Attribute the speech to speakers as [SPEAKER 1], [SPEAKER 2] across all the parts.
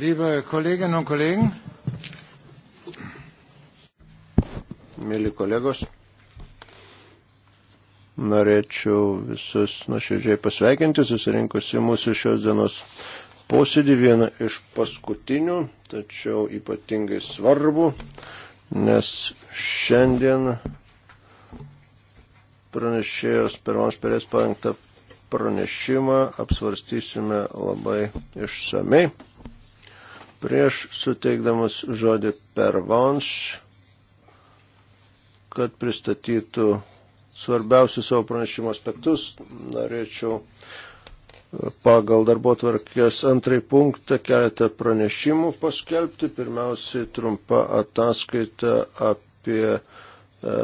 [SPEAKER 1] Liebe Kolleginnen und Kollegen, mėly kolegos, norėčiau visus nuoširdžiai pasveikinti, susirinkusi mūsų šios dienos posėdį, vieną iš paskutinių, tačiau ypatingai svarbu, nes šiandien pranešėjos pirmos perės parengtą pranešimą apsvarstysime labai išsamei prieš suteikdamas žodį pervanš, kad pristatytų svarbiausius savo pranešimo aspektus, norėčiau e, pagal darbo tvarkės antrai punktą keletą pranešimų paskelbti. Pirmiausiai trumpa ataskaita apie e,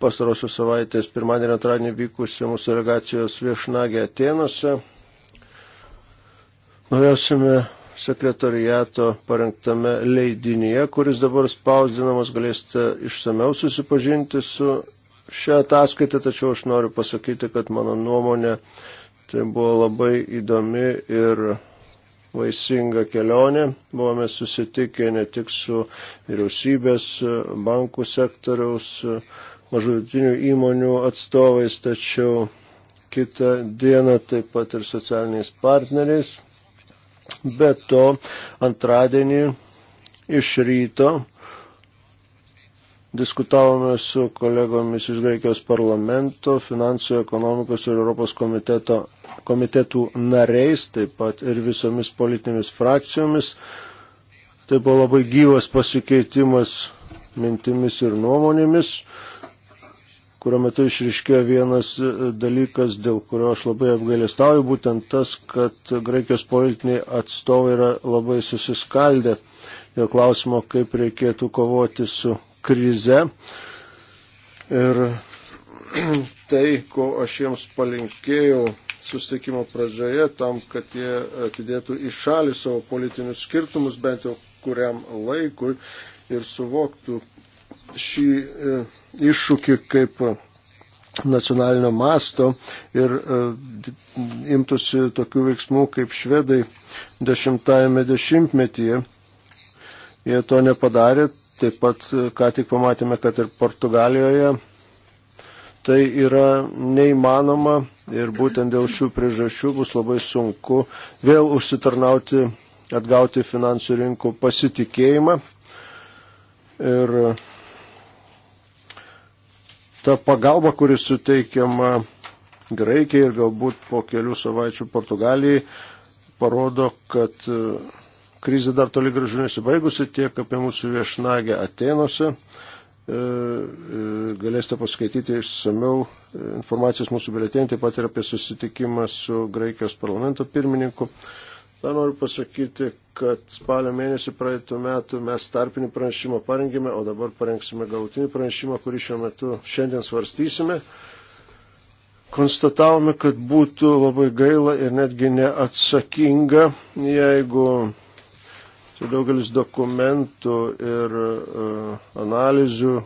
[SPEAKER 1] pastarosios savaitės pirmadienį antradienį vykusią mūsų delegacijos viešnagę Atenose. Norėsime sekretariato parengtame leidinyje, kuris dabar spausdinamas, galėsite išsameu susipažinti su šią ataskaitą, tačiau aš noriu pasakyti, kad mano nuomonė tai buvo labai įdomi ir vaisinga kelionė. Buvome susitikę ne tik su vyriausybės, e, bankų sektoriaus, e, mažutinių įmonių atstovais, tačiau kitą dieną taip pat ir socialiniais partneriais. Be to, antradienį iš ryto diskutavome su kolegomis iš Graikijos parlamento, finansų, ekonomikos ir Europos komiteto, komitetų nariais, taip pat ir visomis politinėmis frakcijomis. Tai buvo labai gyvas pasikeitimas mintimis ir nuomonėmis kurio metu išriškėjo vienas e, dalykas, dėl kurio aš labai apgailestauju, būtent tas, kad Graikijos politiniai atstovai yra labai susiskaldę dėl klausimo, kaip reikėtų kovoti su krize. Ir tai, ko aš jiems palinkėjau susitikimo pradžioje, tam, kad jie atidėtų į šalį savo politinius skirtumus, bent jau kuriam laikui ir suvoktų, šį e, iššūkį kaip e, nacionalinio masto ir e, imtųsi tokių veiksmų kaip švedai dešimtajame dešimtmetyje. Jie to nepadarė, taip pat ką tik pamatėme, kad ir Portugalijoje tai yra neįmanoma ir būtent dėl šių priežasčių bus labai sunku vėl užsitarnauti, atgauti finansų rinkų pasitikėjimą. Ir ta pagalba, kuris suteikiama Graikijai ir galbūt po kelių savaičių Portugalijai, parodo, kad e, krizė dar toli gražu nesibaigusi tiek apie mūsų viešnagę Atenose. E, e, galėsite paskaityti išsameu informacijos mūsų biletėje, taip pat ir apie susitikimą su Graikijos parlamento pirmininku. Dar noriu pasakyti, kad spalio mėnesį praeitų metų mes tarpinį pranešimą parengėme, o dabar parengsime galutinį pranešimą, kurį šiuo metu šiandien svarstysime. Konstatavome, kad būtų labai gaila ir netgi neatsakinga, jeigu tai daugelis dokumentų ir uh, analizių,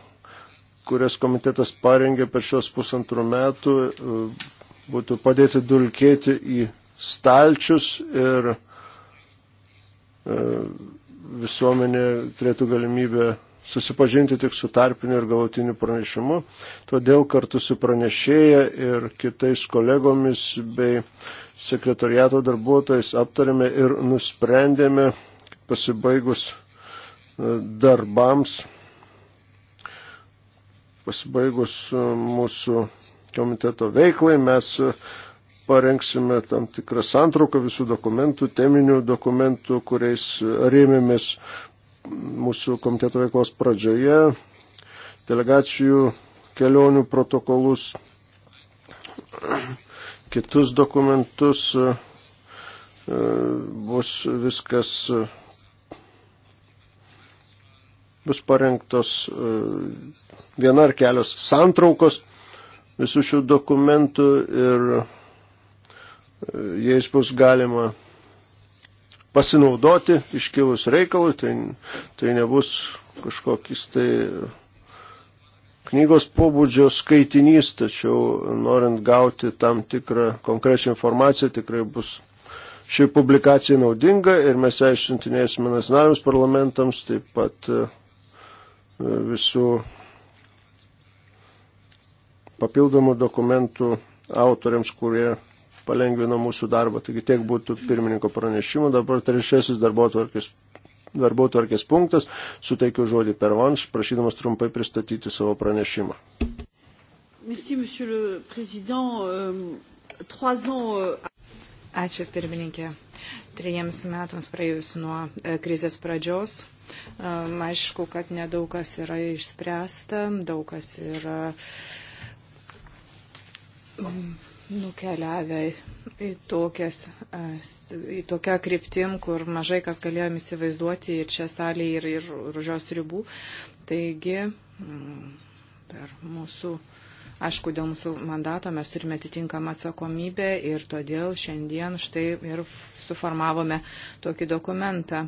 [SPEAKER 1] kurias komitetas parengė per šios pusantrų metų, uh, būtų padėti dulkėti į stalčius ir e, visuomenė turėtų galimybę susipažinti tik su tarpiniu ir galutiniu pranešimu. Todėl kartu su pranešėja ir kitais kolegomis bei sekretoriato darbuotojais aptarėme ir nusprendėme pasibaigus e, darbams, pasibaigus e, mūsų komiteto veiklai, mes parengsime tam tikrą santrauką visų dokumentų, teminių dokumentų, kuriais rėmėmės mūsų komiteto veiklos pradžioje, delegacijų kelionių protokolus, kitus dokumentus, bus viskas bus parengtos viena ar kelios santraukos visų šių dokumentų ir jais bus galima pasinaudoti iškilus reikalui, tai, tai nebus kažkokis tai knygos pobūdžio skaitinys, tačiau norint gauti tam tikrą konkrečią informaciją tikrai bus ši publikacija naudinga ir mes ją išsiuntinėsime nacionaliniams parlamentams, taip pat e, visų papildomų dokumentų autoriams, kurie palengvino mūsų darbą. Taigi tiek būtų pirmininko pranešimų. Dabar trečiasis darbo tvarkės darbo tvarkės punktas, suteikiu žodį per vanš, prašydamas trumpai pristatyti savo pranešimą.
[SPEAKER 2] Merci, monsieur le président. Euh, trois ans. Euh, Ačiū, pirmininkė. Trejiems metams praėjus nuo e, krizės pradžios. E, aišku, kad nedaug kas yra išspręsta, daug kas yra nukeliavę į, tokias, e, į tokią kryptim, kur mažai kas galėjom įsivaizduoti ir čia salėje, ir, ir už jos ribų. Taigi, per mm, mūsų uh, Aišku, dėl mūsų mandato mes turime atitinkamą atsakomybę ir todėl šiandien štai ir suformavome tokį dokumentą.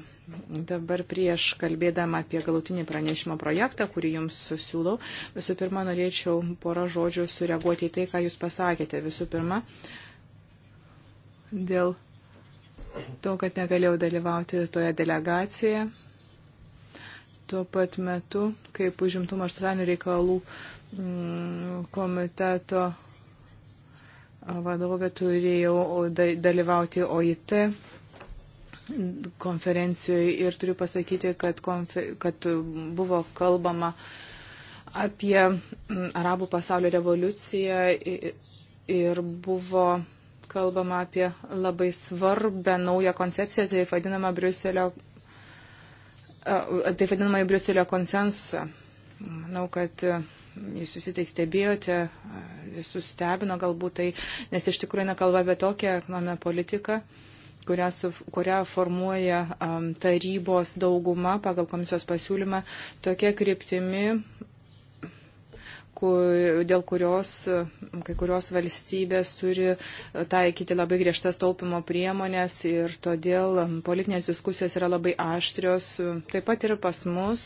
[SPEAKER 2] Dabar prieš kalbėdama apie galutinį pranešimo projektą, kurį jums siūlau, visų pirma, norėčiau porą žodžių sureaguoti į tai, ką jūs pasakėte. Visų pirma, dėl to, kad negalėjau dalyvauti toje delegacijoje. Tuo pat metu, kaip užimtumo aštuonių reikalų Mm, komiteto vadovė turėjau dalyvauti OIT konferencijoje ir turiu pasakyti, kad, konfe, kad buvo kalbama apie mm, arabų pasaulio revoliuciją ir buvo kalbama apie labai svarbę naują koncepciją, tai vadinama Briuselio, tai vadinama Briuselio konsensusą. Manau, kad jūs visi tai stebėjote, visus stebino galbūt tai, nes iš tikrųjų eina kalba apie tokią ekonominę politiką, kurią, su, kurią formuoja um, tarybos dauguma pagal komisijos pasiūlymą, tokia kryptimi, kur, dėl kurios kai kurios valstybės turi taikyti labai griežtas taupimo priemonės ir todėl politinės diskusijos yra labai aštrios, taip pat ir pas mus,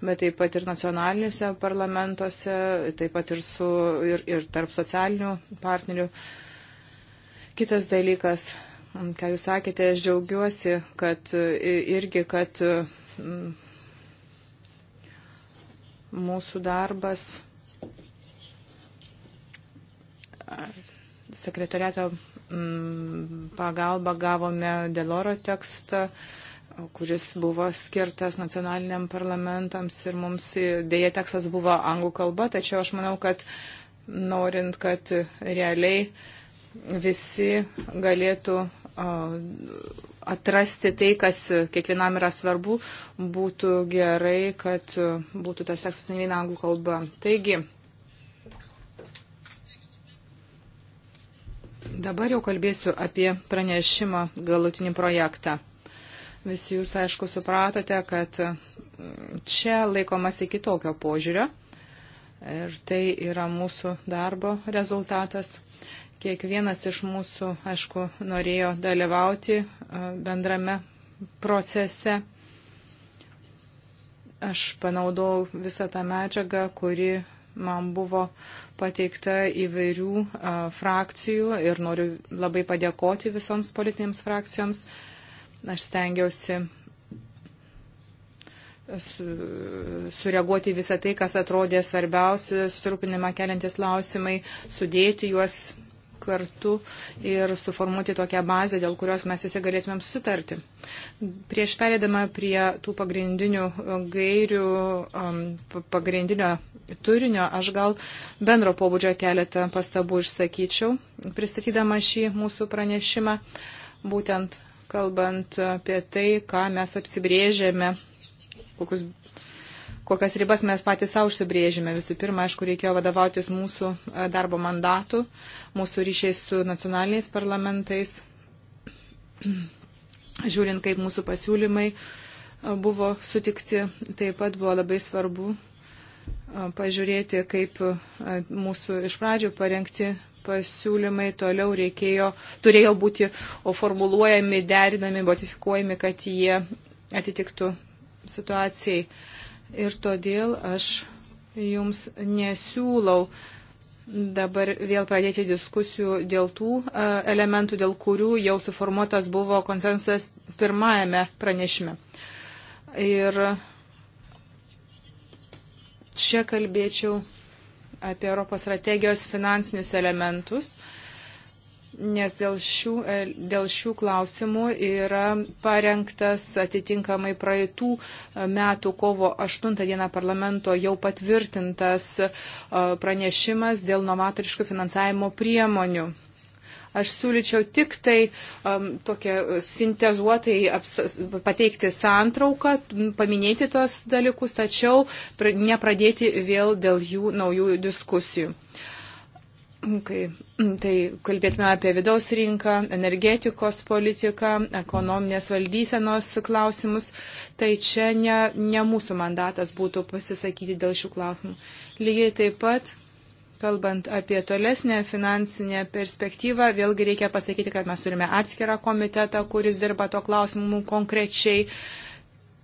[SPEAKER 2] bet taip pat ir nacionaliniuose parlamentuose, taip pat ir, su, ir, ir tarp socialinių partnerių. Kitas dalykas, ką jūs sakėte, aš džiaugiuosi, kad irgi, kad mūsų darbas sekretariato mm, pagalbą gavome Deloro tekstą kuris buvo skirtas nacionaliniam parlamentams ir mums dėja tekstas buvo anglų kalba, tačiau aš manau, kad norint, kad realiai visi galėtų atrasti tai, kas kiekvienam yra svarbu, būtų gerai, kad būtų tas tekstas ne viena anglų kalba. Taigi, Dabar jau kalbėsiu apie pranešimą galutinį projektą. Visi jūs, aišku, supratote, kad čia laikomasi kitokio požiūrio ir tai yra mūsų darbo rezultatas. Kiekvienas iš mūsų, aišku, norėjo dalyvauti e, bendrame procese. Aš panaudau visą tą medžiagą, kuri man buvo pateikta įvairių frakcijų ir noriu labai padėkoti visoms politinėms frakcijoms. Aš stengiausi sureaguoti visą tai, kas atrodė svarbiausi, susirūpinimą keliantis klausimai, sudėti juos kartu ir suformuoti tokią bazę, dėl kurios mes visi galėtumėm sutarti. Prieš perėdama prie tų pagrindinių gairių, um, pagrindinio turinio, aš gal bendro pobūdžio keletą pastabų išsakyčiau, pristatydama šį mūsų pranešimą, būtent kalbant apie tai, ką mes apsibrėžėme kokius kokias ribas mes patys savo užsibrėžime. Visų pirma, aišku, reikėjo vadovautis mūsų e, darbo mandatu, mūsų ryšiais su nacionaliniais parlamentais, žiūrint, kaip mūsų pasiūlymai e, buvo sutikti. Taip pat buvo labai svarbu e, pažiūrėti, kaip mūsų iš pradžių parengti pasiūlymai toliau reikėjo, turėjo būti formuluojami, derinami, modifikuojami, kad jie atitiktų situacijai. Uh, ir todėl aš jums nesiūlau dabar vėl pradėti diskusijų dėl tų e, elementų, dėl kurių jau suformuotas buvo konsensusas pirmajame pranešime. Ir čia kalbėčiau apie Europos strategijos finansinius elementus. Uh, nes dėl šių, e, dėl šių klausimų yra parengtas atitinkamai praeitų e, metų kovo 8 dieną parlamento jau patvirtintas e, pranešimas dėl novatoriškų finansavimo priemonių. Aš siūlyčiau tik tai um, tokia sintezuotai aps, pateikti santrauką, paminėti tos dalykus, tačiau nepradėti vėl dėl jų naujų diskusijų. Uh, kai mm, tai kalbėtume apie vidaus rinką, energetikos politiką, ekonominės valdysenos klausimus, tai čia ne, ne mūsų mandatas būtų pasisakyti dėl šių klausimų. Lygiai taip pat, kalbant apie tolesnę finansinę perspektyvą, vėlgi reikia pasakyti, kad mes turime atskirą komitetą, kuris dirba to klausimu konkrečiai.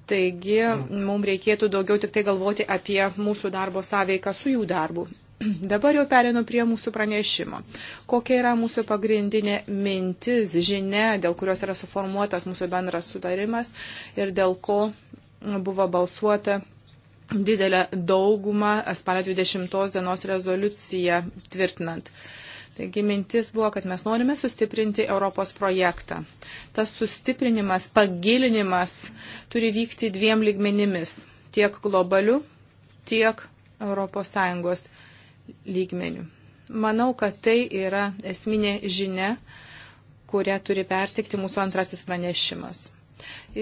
[SPEAKER 2] Taigi mm. mums reikėtų daugiau tik tai galvoti apie mūsų darbo sąveiką su jų darbu. Dabar jau perinu prie mūsų pranešimo. Kokia yra mūsų pagrindinė mintis, žinia, dėl kurios yra suformuotas mūsų bendras sutarimas ir dėl ko buvo balsuota didelę daugumą spalio 20 dienos rezoliuciją tvirtinant. Taigi mintis buvo, kad mes norime sustiprinti Europos projektą. Tas sustiprinimas, pagilinimas turi vykti dviem ligmenimis - tiek globaliu, tiek ES lygmenių. Manau, kad tai yra esminė žinia, kurią turi pertikti mūsų antrasis pranešimas.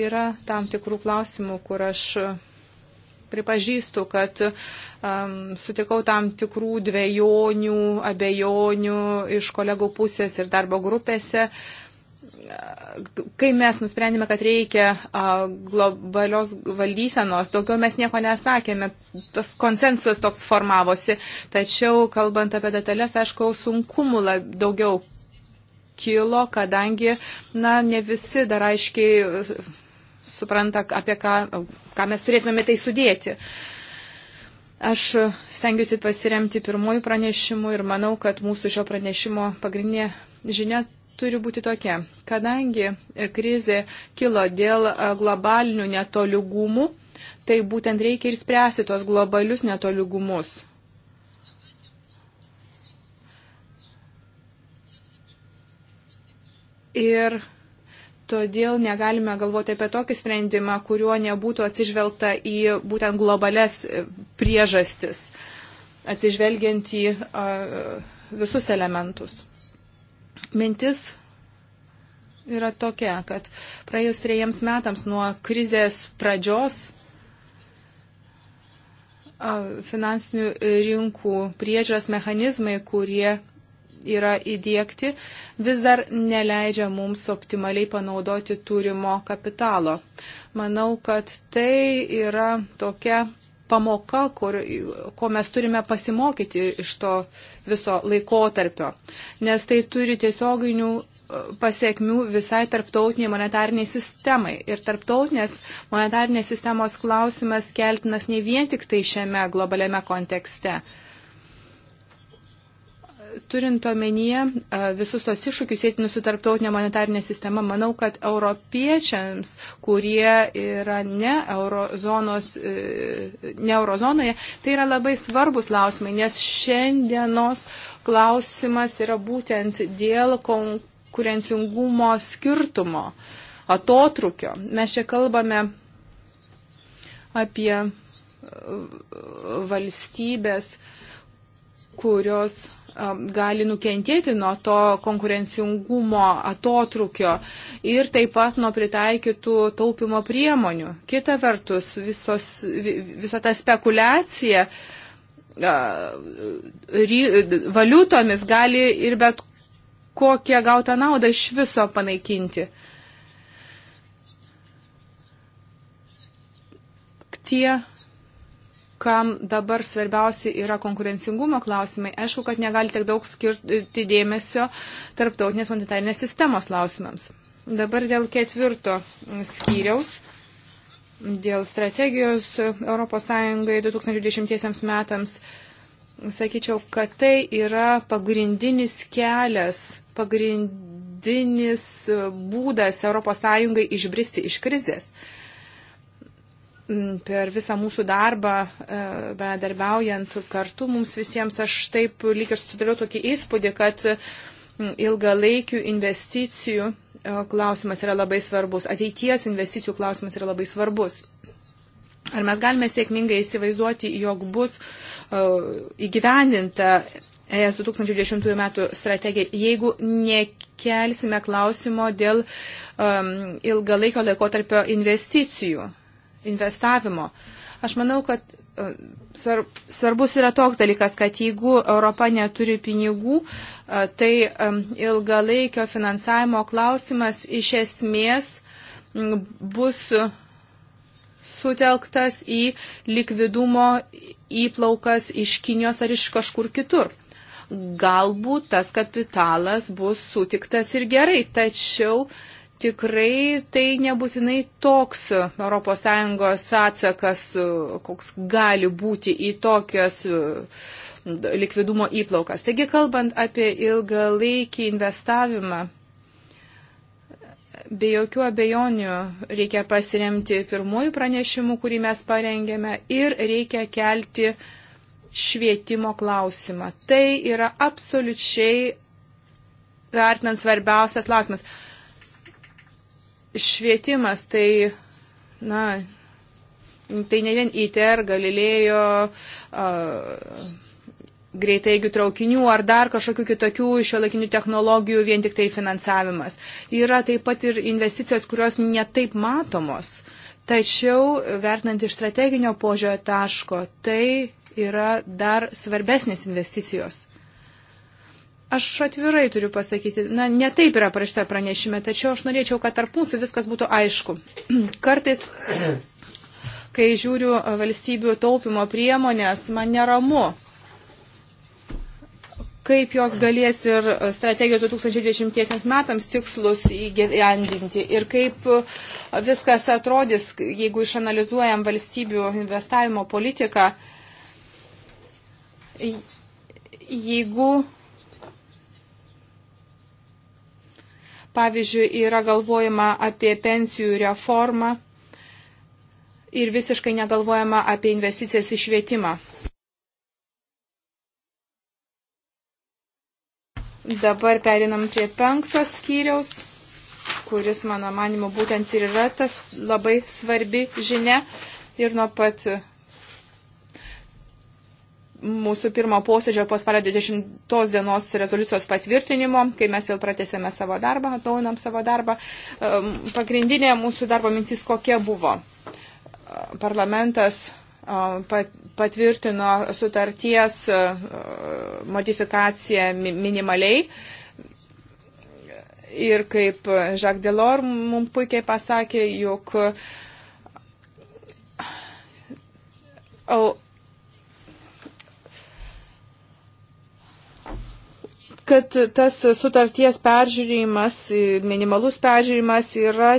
[SPEAKER 2] Yra tam tikrų klausimų, kur aš pripažįstu, kad um, sutikau tam tikrų dviejonių, abejonių iš kolegų pusės ir darbo grupėse. Uh, kai mes nusprendėme, kad reikia globalios valdysenos, daugiau mes nieko nesakėme, tas konsensusas toks formavosi, tačiau kalbant apie detalės, aišku, sunkumų daugiau kilo, kadangi, na, ne visi dar aiškiai supranta, apie ką, ką mes turėtume tai sudėti. Aš stengiuosi pasiremti pirmojų pranešimų ir manau, kad mūsų šio pranešimo pagrindinė žinia turi būti tokia. Kadangi e, krizė kilo dėl e, globalinių netolygumų, tai būtent reikia ir spręsti tuos globalius netolygumus. Ir todėl negalime galvoti apie tokį sprendimą, kuriuo nebūtų atsižvelgta į būtent globales e, priežastis, atsižvelgiant į a, visus elementus mintis yra tokia, kad praėjus trejiems metams nuo krizės pradžios finansinių rinkų priežiūros mechanizmai, kurie yra įdėkti, vis dar neleidžia mums optimaliai panaudoti turimo kapitalo. Manau, kad tai yra tokia pamoka, kur, ko mes turime pasimokyti iš to viso laikotarpio, nes tai turi tiesioginių e, pasiekmių visai tarptautiniai monetariniai sistemai. Ir tarptautinės monetarinės sistemos klausimas keltinas ne vien tik tai šiame globaliame kontekste turint omenyje visus tos iššūkius sėtinus su tarptautinė monetarinė sistema, manau, kad europiečiams, kurie yra ne, eurozonos, e, ne eurozonoje, tai yra labai svarbus klausimai, nes šiandienos klausimas yra būtent dėl konkurencingumo skirtumo, atotrukio. Mes čia kalbame apie e, valstybės kurios Um, gali nukentėti nuo to konkurencingumo atotrukio ir taip pat nuo pritaikytų taupimo priemonių. Kita vertus, visos, visa ta spekulacija uh, valiutomis gali ir bet kokią gautą naudą iš viso panaikinti. Tie kam dabar svarbiausia yra konkurencingumo klausimai. Aišku, kad negali tiek daug skirti dėmesio tarptautinės monetarinės sistemos klausimams. Dabar dėl ketvirto skyriaus, dėl strategijos ES 2010 metams, sakyčiau, kad tai yra pagrindinis kelias, pagrindinis būdas ES išbristi iš krizės per visą mūsų darbą, e, bendarbiaujant kartu mums visiems, aš taip lyg ir susidariau tokį įspūdį, kad ilgalaikių investicijų e, klausimas yra labai svarbus, ateities investicijų klausimas yra labai svarbus. Ar mes galime sėkmingai įsivaizduoti, jog bus e, įgyvendinta ES 2010 metų strategija, jeigu nekelsime klausimo dėl um, ilgalaikio laikotarpio investicijų investavimo. Aš manau, kad e, svarbus yra toks dalykas, kad jeigu Europa neturi pinigų, e, tai e, ilgalaikio finansavimo klausimas iš esmės bus sutelktas į likvidumo įplaukas iš Kinijos ar iš kažkur kitur. Galbūt tas kapitalas bus sutiktas ir gerai, tačiau uh, tikrai tai nebūtinai toks ES atsakas, koks gali būti į tokias e, likvidumo įplaukas. Taigi, kalbant apie ilgalaikį investavimą, be jokių abejonių reikia pasiremti pirmųjų pranešimų, kurį mes parengėme, ir reikia kelti švietimo klausimą. Tai yra absoliučiai vertinant svarbiausias klausimas švietimas, tai, na, tai ne vien ITR, Galilėjo, uh, greitaigių traukinių ar dar kažkokių kitokių šiuolaikinių technologijų vien tik tai finansavimas. Yra taip pat ir investicijos, kurios netaip matomos. Tačiau, vertinant iš strateginio požiojo taško, tai yra dar svarbesnės investicijos. Aš atvirai turiu pasakyti, na, ne taip yra parašta pranešime, tačiau aš norėčiau, kad tarp mūsų viskas būtų aišku. Kartais, kai žiūriu valstybių taupimo priemonės, man neramu, kaip jos galės ir strategijos 2020 metams tikslus įgyvendinti ir kaip viskas atrodys, jeigu išanalizuojam valstybių investavimo politiką, jeigu Pavyzdžiui, yra galvojama apie pensijų reformą ir visiškai negalvojama apie investicijas į švietimą. Dabar perinam prie penktos skyriaus, kuris, mano manimu, būtent ir yra tas labai svarbi žinia. Ir nuo pat mūsų pirmo posėdžio po spalio 20 dienos rezoliucijos patvirtinimo, kai mes vėl pratėsėme savo darbą, atnaujinam savo darbą. Pagrindinė mūsų darbo mintis kokia buvo? Parlamentas patvirtino sutarties modifikaciją minimaliai. Ir kaip Jacques Delors mums puikiai pasakė, jog kad tas sutarties peržiūrėjimas, e, minimalus peržiūrėjimas yra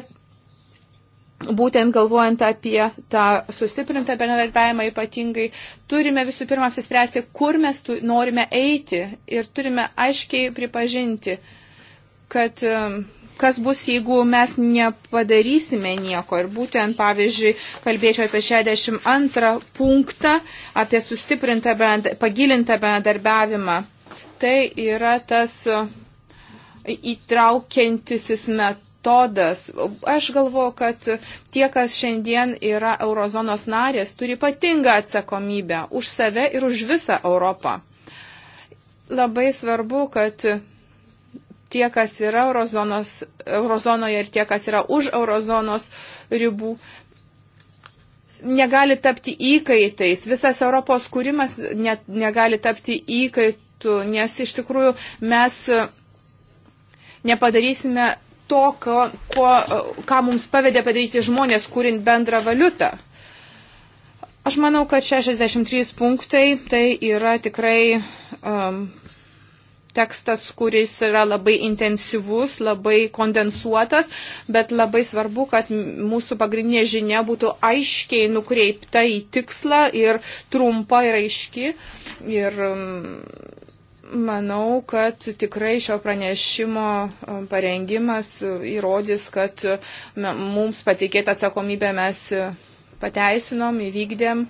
[SPEAKER 2] būtent galvojant apie tą sustiprintą bendradarbiavimą ypatingai, turime visų pirma apsispręsti, kur mes tu, norime eiti ir turime aiškiai pripažinti, kad e, kas bus, jeigu mes nepadarysime nieko. Ir būtent, pavyzdžiui, kalbėčiau apie 62 punktą, apie sustiprintą, pagilintą bendradarbiavimą tai yra tas e, įtraukiantisis metodas. Aš galvoju, kad tie, kas šiandien yra eurozonos narės, turi ypatingą atsakomybę už save ir už visą Europą. Labai svarbu, kad tie, kas yra eurozonos, eurozonoje ir tie, kas yra už eurozonos ribų, negali tapti įkaitais. Visas Europos kūrimas ne, negali tapti įkait, metų, nes iš tikrųjų mes e, nepadarysime to, ko, ko, e, ką mums pavedė padaryti žmonės, kūrint bendrą valiutą. Aš manau, kad 63 punktai tai yra tikrai um, tekstas, kuris yra labai intensyvus, labai kondensuotas, bet labai svarbu, kad mūsų pagrindinė žinia būtų aiškiai nukreipta į tikslą ir trumpa ir aiški. Ir, um, Manau, kad tikrai šio pranešimo e, parengimas e, įrodys, kad e, mums patikėta atsakomybė mes pateisinom, įvykdėm.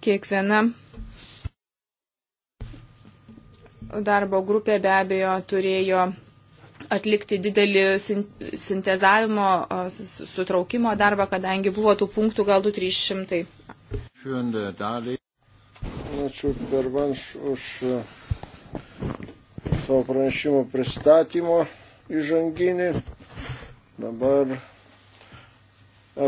[SPEAKER 2] Kiekviena darbo grupė be abejo turėjo atlikti didelį sintezavimo, sutraukimo darbą, kadangi buvo tų punktų gal 2-300.
[SPEAKER 1] Ačiū per vanš už e, savo pranešimo pristatymo įžanginį. Dabar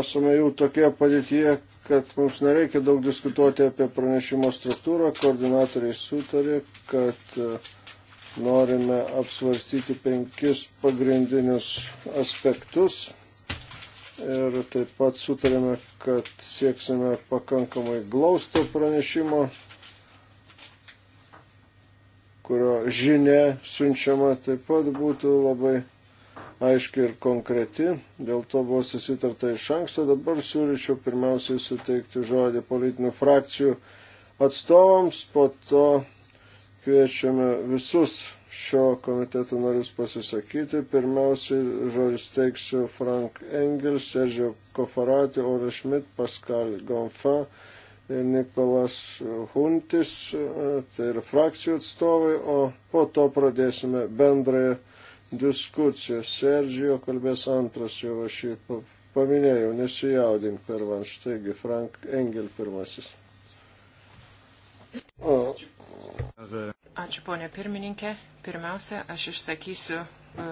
[SPEAKER 1] esame jau tokioje padėtyje, kad mums nereikia daug diskutuoti apie pranešimo struktūrą. Koordinatoriai sutarė, kad e, norime apsvarstyti penkis pagrindinius aspektus. Ir taip pat sutarėme, kad sieksime pakankamai glausto pranešimo, kurio žinia siunčiama taip pat būtų labai aiški ir konkreti. Dėl to buvo susitarta iš anksto. Dabar siūlyčiau pirmiausiai suteikti žodį politinių frakcijų atstovams, po to kviečiame visus šio komiteto norius pasisakyti. Pirmiausiai žodžius teiksiu Frank Engels, Sergio Kofarati, Ove Schmidt, Pascal Gonfa ir Nikolas Huntis, tai yra frakcijų atstovai, o po to pradėsime bendrąją diskusiją. Sergio kalbės antras, jau aš jį paminėjau, nesijaudink per man, štaigi Frank Engel pirmasis. Ačiū,
[SPEAKER 3] ponė pirmininkė. Pirmiausia, aš išsakysiu e,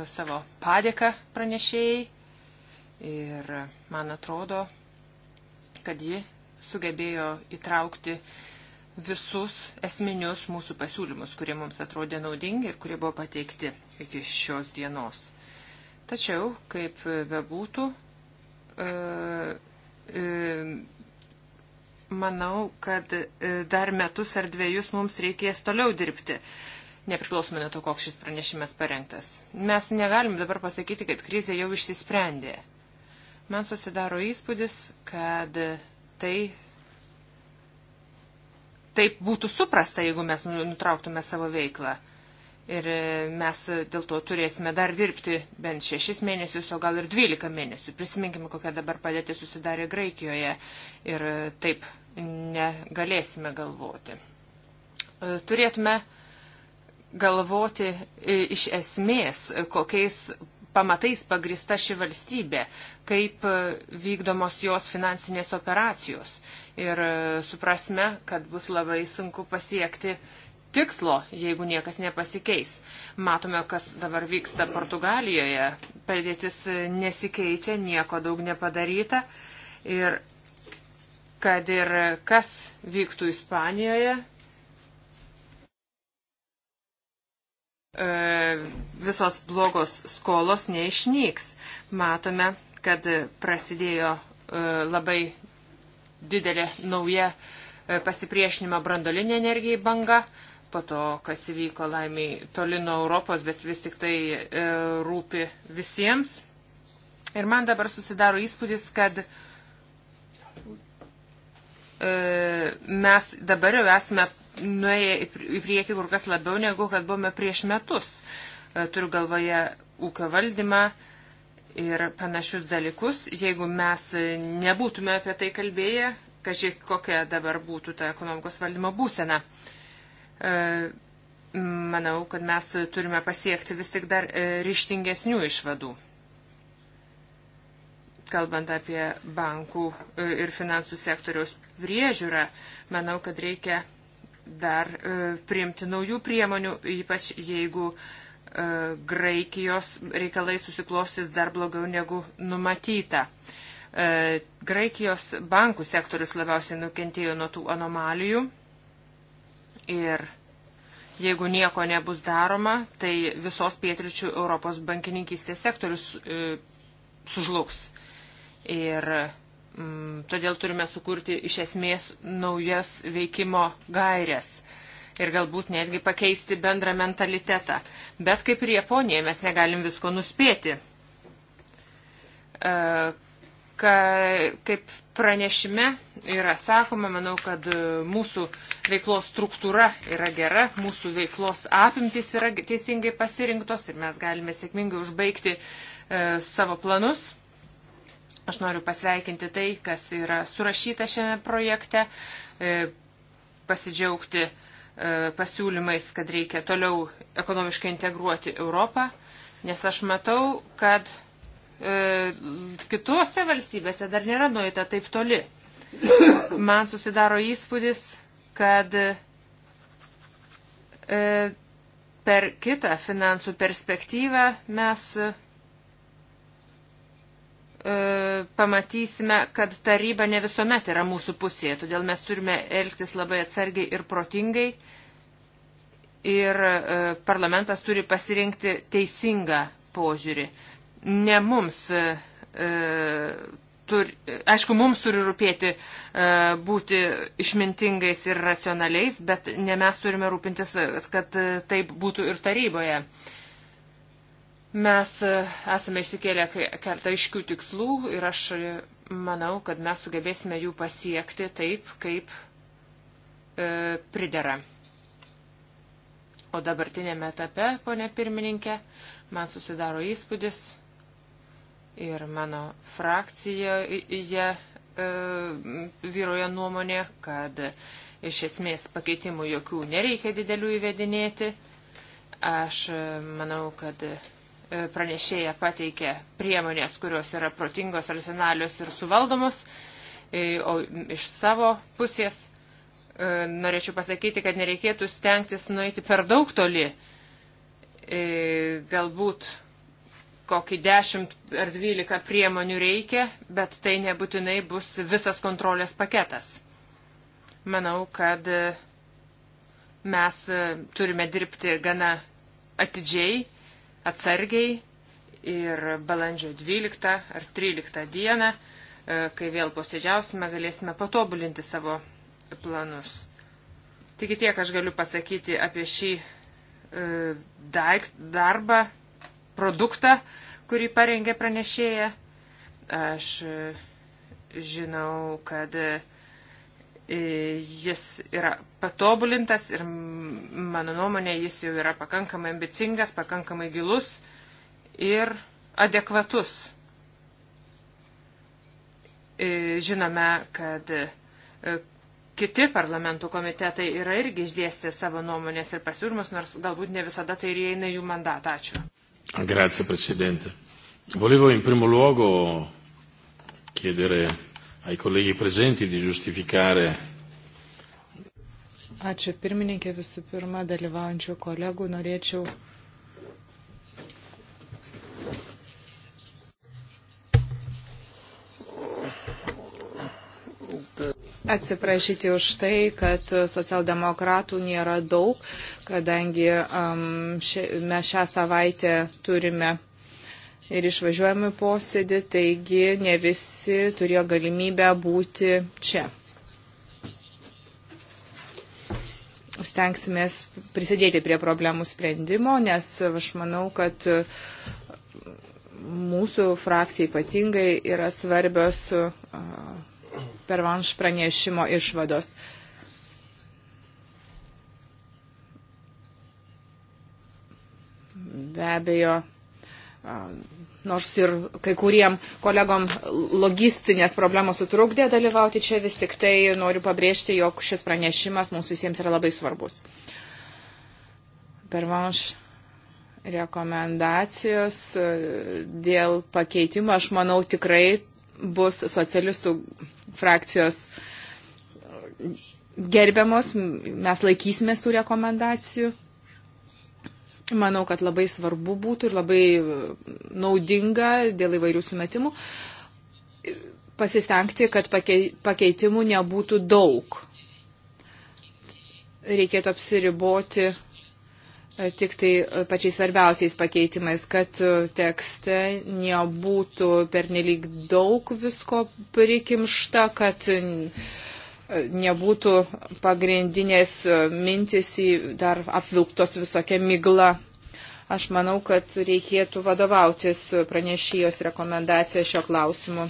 [SPEAKER 3] savo padėką pranešėjai ir man atrodo, kad ji sugebėjo įtraukti visus esminius mūsų pasiūlymus, kurie mums atrodė naudingi ir kurie buvo pateikti iki šios dienos. Tačiau, kaip bebūtų, e, e, Manau, kad e, dar metus ar dviejus mums reikės toliau dirbti nepriklausomai nuo to, koks šis pranešimas parengtas. Mes negalim dabar pasakyti, kad krizė jau išsisprendė. Man susidaro įspūdis, kad tai taip būtų suprasta, jeigu mes nu, nutrauktume savo veiklą. Ir e, mes dėl to turėsime dar dirbti bent šešis mėnesius, o gal ir dvylika mėnesių. Prisiminkime, kokia dabar padėtė susidarė Graikijoje. Ir e, taip negalėsime galvoti. E, turėtume galvoti e, iš esmės, kokiais pamatais pagrista ši valstybė, kaip e, vykdomos jos finansinės operacijos. Ir suprasme, kad bus labai sunku pasiekti tikslo, jeigu niekas nepasikeis. Matome, kas dabar vyksta Portugalijoje. Padėtis nesikeičia, nieko daug nepadaryta. Ir kad ir kas vyktų Ispanijoje, e, visos blogos skolos neišnyks. Matome, kad prasidėjo e, labai didelė nauja e, pasipriešinimo brandolinė energijai banga, po to, kas įvyko laimiai toli nuo Europos, bet vis tik tai rūpi visiems. Ir man dabar susidaro įspūdis, kad uh, E, mes dabar jau esame nuėję į priekį kur kas labiau negu kad buvome prieš metus. E, turiu galvoje ūkio valdymą ir panašius dalykus. Jeigu mes nebūtume apie tai kalbėję, kažkiek kokia dabar būtų ta ekonomikos valdymo būsena. E, manau, kad mes turime pasiekti vis tik dar ryštingesnių išvadų kalbant apie bankų e, ir finansų sektoriaus priežiūrą, manau, kad reikia dar e, priimti naujų priemonių, ypač jeigu e, Graikijos reikalai susiklostys dar blogiau negu numatyta. Graikijos bankų sektorius labiausiai nukentėjo nuo tų anomalijų ir jeigu nieko nebus daroma, tai visos pietričių Europos bankininkystės sektorius sužlugs. Ir mm, todėl turime sukurti iš esmės naujas veikimo gairias. Ir galbūt netgi pakeisti bendrą mentalitetą. Bet kaip ir Japonija mes negalim visko nuspėti. E, ka, kaip pranešime yra sakoma, manau, kad e, mūsų veiklos struktūra yra gera, mūsų veiklos apimtis yra teisingai pasirinktos ir mes galime sėkmingai užbaigti e, savo planus. Aš noriu pasveikinti tai, kas yra surašyta šiame projekte, e, pasidžiaugti e, pasiūlymais, kad reikia toliau ekonomiškai integruoti Europą, nes aš matau, kad e, kitose valstybėse dar nėra nueita taip toli. Man susidaro įspūdis, kad per kitą finansų perspektyvą mes E, pamatysime, kad taryba ne visuomet yra mūsų pusėje, todėl mes turime elgtis labai atsargiai ir protingai ir e, parlamentas turi pasirinkti teisingą požiūrį. Ne mums, e, tur, aišku, mums turi rūpėti būti išmintingais ir racionaliais, bet ne mes turime rūpintis, kad taip būtų ir taryboje. Mes e, esame išsikėlę keletą aiškių tikslų ir aš e, manau, kad mes sugebėsime jų pasiekti taip, kaip e, pridera. O dabartinėme etape, ponė pirmininkė, man susidaro įspūdis ir mano frakcijoje e, vyroja nuomonė, kad iš esmės pakeitimų jokių nereikia didelių įvedinėti. Aš e, manau, kad E, pranešėja pateikė priemonės, kurios yra protingos, arsenalios ir suvaldomos, e, o iš savo pusės e, norėčiau pasakyti, kad nereikėtų stengtis nueiti per daug toli, galbūt kokį 10 ar 12 priemonių reikia, bet tai nebūtinai bus visas kontrolės paketas. Manau, kad mes turime dirbti gana atidžiai atsargiai ir balandžio 12 ar 13 dieną, e, kai vėl posėdžiausime, galėsime patobulinti savo planus. Taigi tiek aš galiu pasakyti apie šį e, daik, darbą, produktą, kurį parengė pranešėja. Aš e, žinau, kad E, jis yra patobulintas ir mano nuomonė jis jau yra pakankamai ambicingas, pakankamai gilus ir adekvatus. E, žinome, kad e, kiti parlamentų komitetai yra irgi išdėstę savo nuomonės ir pasiūlymus, nors galbūt ne visada tai ir įeina jų mandatą. Ačiū. Grazie, Presidente.
[SPEAKER 2] Volevo in primo luogo chiedere ai colleghi presenti di
[SPEAKER 3] giustificare.
[SPEAKER 2] Ačiū pirmininkė visų pirma dalyvaujančių kolegų. Norėčiau atsiprašyti už tai, kad socialdemokratų nėra daug, kadangi um, še, mes šią savaitę turime ir išvažiuojami posėdį, taigi ne visi turėjo galimybę būti čia. Stengsimės prisidėti prie problemų sprendimo, nes aš manau, kad mūsų frakcija ypatingai yra svarbios pervanš pranešimo išvados. Be abejo, nors ir kai kuriem kolegom logistinės problemos sutrukdė dalyvauti čia, vis tik tai noriu pabrėžti, jog šis pranešimas mums visiems yra labai svarbus. Pervanš rekomendacijos e, dėl pakeitimo, aš manau, tikrai bus socialistų frakcijos gerbiamos, mes laikysimės tų rekomendacijų Manau, kad labai svarbu būtų ir labai e, naudinga dėl įvairių sumetimų e, pasistengti, kad pakeitimų nebūtų daug. Reikėtų apsiriboti e, tik tai pačiais svarbiausiais pakeitimais, kad tekste nebūtų pernelyg daug visko prikimšta, kad nebūtų pagrindinės mintis į dar apvilktos visokia migla. Aš manau, kad reikėtų vadovautis pranešėjos rekomendacija šio klausimu.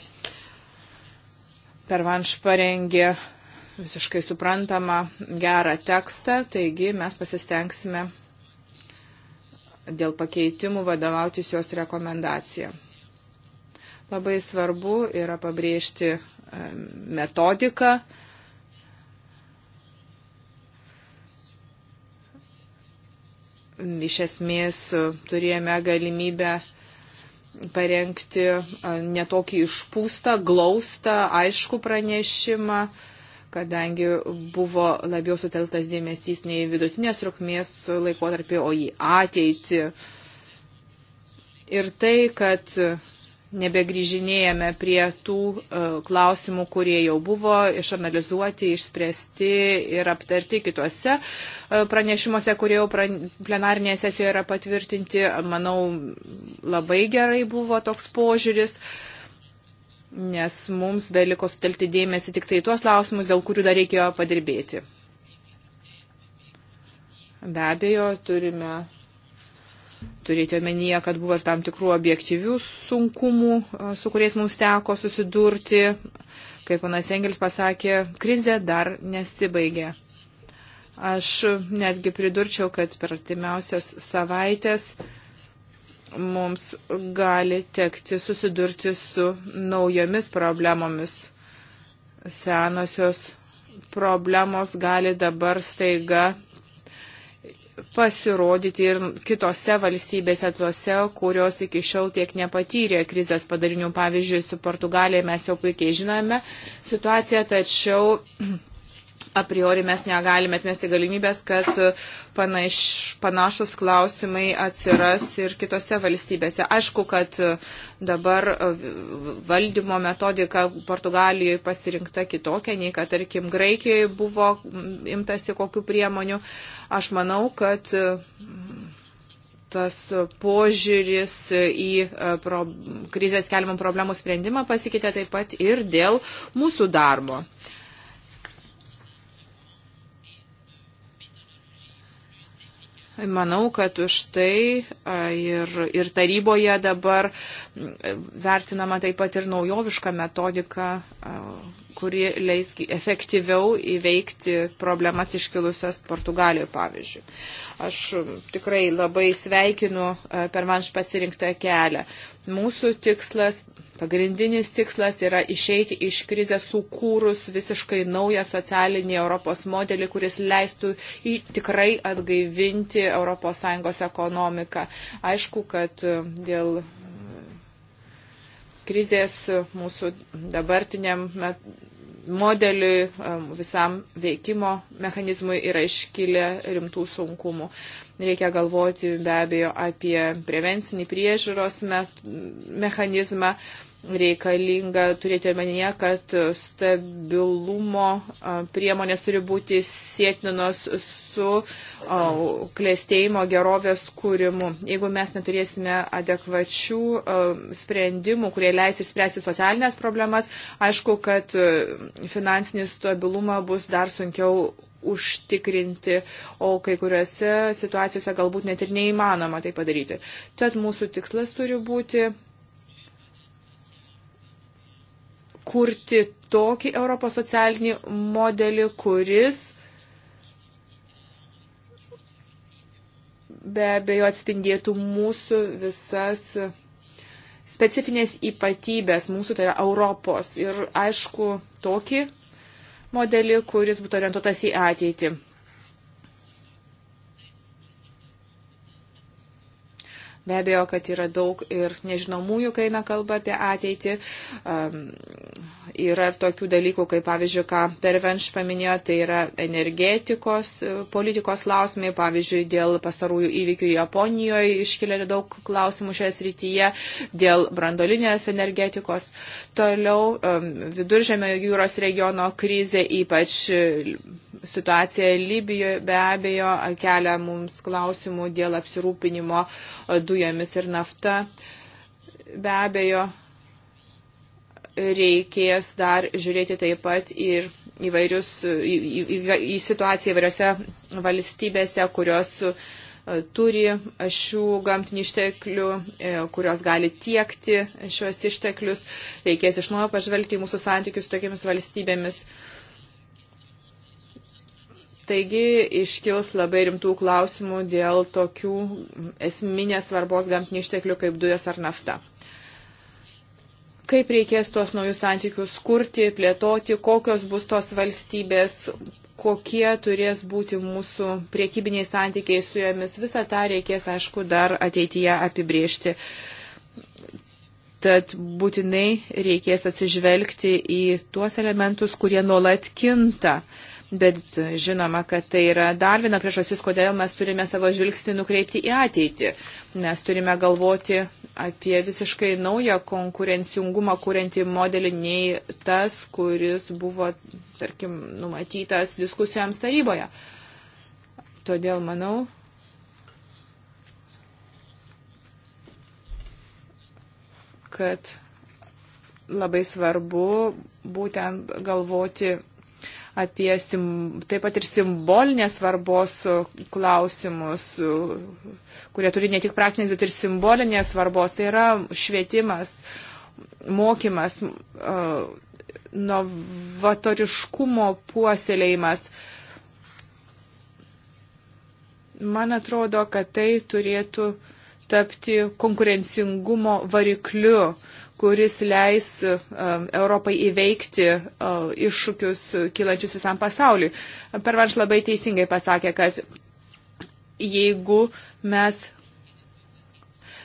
[SPEAKER 2] Pervanš parengė visiškai suprantamą gerą tekstą, taigi mes pasistengsime dėl pakeitimų vadovautis jos rekomendacija. Labai svarbu yra pabrėžti metodiką, iš esmės turėjome galimybę parengti netokį išpūstą, glaustą, aišku pranešimą, kadangi buvo labiau suteltas dėmesys ne į vidutinės rūkmės laikotarpį, o į ateitį. Ir tai, kad nebegrįžinėjame prie tų e, klausimų, kurie jau buvo išanalizuoti, išspręsti ir aptarti kitose e, pranešimuose, kurie jau plenarinėje sesijoje yra patvirtinti. Manau, labai gerai buvo toks požiūris. Nes mums beliko sutelkti dėmesį tik tai tuos klausimus, dėl kurių dar reikėjo padirbėti. Be abejo, turime turėti omenyje, kad buvo ir tam tikrų objektyvių sunkumų, su kuriais mums teko susidurti. Kaip panas Engelis pasakė, krizė dar nesibaigė. Aš netgi pridurčiau, kad per artimiausias savaitės mums gali tekti susidurti su naujomis problemomis. Senosios problemos gali dabar staiga pasirodyti ir kitose valstybėse, tuose, kurios iki šiol tiek nepatyrė krizės padarinių. Pavyzdžiui, su Portugalija mes jau puikiai žinome situaciją, tačiau a priori mes negalime atmesti galimybės, kad panaš, panašus klausimai atsiras ir kitose valstybėse. Aišku, kad dabar valdymo metodika Portugalijoje pasirinkta kitokia, nei kad, tarkim, Graikijoje buvo imtasi kokiu priemoniu. Aš manau, kad tas požiūris į e, pro, krizės keliamų problemų sprendimą pasikeitė taip pat ir dėl mūsų darbo. Manau, kad už tai ir, ir taryboje dabar vertinama taip pat ir naujoviška metodika, kuri leis efektyviau įveikti problemas iškilusias Portugalijoje, pavyzdžiui. Aš tikrai labai sveikinu per manš pasirinktą kelią. Mūsų tikslas Pagrindinis tikslas yra išeiti iš krizės sukūrus visiškai naują socialinį Europos modelį, kuris leistų tikrai atgaivinti ES ekonomiką. Aišku, kad e, dėl e, krizės mūsų dabartiniam modeliui, e, visam veikimo mechanizmui yra iškilę rimtų sunkumų. Reikia galvoti be abejo apie prevencinį priežiūros mechanizmą, reikalinga turėti omenyje, kad stabilumo priemonės turi būti sėtininos su klėstėjimo gerovės kūrimu. Jeigu mes neturėsime adekvačių sprendimų, kurie leis išspręsti socialinės problemas, aišku, kad finansinį stabilumą bus dar sunkiau užtikrinti, o kai kuriuose situacijose galbūt net ir neįmanoma tai padaryti. Tad mūsų tikslas turi būti kurti tokį Europos socialinį modelį, kuris be abejo atspindėtų mūsų visas specifinės ypatybės, mūsų tai yra Europos ir aišku tokį modelį, kuris būtų orientuotas į ateitį. Be abejo, kad yra daug ir nežinomųjų, kai eina kalba apie ateitį. Um, yra ir tokių dalykų, kaip pavyzdžiui, ką Pervenš paminėjo, tai yra energetikos e, politikos klausimai. Pavyzdžiui, dėl pastarųjų įvykių Japonijoje iškilė daug klausimų šioje srityje, dėl brandolinės energetikos. Toliau um, viduržėmio jūros regiono krizė ypač situacija Libijoje be abejo kelia mums klausimų dėl apsirūpinimo e, dujomis ir nafta. Be abejo, reikės dar žiūrėti taip pat ir įvairius, į, į, į situaciją įvairiose valstybėse, kurios e, turi šių gamtinių išteklių, e, kurios gali tiekti šios išteklius. Reikės iš naujo pažvelgti į mūsų santykius su tokiamis valstybėmis. Uh, Taigi iškils labai rimtų klausimų dėl tokių esminės svarbos gamtinių išteklių kaip dujos ar nafta. Kaip reikės tuos naujus santykius kurti, plėtoti, kokios bus tos valstybės, kokie turės būti mūsų priekybiniai santykiai su jomis. Visą tą reikės, aišku, dar ateityje apibriežti. Tad būtinai reikės atsižvelgti į tuos elementus, kurie nuolat kinta. Uh, Bet žinoma, kad tai yra dar viena priežasis, kodėl mes turime savo žvilgsnį nukreipti į ateitį. Mes turime galvoti apie visiškai naują konkurencingumą kūrentį modelį nei tas, kuris buvo, tarkim, numatytas diskusijoms taryboje. Todėl manau, kad labai svarbu būtent galvoti apie sim, taip pat ir simbolinės svarbos klausimus, kurie turi ne tik praktinės, bet ir simbolinės svarbos. Tai yra švietimas, mokymas, novatoriškumo puoselėjimas. Man atrodo, kad tai turėtų tapti konkurencingumo varikliu, kuris leis e, Europai įveikti e, iššūkius kilančius visam pasauliui. Pervanš labai teisingai pasakė, kad jeigu mes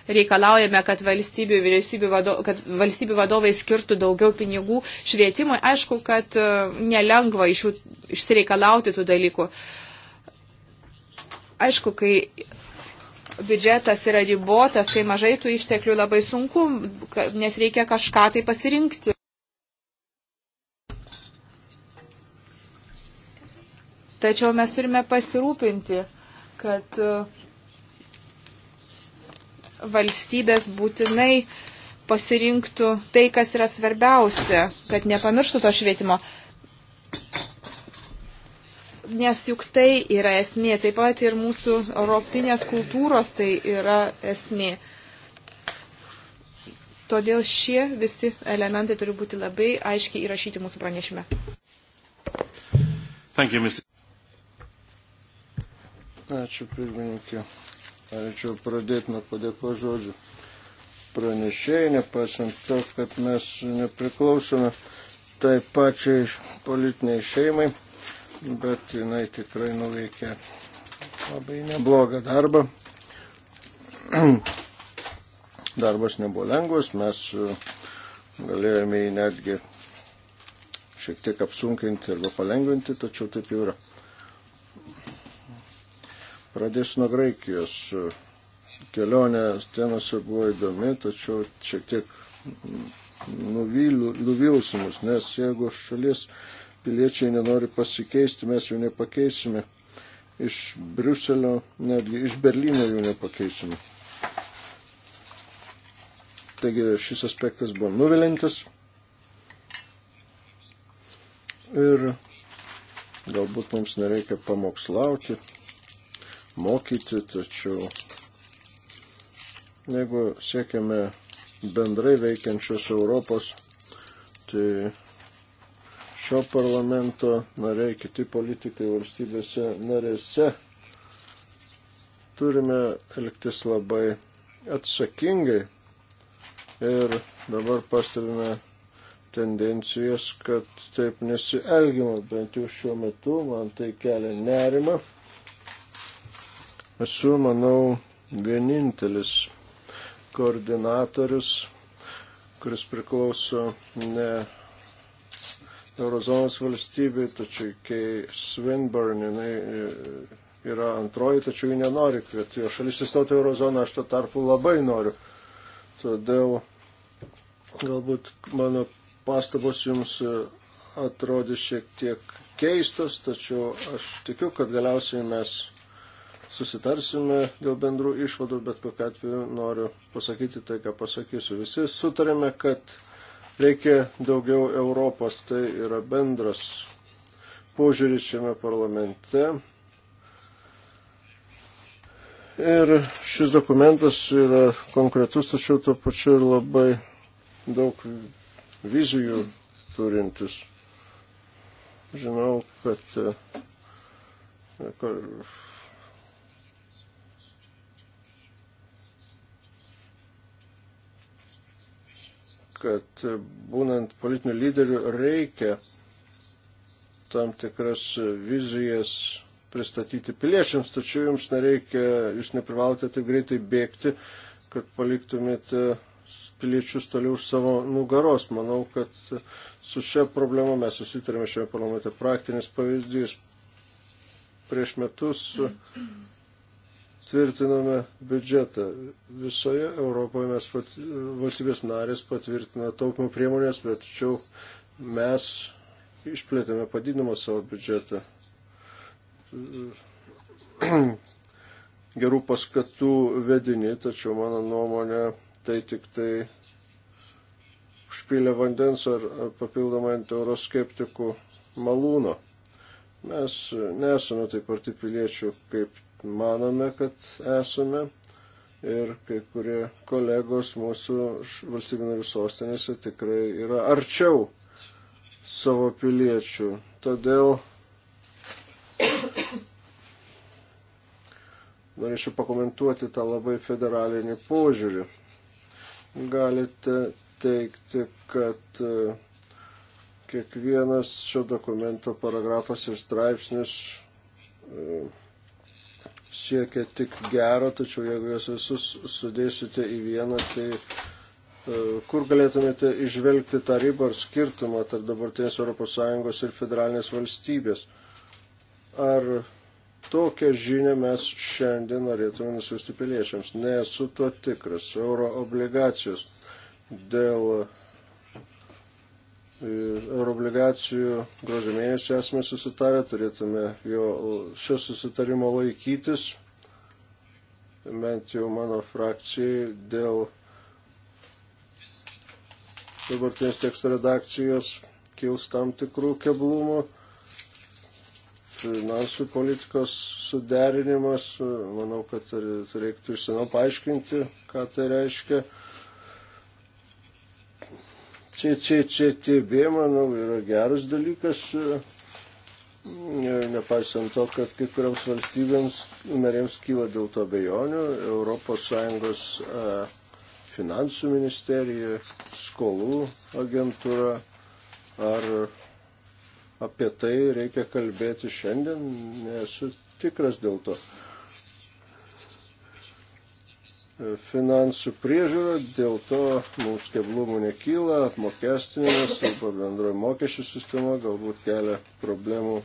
[SPEAKER 2] reikalaujame, kad valstybių, vyriausybių vadovai, kad valstybių vadovai skirtų daugiau pinigų švietimui, aišku, kad e, nelengva iš jų išsireikalauti tų dalykų. Aišku, kai biudžetas yra ribotas, kai mažai tų išteklių labai sunku, nes reikia kažką tai pasirinkti. Tačiau mes turime pasirūpinti, kad uh, valstybės būtinai pasirinktų tai, kas yra svarbiausia, kad nepamirštų to švietimo nes juk tai yra esmė, taip pat ir mūsų europinės kultūros tai yra esmė. Todėl šie visi elementai turi būti labai aiškiai įrašyti mūsų pranešime. Thank you, Mr.
[SPEAKER 1] Ačiū, pirmininkė. Ačiū pradėti nuo padėko žodžių pranešėjai, nepaisant to, kad mes nepriklausome tai pačiai politiniai šeimai bet jinai tikrai nuveikė labai neblogą darbą. Darbas nebuvo lengvas, mes e, galėjome jį netgi šiek tiek apsunkinti arba palengvinti, tačiau taip jau yra. Pradėsiu nuo Graikijos. E, kelionė Stenose buvo įdomi, tačiau šiek tiek nuvylusi mus, nes jeigu šalis piliečiai nenori pasikeisti, mes jų nepakeisime. Iš Briuselio, netgi iš Berlyno jų nepakeisime. Taigi šis aspektas buvo nuvilintas. Ir galbūt mums nereikia pamokslauti, mokyti, tačiau jeigu siekiame bendrai veikiančios Europos, tai šio parlamento nariai, kiti politikai valstybėse narėse turime elgtis labai atsakingai. Ir dabar pastebime tendencijas, kad taip nesielgima, bent jau šiuo metu man tai kelia nerima. Esu, manau, vienintelis koordinatorius, kuris priklauso ne Eurozonos valstybių, tačiau Kei Swinburne jinai e, yra antroji, tačiau ji nenori, kad jo šalis įstotų Eurozoną, aš to tarpu labai noriu. Todėl galbūt mano pastabos jums e, atrodys šiek tiek keistas, tačiau aš tikiu, kad galiausiai mes susitarsime dėl bendrų išvadų, bet kokiu atveju noriu pasakyti tai, ką pasakysiu. Visi sutarėme, kad Reikia daugiau Europos, tai yra bendras požiūris šiame parlamente. Ir šis dokumentas yra konkretus, tačiau tuo pačiu ir labai daug vizijų turintis. Žinau, kad e, kad būnant politiniu lyderiu reikia tam tikras vizijas pristatyti piliečiams, tačiau jums nereikia, jūs neprivalote taip greitai bėgti, kad paliktumėte piliečius toliau už savo nugaros. Manau, kad su šia problema mes susitarėme šiame parlamente. Praktinis pavyzdys prieš metus. Mm -hmm tvirtiname biudžetą. Visoje Europoje mes pat, valstybės narės patvirtina taupimo priemonės, bet tačiau mes išplėtėme padidinimą savo biudžetą. Gerų paskatų vedini, tačiau mano nuomonė tai tik tai užpylė vandens ar papildomai ant euroskeptikų malūno. Mes nesame taip arti piliečių kaip manome, kad esame. Ir kai kurie kolegos mūsų valstybinarių sostinėse tikrai yra arčiau savo piliečių. Todėl norėčiau pakomentuoti tą labai federalinį požiūrį. Galite teikti, kad e, kiekvienas šio dokumento paragrafas ir straipsnis e, siekia tik gero, tačiau jeigu juos visus sudėsite į vieną, tai e, kur galėtumėte išvelgti tą ribą ar skirtumą tarp dabartinės ES ir federalinės valstybės? Ar tokią žinią mes šiandien norėtume nusiųsti piliečiams? Nesu tuo tikras. Euro obligacijos dėl euroobligacijų gruodžio mėnesį esame susitarę, turėtume jo šio susitarimo laikytis, bent jau mano frakcijai dėl dabartinės teksto redakcijos kils tam tikrų keblumų. Finansų politikos suderinimas, manau, kad reiktų išsamiau paaiškinti, ką tai reiškia. CCCTB, manau, yra geras dalykas, ir e, nepaisant to, kad kai kuriams valstybėms narėms kyla dėl to bejonių, ES e, finansų ministerija, skolų agentūra, ar apie tai reikia kalbėti šiandien, nesu tikras dėl to finansų priežiūra, dėl to mums keblumų nekyla, apmokestinimas arba bendroji mokesčių sistema galbūt kelia problemų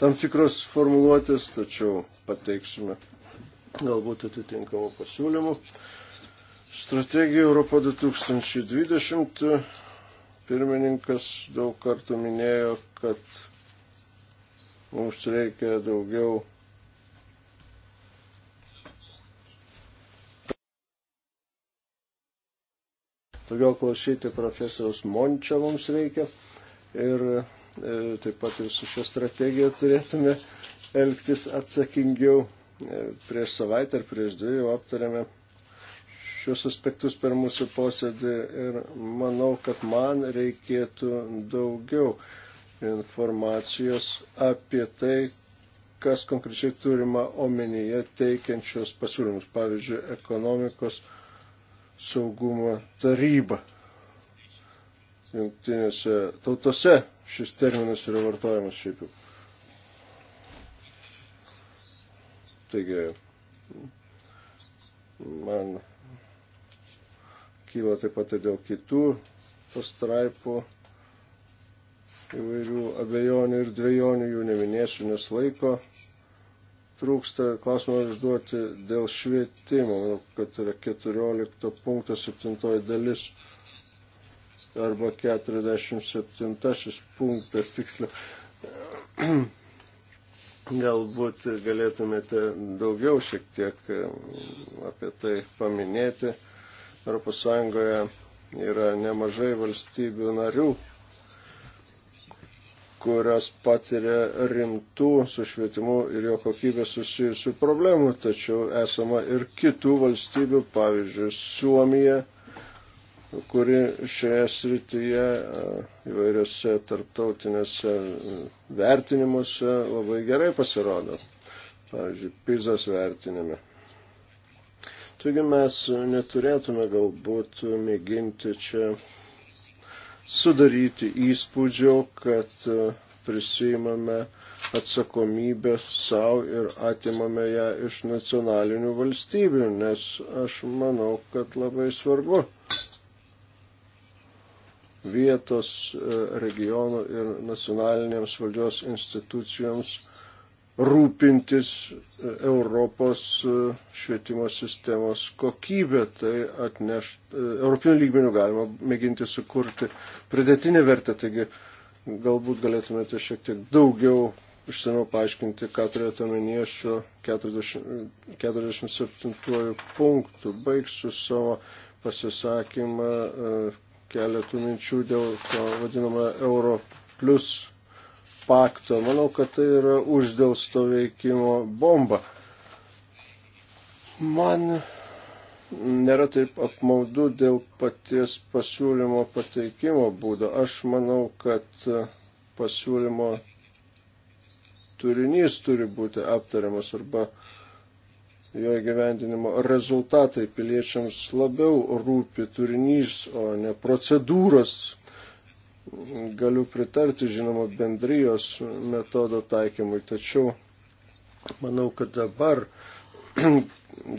[SPEAKER 1] tam tikros formuluotės, tačiau pateiksime galbūt atitinkamų pasiūlymų. Strategija Europa 2020 pirmininkas daug kartų minėjo, kad mums reikia daugiau Daugiau klausyti profesoriaus Mončio mums reikia ir e, taip pat ir su šią strategiją turėtume elgtis atsakingiau. E, prieš savaitę ar prieš dvi jau aptarėme šios aspektus per mūsų posėdį ir manau, kad man reikėtų daugiau informacijos apie tai, kas konkrečiai turima omenyje teikiančios pasiūlymus, pavyzdžiui, ekonomikos saugumo taryba. Jungtinėse tautose šis terminas yra vartojamas šiaip jau. Taigi, man kyla taip pat ir dėl kitų pastraipų įvairių abejonių ir dviejonių, jų neminėsiu, nes laiko trūksta klausimą užduoti dėl švietimo, manau, kad yra 14.7 dalis arba 47 punktas tiksliau. Galbūt galėtumėte daugiau šiek tiek mm, apie tai paminėti. ES yra nemažai valstybių narių, kurios patiria rimtų su švietimu ir jo kokybė susijusių problemų, tačiau esama ir kitų valstybių, pavyzdžiui, Suomija, kuri šioje srityje e, įvairiose tarptautinėse e, vertinimuose labai gerai pasirodo, pavyzdžiui, Pizos vertinime. Taigi mes neturėtume galbūt mėginti čia sudaryti įspūdžio, kad e, prisimame atsakomybę savo ir atimame ją iš nacionalinių valstybių, nes aš manau, kad labai svarbu vietos e, regionų ir nacionalinėms valdžios institucijoms rūpintis e, Europos e, švietimo sistemos kokybė. Tai atneš, e, Europinių lygmenių galima mėginti sukurti pridėtinę vertę, taigi galbūt galėtumėte šiek tiek daugiau išsamiau paaiškinti, ką turėjote omenyje šio 40, 47 punktų. Baigsiu savo pasisakymą keletų minčių dėl to vadinamą Euro plus pakto. Manau, kad tai yra uždėlsto veikimo bomba. Man nėra taip apmaudu dėl paties pasiūlymo pateikimo būdo. Aš manau, kad pasiūlymo turinys turi būti aptariamas arba jo įgyvendinimo rezultatai piliečiams labiau rūpi turinys, o ne procedūros galiu pritarti, žinoma, bendrijos metodo taikymui, tačiau manau, kad dabar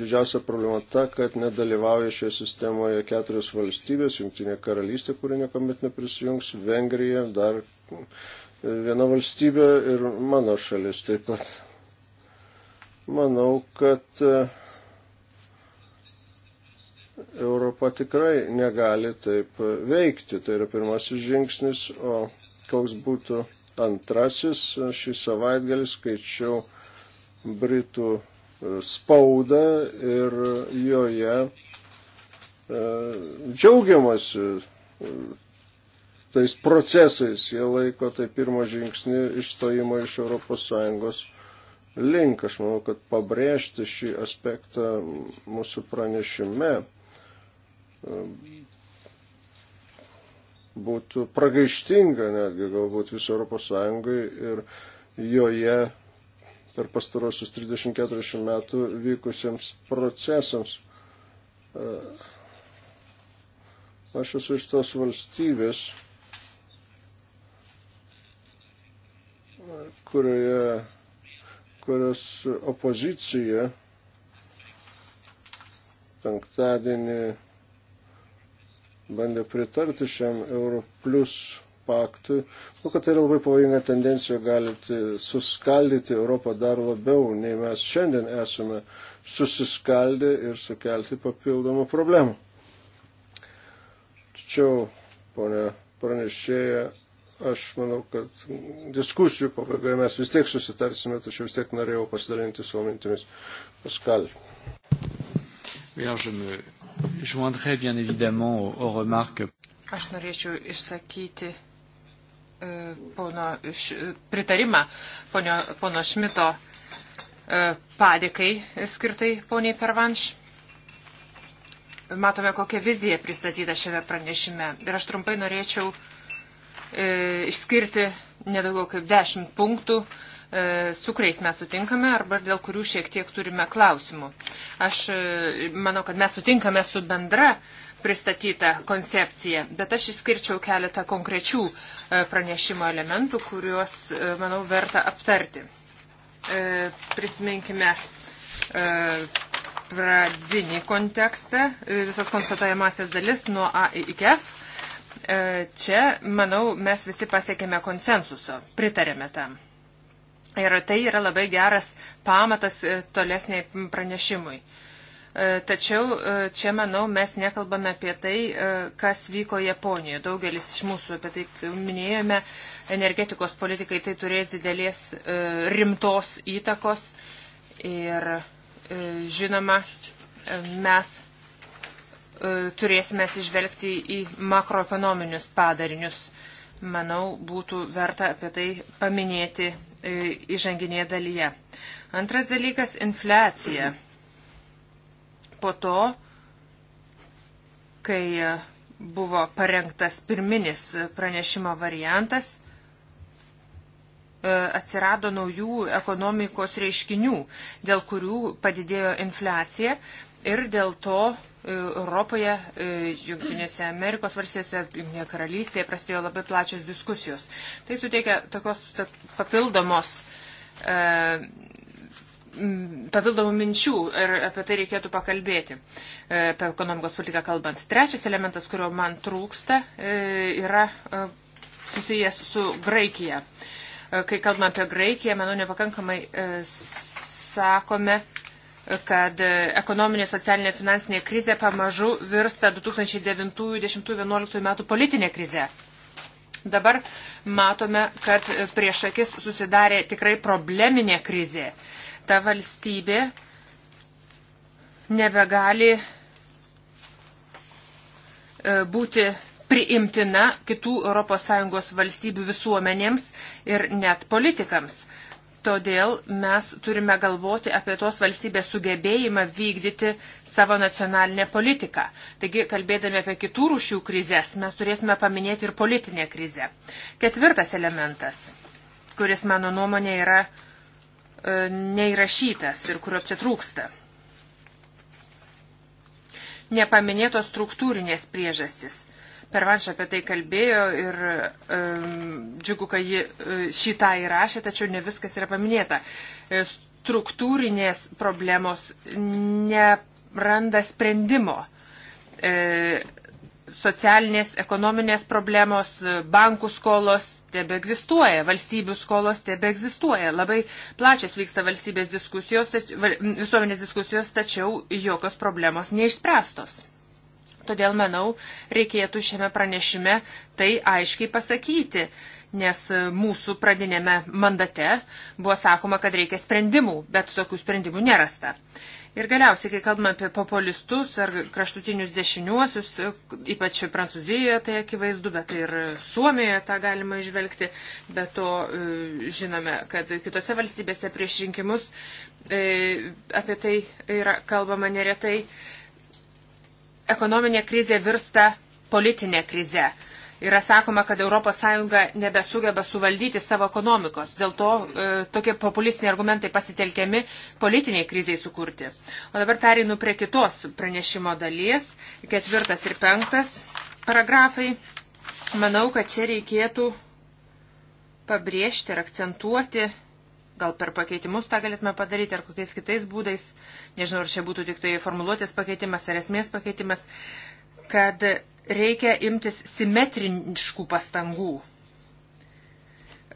[SPEAKER 1] didžiausia problema ta, kad nedalyvauja šioje sistemoje keturios valstybės - Junktinė karalystė, kuri niekuomet neprisijungs, Vengrija, dar viena valstybė ir mano šalis taip pat. Manau, kad Europa tikrai negali taip veikti. Tai yra pirmasis žingsnis, o koks būtų antrasis, šį savaitgalį skaičiau Britų e, spaudą ir joje e, džiaugiamasi e, tais procesais. Jie laiko tai pirmą žingsnį išstojimo iš ES link. Aš manau, kad pabrėžti šį aspektą mūsų pranešime Ehm, būtų pragaištinga netgi galbūt viso Europos Sąjungai ir joje per pastarosius 30-40 metų vykusiems procesams. Ehm, aš esu iš tos valstybės, kurioje, kurios opozicija penktadienį bandė pritarti šiam Euro plus paktui. Nu, kad tai yra labai pavojinga tendencija, galite suskaldyti Europą dar labiau, nei mes šiandien esame susiskaldę ir sukelti papildomų problemų. Tačiau, ponė pranešėja, aš manau, kad diskusijų pabaigoje mes vis tiek susitarsime, tačiau vis tiek norėjau pasidalinti savo mintimis. Paskal.
[SPEAKER 2] Ja, je me Joindrai bien évidemment aux, aux remarques.
[SPEAKER 3] Aš norėčiau išsakyti e, pono, š, e, pritarimą ponio, pono Šmito e, padėkai skirtai poniai Pervanš. Matome, kokia vizija pristatyta šiame pranešime. Ir aš trumpai norėčiau e, išskirti nedaugiau kaip dešimt punktų, e, E, su kuriais mes sutinkame arba dėl kurių šiek tiek turime klausimų. Aš e, manau, kad mes sutinkame su bendra pristatyta koncepcija, bet aš išskirčiau keletą konkrečių e, pranešimo elementų, kuriuos, manau, verta aptarti. Prisiminkime pradinį kontekstą, visas konstatuojamasias dalis nuo A iki F. Čia, manau, mes visi pasiekėme konsensuso, pritarėme tam. Ir tai yra labai geras pamatas e, tolesniai pranešimui. E, tačiau e, čia, manau, mes nekalbame apie tai, kas vyko Japonijoje. Daugelis iš mūsų apie tai minėjome. Energetikos politikai tai turės didelės rimtos įtakos. Ir žinoma, mes turėsime atsižvelgti į makroekonominius padarinius. Manau, būtų verta apie tai paminėti įžanginėje dalyje. Antras dalykas - infliacija. Po to, kai e, buvo parengtas pirminis pranešimo variantas, e, atsirado naujų ekonomikos reiškinių, dėl kurių padidėjo infliacija ir dėl to E, Europoje, e, Junktinėse Amerikos valstijose, Junktinėje karalystėje prasidėjo labai plačios diskusijos. Tai suteikia tokios papildomos e, papildomų minčių ir apie tai reikėtų pakalbėti, apie ekonomikos politiką kalbant. Trečias elementas, kurio man trūksta, yra susijęs su Graikija. Kai kalbame apie Graikiją, manau, nepakankamai sakome, kad ekonominė, socialinė, finansinė krizė pamažu virsta 2009, 2010, 2011 metų politinė krize. Dabar matome, kad prieš akis susidarė tikrai probleminė krizė. Ta valstybė nebegali e, būti priimtina kitų ES valstybių visuomenėms ir net politikams. Todėl mes turime galvoti apie tos valstybės sugebėjimą vykdyti savo nacionalinę politiką. Taigi, kalbėdami apie kitų rūšių krizės, mes turėtume paminėti ir politinę krizę. Ketvirtas elementas, kuris mano nuomonė yra e, neįrašytas ir kurio čia trūksta. Nepaminėtos struktūrinės priežastis. Per vanšą apie tai kalbėjo ir um, džiugu, kad ji e, šitą įrašė, tačiau ne viskas yra paminėta. E, struktūrinės problemos neranda sprendimo. E, socialinės, ekonominės problemos, bankų skolos tebe egzistuoja, valstybių skolos tebe egzistuoja. Labai plačias vyksta valstybės diskusijos, visuomenės diskusijos, tačiau jokios problemos neišspręstos todėl, manau, reikėtų šiame pranešime tai aiškiai pasakyti, nes mūsų pradinėme mandate buvo sakoma, kad reikia sprendimų, bet tokių sprendimų nerasta. Ir galiausiai, kai kalbame apie populistus ar kraštutinius dešiniuosius, ypač Prancūzijoje tai akivaizdu, bet ir Suomijoje tą galima išvelgti, bet to e, žinome, kad kitose valstybėse prieš rinkimus e, apie tai yra kalbama neretai ekonominė krizė virsta politinė krize. Yra sakoma, kad ES nebesugeba suvaldyti savo ekonomikos. Dėl to e, tokie populistiniai argumentai pasitelkiami politiniai kriziai sukurti. O dabar pereinu prie kitos pranešimo dalies. Ketvirtas ir penktas paragrafai. Manau, kad čia reikėtų pabrėžti ir akcentuoti Gal per pakeitimus tą galėtume padaryti ar kokiais kitais būdais, nežinau, ar čia būtų tik tai formuluotės pakeitimas ar esmės pakeitimas, kad reikia imtis simetriškų pastangų.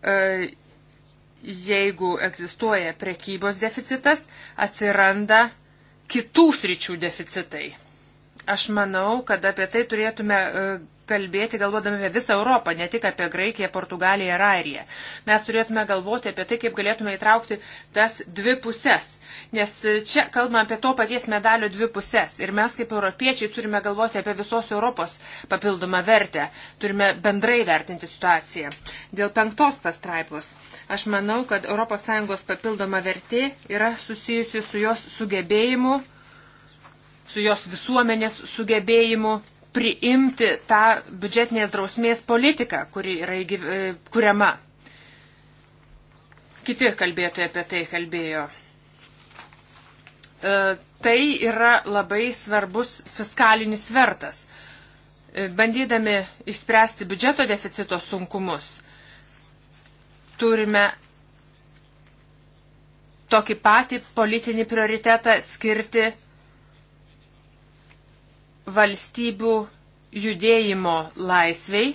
[SPEAKER 3] E, jeigu egzistuoja prekybos deficitas, atsiranda kitų sričių deficitai. Aš manau, kad apie tai turėtume e, kalbėti galvodami apie visą Europą, ne tik apie Graikiją, Portugaliją ir Airiją. Mes turėtume galvoti apie tai, kaip galėtume įtraukti tas dvi pusės. Nes čia kalbame apie to paties medalio dvi pusės. Ir mes kaip europiečiai turime galvoti apie visos Europos papildomą vertę. Turime bendrai vertinti situaciją. Dėl penktos pastraipos. Aš manau, kad ES papildoma vertė yra susijusi su jos sugebėjimu, su jos visuomenės sugebėjimu priimti tą biudžetinės drausmės politiką, kuri yra e, kuriama. Kiti kalbėtojai apie tai kalbėjo. E, tai yra labai svarbus fiskalinis vertas. E, bandydami išspręsti biudžeto deficito sunkumus, turime tokį patį politinį prioritetą skirti valstybių judėjimo laisviai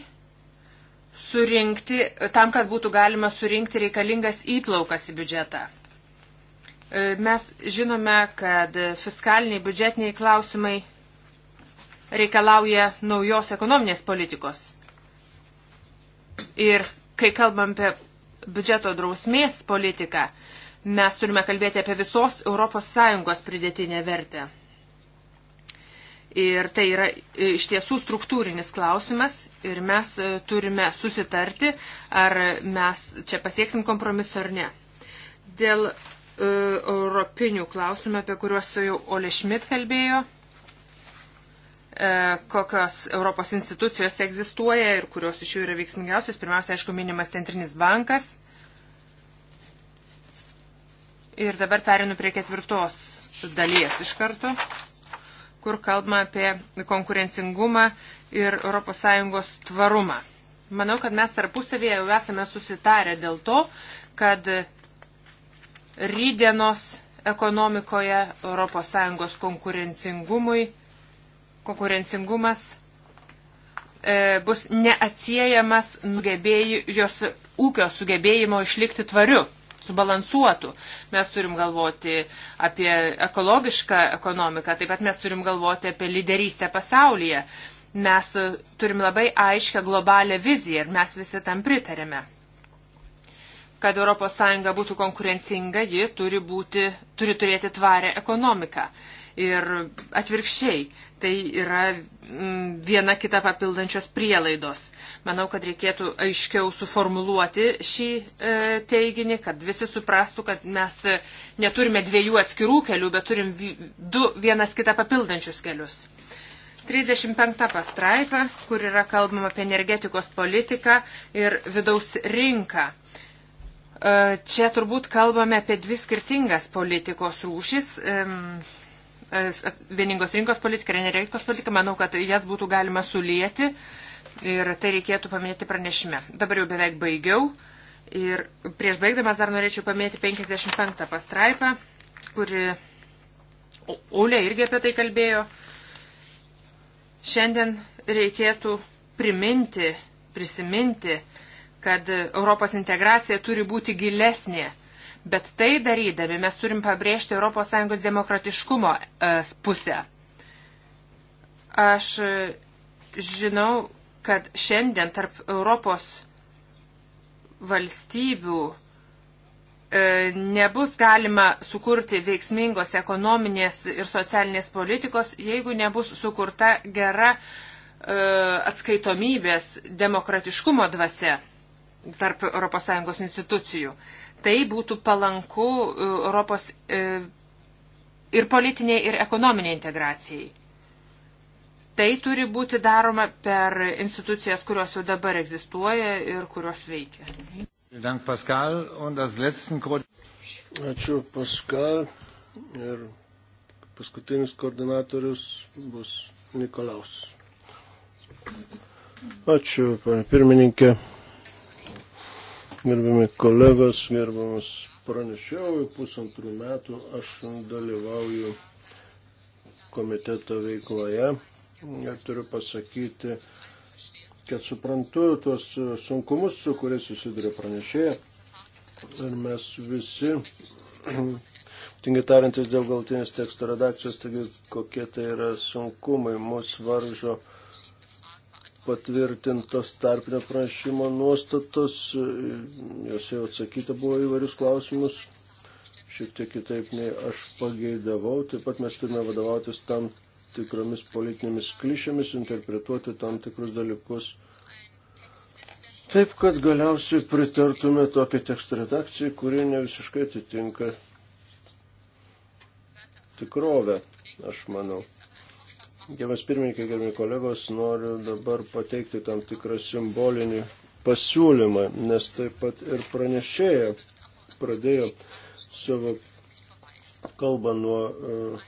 [SPEAKER 3] surinkti, tam, kad būtų galima surinkti reikalingas įplaukas į biudžetą. E, mes žinome, kad fiskaliniai biudžetiniai klausimai reikalauja naujos ekonominės politikos. Ir kai kalbam apie biudžeto drausmės politiką, mes turime kalbėti apie visos ES pridėtinę vertę. Ir tai yra e, iš tiesų struktūrinis klausimas ir mes e, turime susitarti, ar mes čia pasieksim kompromiso ar ne. Dėl e, europinių klausimų, apie kuriuos jau Ole Schmidt kalbėjo, e, kokios Europos institucijos egzistuoja ir kurios iš jų yra veiksmingiausios, pirmiausia, aišku, minimas Centrinis bankas. Ir dabar perinu prie ketvirtos dalies iš karto kur kalbama apie konkurencingumą ir ES tvarumą. Manau, kad mes tarpusavėje jau esame susitarę dėl to, kad rydienos ekonomikoje ES konkurencingumui, konkurencingumas e, bus neatsiejamas jos ūkio sugebėjimo išlikti tvariu subalansuotų. Mes turim galvoti apie ekologišką ekonomiką, taip pat mes turim galvoti apie lyderystę pasaulyje. Mes turim labai aiškę globalę viziją ir mes visi tam pritarėme. Kad ES būtų konkurencinga, ji turi, būti, turi turėti tvarę ekonomiką. Ir atvirkščiai, tai yra mm, viena kita papildančios prielaidos. Manau, kad reikėtų aiškiau suformuluoti šį e, teiginį, kad visi suprastų, kad mes e, neturime dviejų atskirų kelių, bet turim du vienas kitą papildančius kelius. 35 pastraipa, kur yra kalbama apie energetikos politiką ir vidaus rinką. E, čia turbūt kalbame apie dvi skirtingas politikos rūšis. E, vieningos rinkos politika ir energetikos politika, manau, kad jas būtų galima sulieti ir tai reikėtų paminėti pranešime. Dabar jau beveik baigiau ir prieš baigdamas dar norėčiau paminėti 55 pastraipą, kuri Ulė irgi apie tai kalbėjo. Šiandien reikėtų priminti, prisiminti, kad Europos integracija turi būti gilesnė. Bet tai darydami mes turim pabrėžti ES demokratiškumo e, pusę. Aš e, žinau, kad šiandien tarp Europos valstybių e, nebus galima sukurti veiksmingos ekonominės ir socialinės politikos, jeigu nebus sukurta gera atskaitomybės demokratiškumo dvasia tarp ES institucijų. Tai būtų palanku e, Europos e, ir politiniai, ir ekonominiai integracijai. Tai turi būti daroma per institucijas, kurios jau dabar egzistuoja ir kurios veikia.
[SPEAKER 1] Ačiū Paskal ir paskutinis koordinatorius bus Nikolaus. Ačiū, pirmininkė gerbiami kolegos, gerbiamas pranešiau, pusantrų metų aš dalyvauju komiteto veikloje ir turiu pasakyti, kad suprantu tos sunkumus, su kuriais susiduria pranešėja. Ir mes visi, tingi tariantis dėl galtinės teksto redakcijos, taigi kokie tai yra sunkumai, mus varžo uh, patvirtintos tarpinio prašymo nuostatos, jos jau atsakyta buvo įvairius klausimus, šiek tiek kitaip nei aš pageidavau. Taip pat mes turime vadovautis tam tikromis politinėmis klišėmis, interpretuoti tam tikrus dalykus. Taip, kad galiausiai pritartume tokią tekstą redakcijai, kuri ne visiškai atitinka tikrovę, aš manau. Dievas pirmininkai, gerbimi kolegos, noriu dabar pateikti tam tikrą simbolinį pasiūlymą, nes taip pat ir pranešėja pradėjo savo kalbą nuo uh,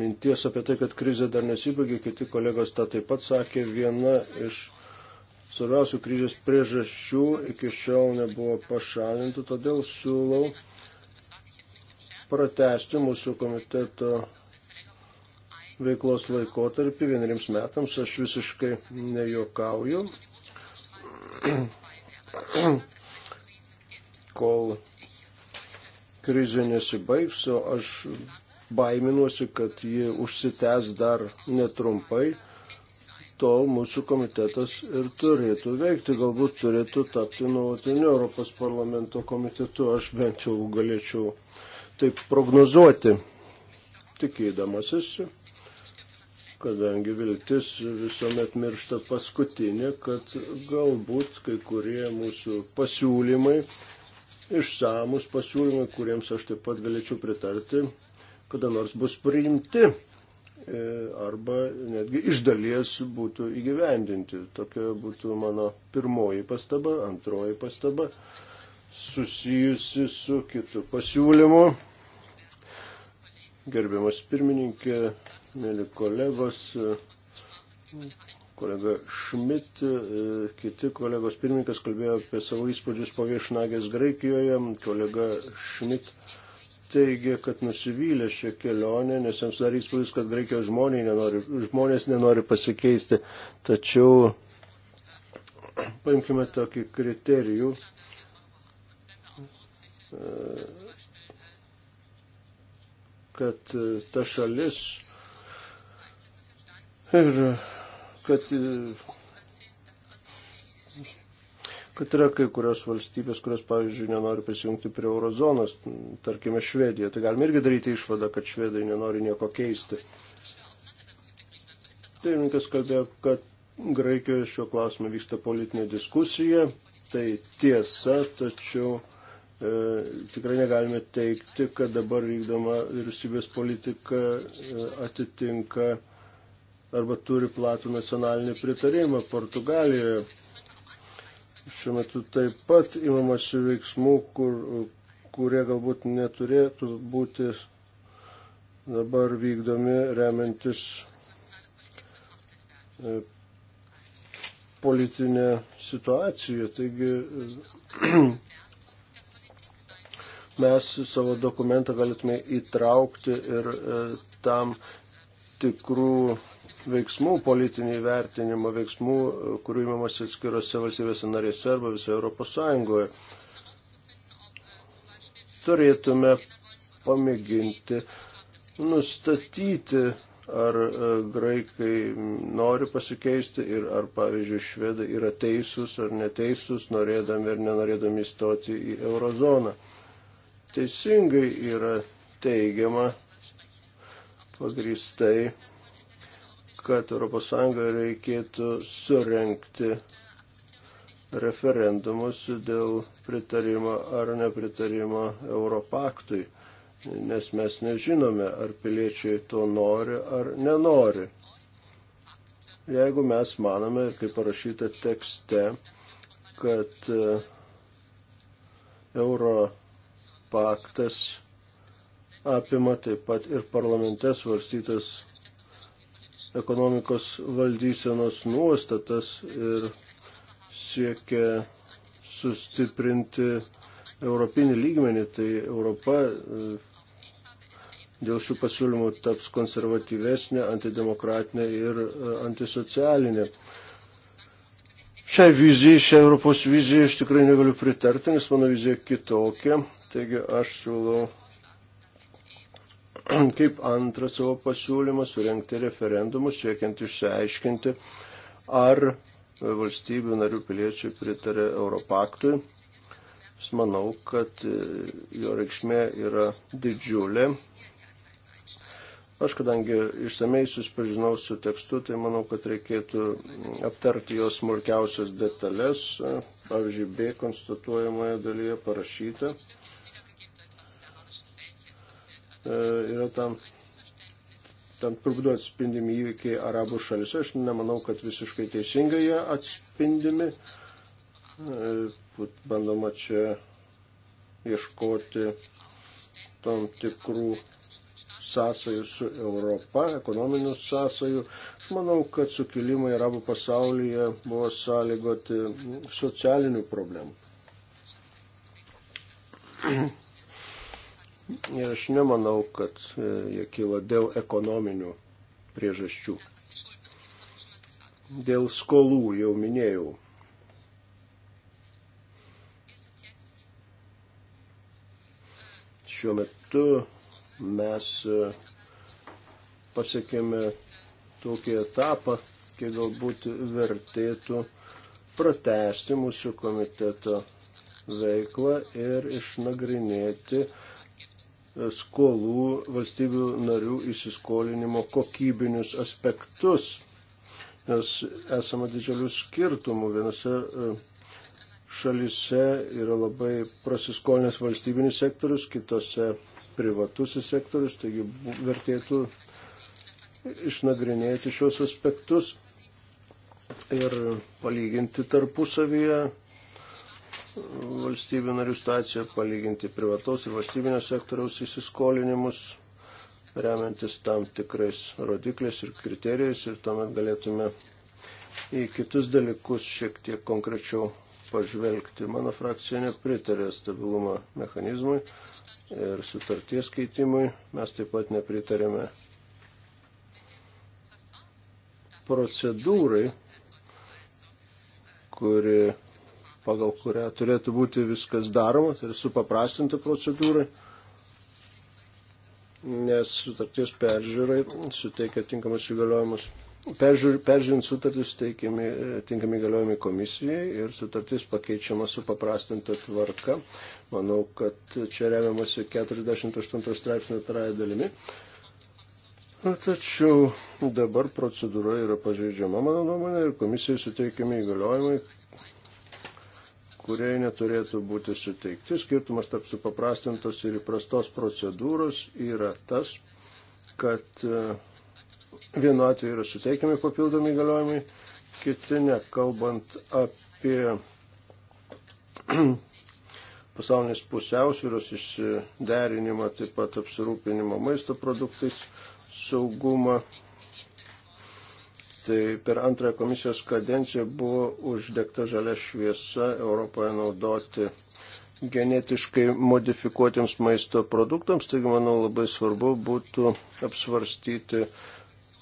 [SPEAKER 1] minties apie tai, kad krizė dar nesibaigė, kiti kolegos tą taip pat sakė, viena iš svarbiausių krizės priežasčių iki šiol nebuvo pašalinta, todėl siūlau pratesti mūsų komiteto veiklos laikotarpį vieneriems metams, aš visiškai nejokauju, kol krizė nesibaigs, o aš baiminuosi, kad ji užsitęs dar netrumpai, tol mūsų komitetas ir turėtų veikti, galbūt turėtų tapti nuolatiniu Europos parlamento komitetu, aš bent jau galėčiau taip prognozuoti, tikėdamasis kadangi viltis visuomet miršta paskutinė, kad galbūt kai kurie mūsų pasiūlymai, išsamus pasiūlymai, kuriems aš taip pat galėčiau pritarti, kada nors bus priimti e, arba netgi iš dalies būtų įgyvendinti. Tokia būtų mano pirmoji pastaba, antroji pastaba susijusi su kitu pasiūlymu. Gerbiamas pirmininkė, mėly kolegos, kolega Šmit, kiti kolegos pirmininkas kalbėjo apie savo įspūdžius po viešnagės Graikijoje. Kolega Šmit teigia, kad nusivylė šią kelionę, nes jiems dar įspūdis, kad Graikijos žmonės nenori, žmonės nenori pasikeisti. Tačiau paimkime tokį kriterijų. kad ta šalis Ir kad, kad yra kai kurios valstybės, kurios, pavyzdžiui, nenori prisijungti prie eurozonos, tarkime Švedija, tai galime irgi daryti išvadą, kad švedai nenori nieko keisti. Pirmininkas kalbėjo, kad Graikijoje šiuo klausimu vyksta politinė diskusija, tai tiesa, tačiau e, tikrai negalime teikti, kad dabar vykdoma vyriausybės politika e, atitinka e, arba turi platų nacionalinį pritarimą Portugalijoje. Šiuo metu taip pat imamasi veiksmų, kur, kurie galbūt neturėtų būti dabar vykdomi remiantis e, politinė situacija. Taigi e, mes savo dokumentą galėtume įtraukti ir e, tam tikrų veiksmų, politinį vertinimą veiksmų, e, kurių įmamas atskirose valstybėse narėse arba visoje Europos Sąjungoje. Turėtume pamėginti nustatyti, ar e, graikai nori pasikeisti ir ar, pavyzdžiui, švedai yra teisūs ar neteisūs, norėdami ir nenorėdami įstoti į eurozoną. Teisingai yra teigiama pagristai kad ES reikėtų surenkti referendumus dėl pritarimo ar nepritarimo Europaktui, nes mes nežinome, ar piliečiai to nori ar nenori. Jeigu mes manome, kaip parašyta tekste, kad e, Europaktas apima taip pat ir parlamente svarstytas ekonomikos valdysenos nuostatas ir siekia sustiprinti europinį lygmenį, tai Europa e, dėl šių pasiūlymų taps konservatyvesnė, antidemokratinė ir e, antisocialinė. Šiai vizijai, šiai Europos vizijai aš tikrai negaliu pritarti, nes mano vizija kitokia. Taigi aš siūlau kaip antrą savo pasiūlymą surenkti referendumus, siekiant išsiaiškinti, ar valstybių narių piliečiai pritarė Europaktui. Aš manau, kad e, jo reikšmė yra didžiulė. Aš kadangi išsamei susipažinau su tekstu, tai manau, kad reikėtų aptarti jos smulkiausias detalės. E, pavyzdžiui, B konstatuojamoje dalyje parašyta, E, yra tam, tam turbūt atspindimi įvykiai arabų šalis. Aš nemanau, kad visiškai teisingai jie atspindimi. E, būt bandoma čia ieškoti tam tikrų sąsajų su Europa, ekonominių sąsajų. Aš manau, kad sukilimai arabų pasaulyje buvo sąlygoti socialinių problemų. Ir aš nemanau, kad e, jie kyla dėl ekonominių priežasčių. Dėl skolų jau minėjau. Šiuo metu mes e, pasiekėme tokį etapą, kai galbūt vertėtų pratesti mūsų komiteto veiklą ir išnagrinėti skolų valstybių narių įsiskolinimo kokybinius aspektus, nes esama didžiulių skirtumų. Vienose e, šalise yra labai prasiskolinęs valstybinis sektorius, kitose privatusis sektorius, taigi vertėtų išnagrinėti šios aspektus ir palyginti tarpusavyje valstybių narių situaciją, palyginti privataus ir valstybinio sektoriaus įsiskolinimus, remiantis tam tikrais rodikliais ir kriterijais ir tuomet galėtume į kitus dalykus šiek tiek konkrečiau pažvelgti. Mano frakcija nepritarė stabilumo mechanizmui ir sutarties keitimui. Mes taip pat nepritarėme procedūrai, kuri pagal kurią turėtų būti viskas daroma, tai yra supaprastinti procedūrai, nes sutarties peržiūrai suteikia tinkamas įgaliojimus. Peržiūr, peržiūrint sutartis suteikiami tinkami įgaliojimai komisijai ir sutartis pakeičiama supaprastinta tvarka. Manau, kad čia remiamasi 48 straipsnio antrąją dalimi. Tačiau dabar procedūra yra pažeidžiama, mano nuomonė, ir komisijai suteikiami įgaliojimai, kuriai neturėtų būti suteikti. Skirtumas tarp supaprastintos ir įprastos procedūros yra tas, kad e, vienu atveju yra suteikiami papildomi įgaliojimai, kiti ne, kalbant apie pasaulinės pusiausvyros išsiderinimą, taip pat apsirūpinimą maisto produktais, saugumą tai per antrąją komisijos kadenciją buvo uždegta žalia šviesa Europoje naudoti genetiškai modifikuotiems maisto produktams, taigi manau labai svarbu būtų apsvarstyti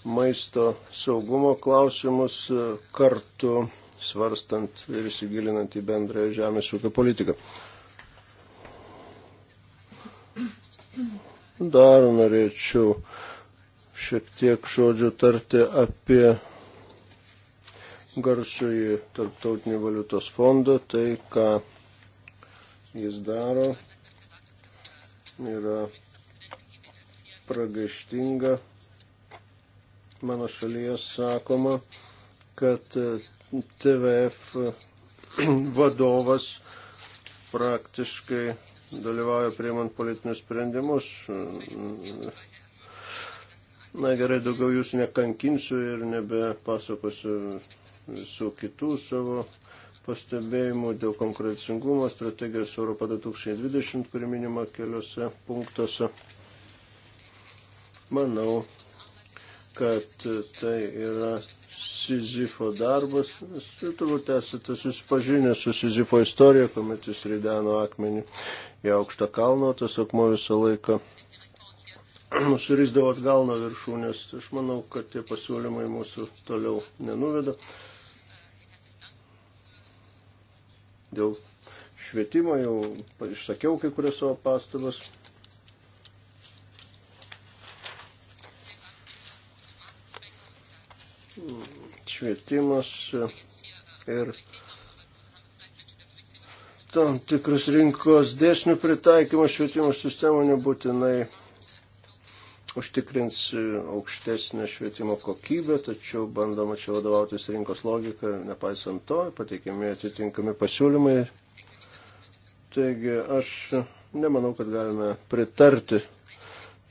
[SPEAKER 1] maisto saugumo klausimus e, kartu svarstant ir įsigilinant į bendrąją žemės ūkio politiką. Dar norėčiau šiek tiek žodžių tarti apie garsųjį tarptautinį valiutos fondą, tai ką jis daro yra pragaištinga. Mano šalyje sakoma, kad e, TVF e, vadovas praktiškai dalyvauja priimant politinius sprendimus. Na gerai, daugiau jūs nekankinsiu ir nebepasakosiu visų kitų savo pastebėjimų dėl konkurencingumo strategijos Europa 2020, kuri minima keliose punktuose. Manau, kad tai yra Sizifo darbas. Jūs turbūt esate susipažinę su Sizifo istorija, kuomet jis rideno akmenį į aukštą kalną, tas akmuo visą laiką surizdavo atgal nuo viršūnės. Aš manau, kad tie pasiūlymai mūsų toliau nenuveda. Dėl švietimo jau išsakiau kai kurias savo pastabas. Švietimas ir tam tikras rinkos dėsnių pritaikymas švietimo sistemo nebūtinai užtikrins e, aukštesnę švietimo kokybę, tačiau bandoma čia vadovautis rinkos logika, nepaisant to, pateikiami atitinkami pasiūlymai. Taigi aš nemanau, kad galime pritarti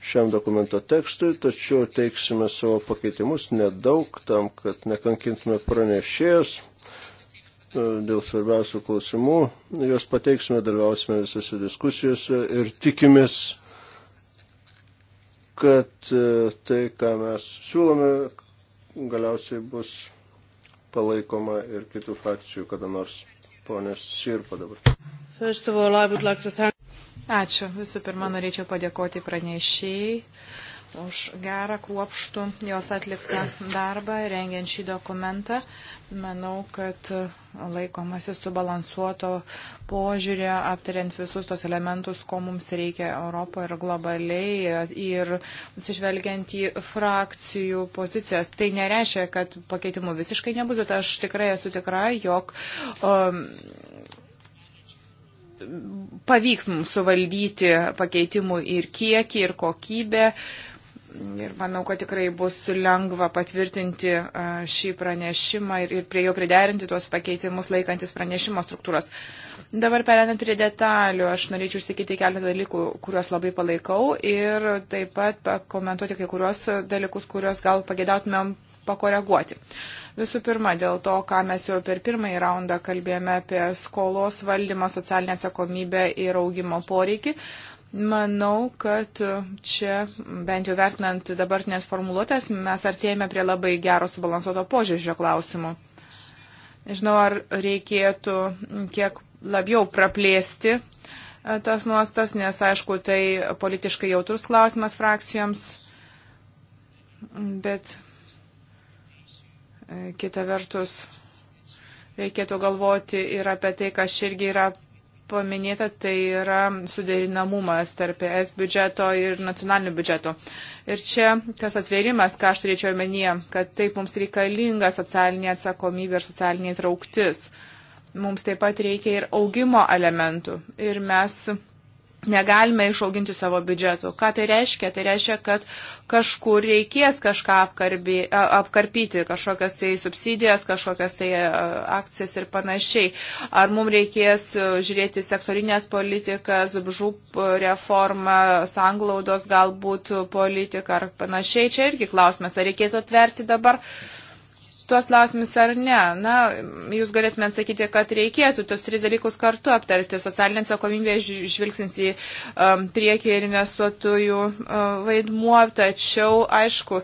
[SPEAKER 1] šiam dokumento tekstui, tačiau teiksime savo pakeitimus nedaug tam, kad nekankintume pranešėjus e, dėl svarbiausių klausimų. Juos pateiksime, dalyvausime visose diskusijose ir tikimės kad e, tai, ką mes siūlome, galiausiai bus palaikoma ir kitų frakcijų, kada nors ponės Sirpa dabar.
[SPEAKER 2] Ačiū. Visų pirma, norėčiau padėkoti pranešėjai už gerą kruopštų jos atliktą darbą, rengiant šį dokumentą. Uh, Manau, kad laikomasi subalansuoto požiūrė, aptariant visus tos elementus, ko mums reikia Europoje ir globaliai, ir atsižvelgiant į frakcijų pozicijas. Tai nereiškia, kad pakeitimų visiškai nebus, bet aš tikrai esu tikra, jog. Um, pavyks mums suvaldyti pakeitimų ir kiekį, ir kokybę. Um, ir manau, kad tikrai bus lengva patvirtinti šį pranešimą ir, ir prie jo priderinti tuos pakeitimus laikantis pranešimo struktūros. Dabar perėdant prie detalių, aš norėčiau išsakyti keletą dalykų, kuriuos labai palaikau ir taip pat pakomentuoti kai kuriuos dalykus, kuriuos gal pagėdautumėm pakoreguoti. Visų pirma, dėl to, ką mes jau per pirmąjį raundą kalbėjome apie skolos valdymą, socialinę atsakomybę ir augimo poreikį, Manau, kad čia, bent jau vertinant dabartinės formuluotės, mes artėjame prie labai gero subalansuoto požiūrio klausimų. Nežinau, ar reikėtų kiek labiau praplėsti e, tas nuostas, nes, aišku, tai politiškai jautrus klausimas frakcijoms, bet e, kita vertus reikėtų galvoti ir apie tai, kas irgi yra paminėta, tai yra suderinamumas tarp ES biudžeto ir nacionalinių biudžetų. Ir čia tas atvėrimas, ką aš turėčiau omenyje, kad taip mums reikalinga socialinė atsakomybė ir socialinė trauktis. Mums taip pat reikia ir augimo elementų. Ir mes negalime išauginti savo biudžetų. Ką tai reiškia? Tai reiškia, kad kažkur reikės kažką apkarbi, apkarpyti, kažkokias tai subsidijas, kažkokias tai akcijas ir panašiai. Ar mums reikės žiūrėti sektorinės politikas, žūp reformą, sanglaudos galbūt politiką ar panašiai. Čia irgi klausimas, ar reikėtų atverti dabar tuos lausimus ar ne. Na, jūs galėtumėt sakyti, kad reikėtų tos tris dalykus kartu aptarti. Socialinė atsakomybė žvilgsint į um, priekį ir investuotojų um, vaidmuo, tačiau, aišku,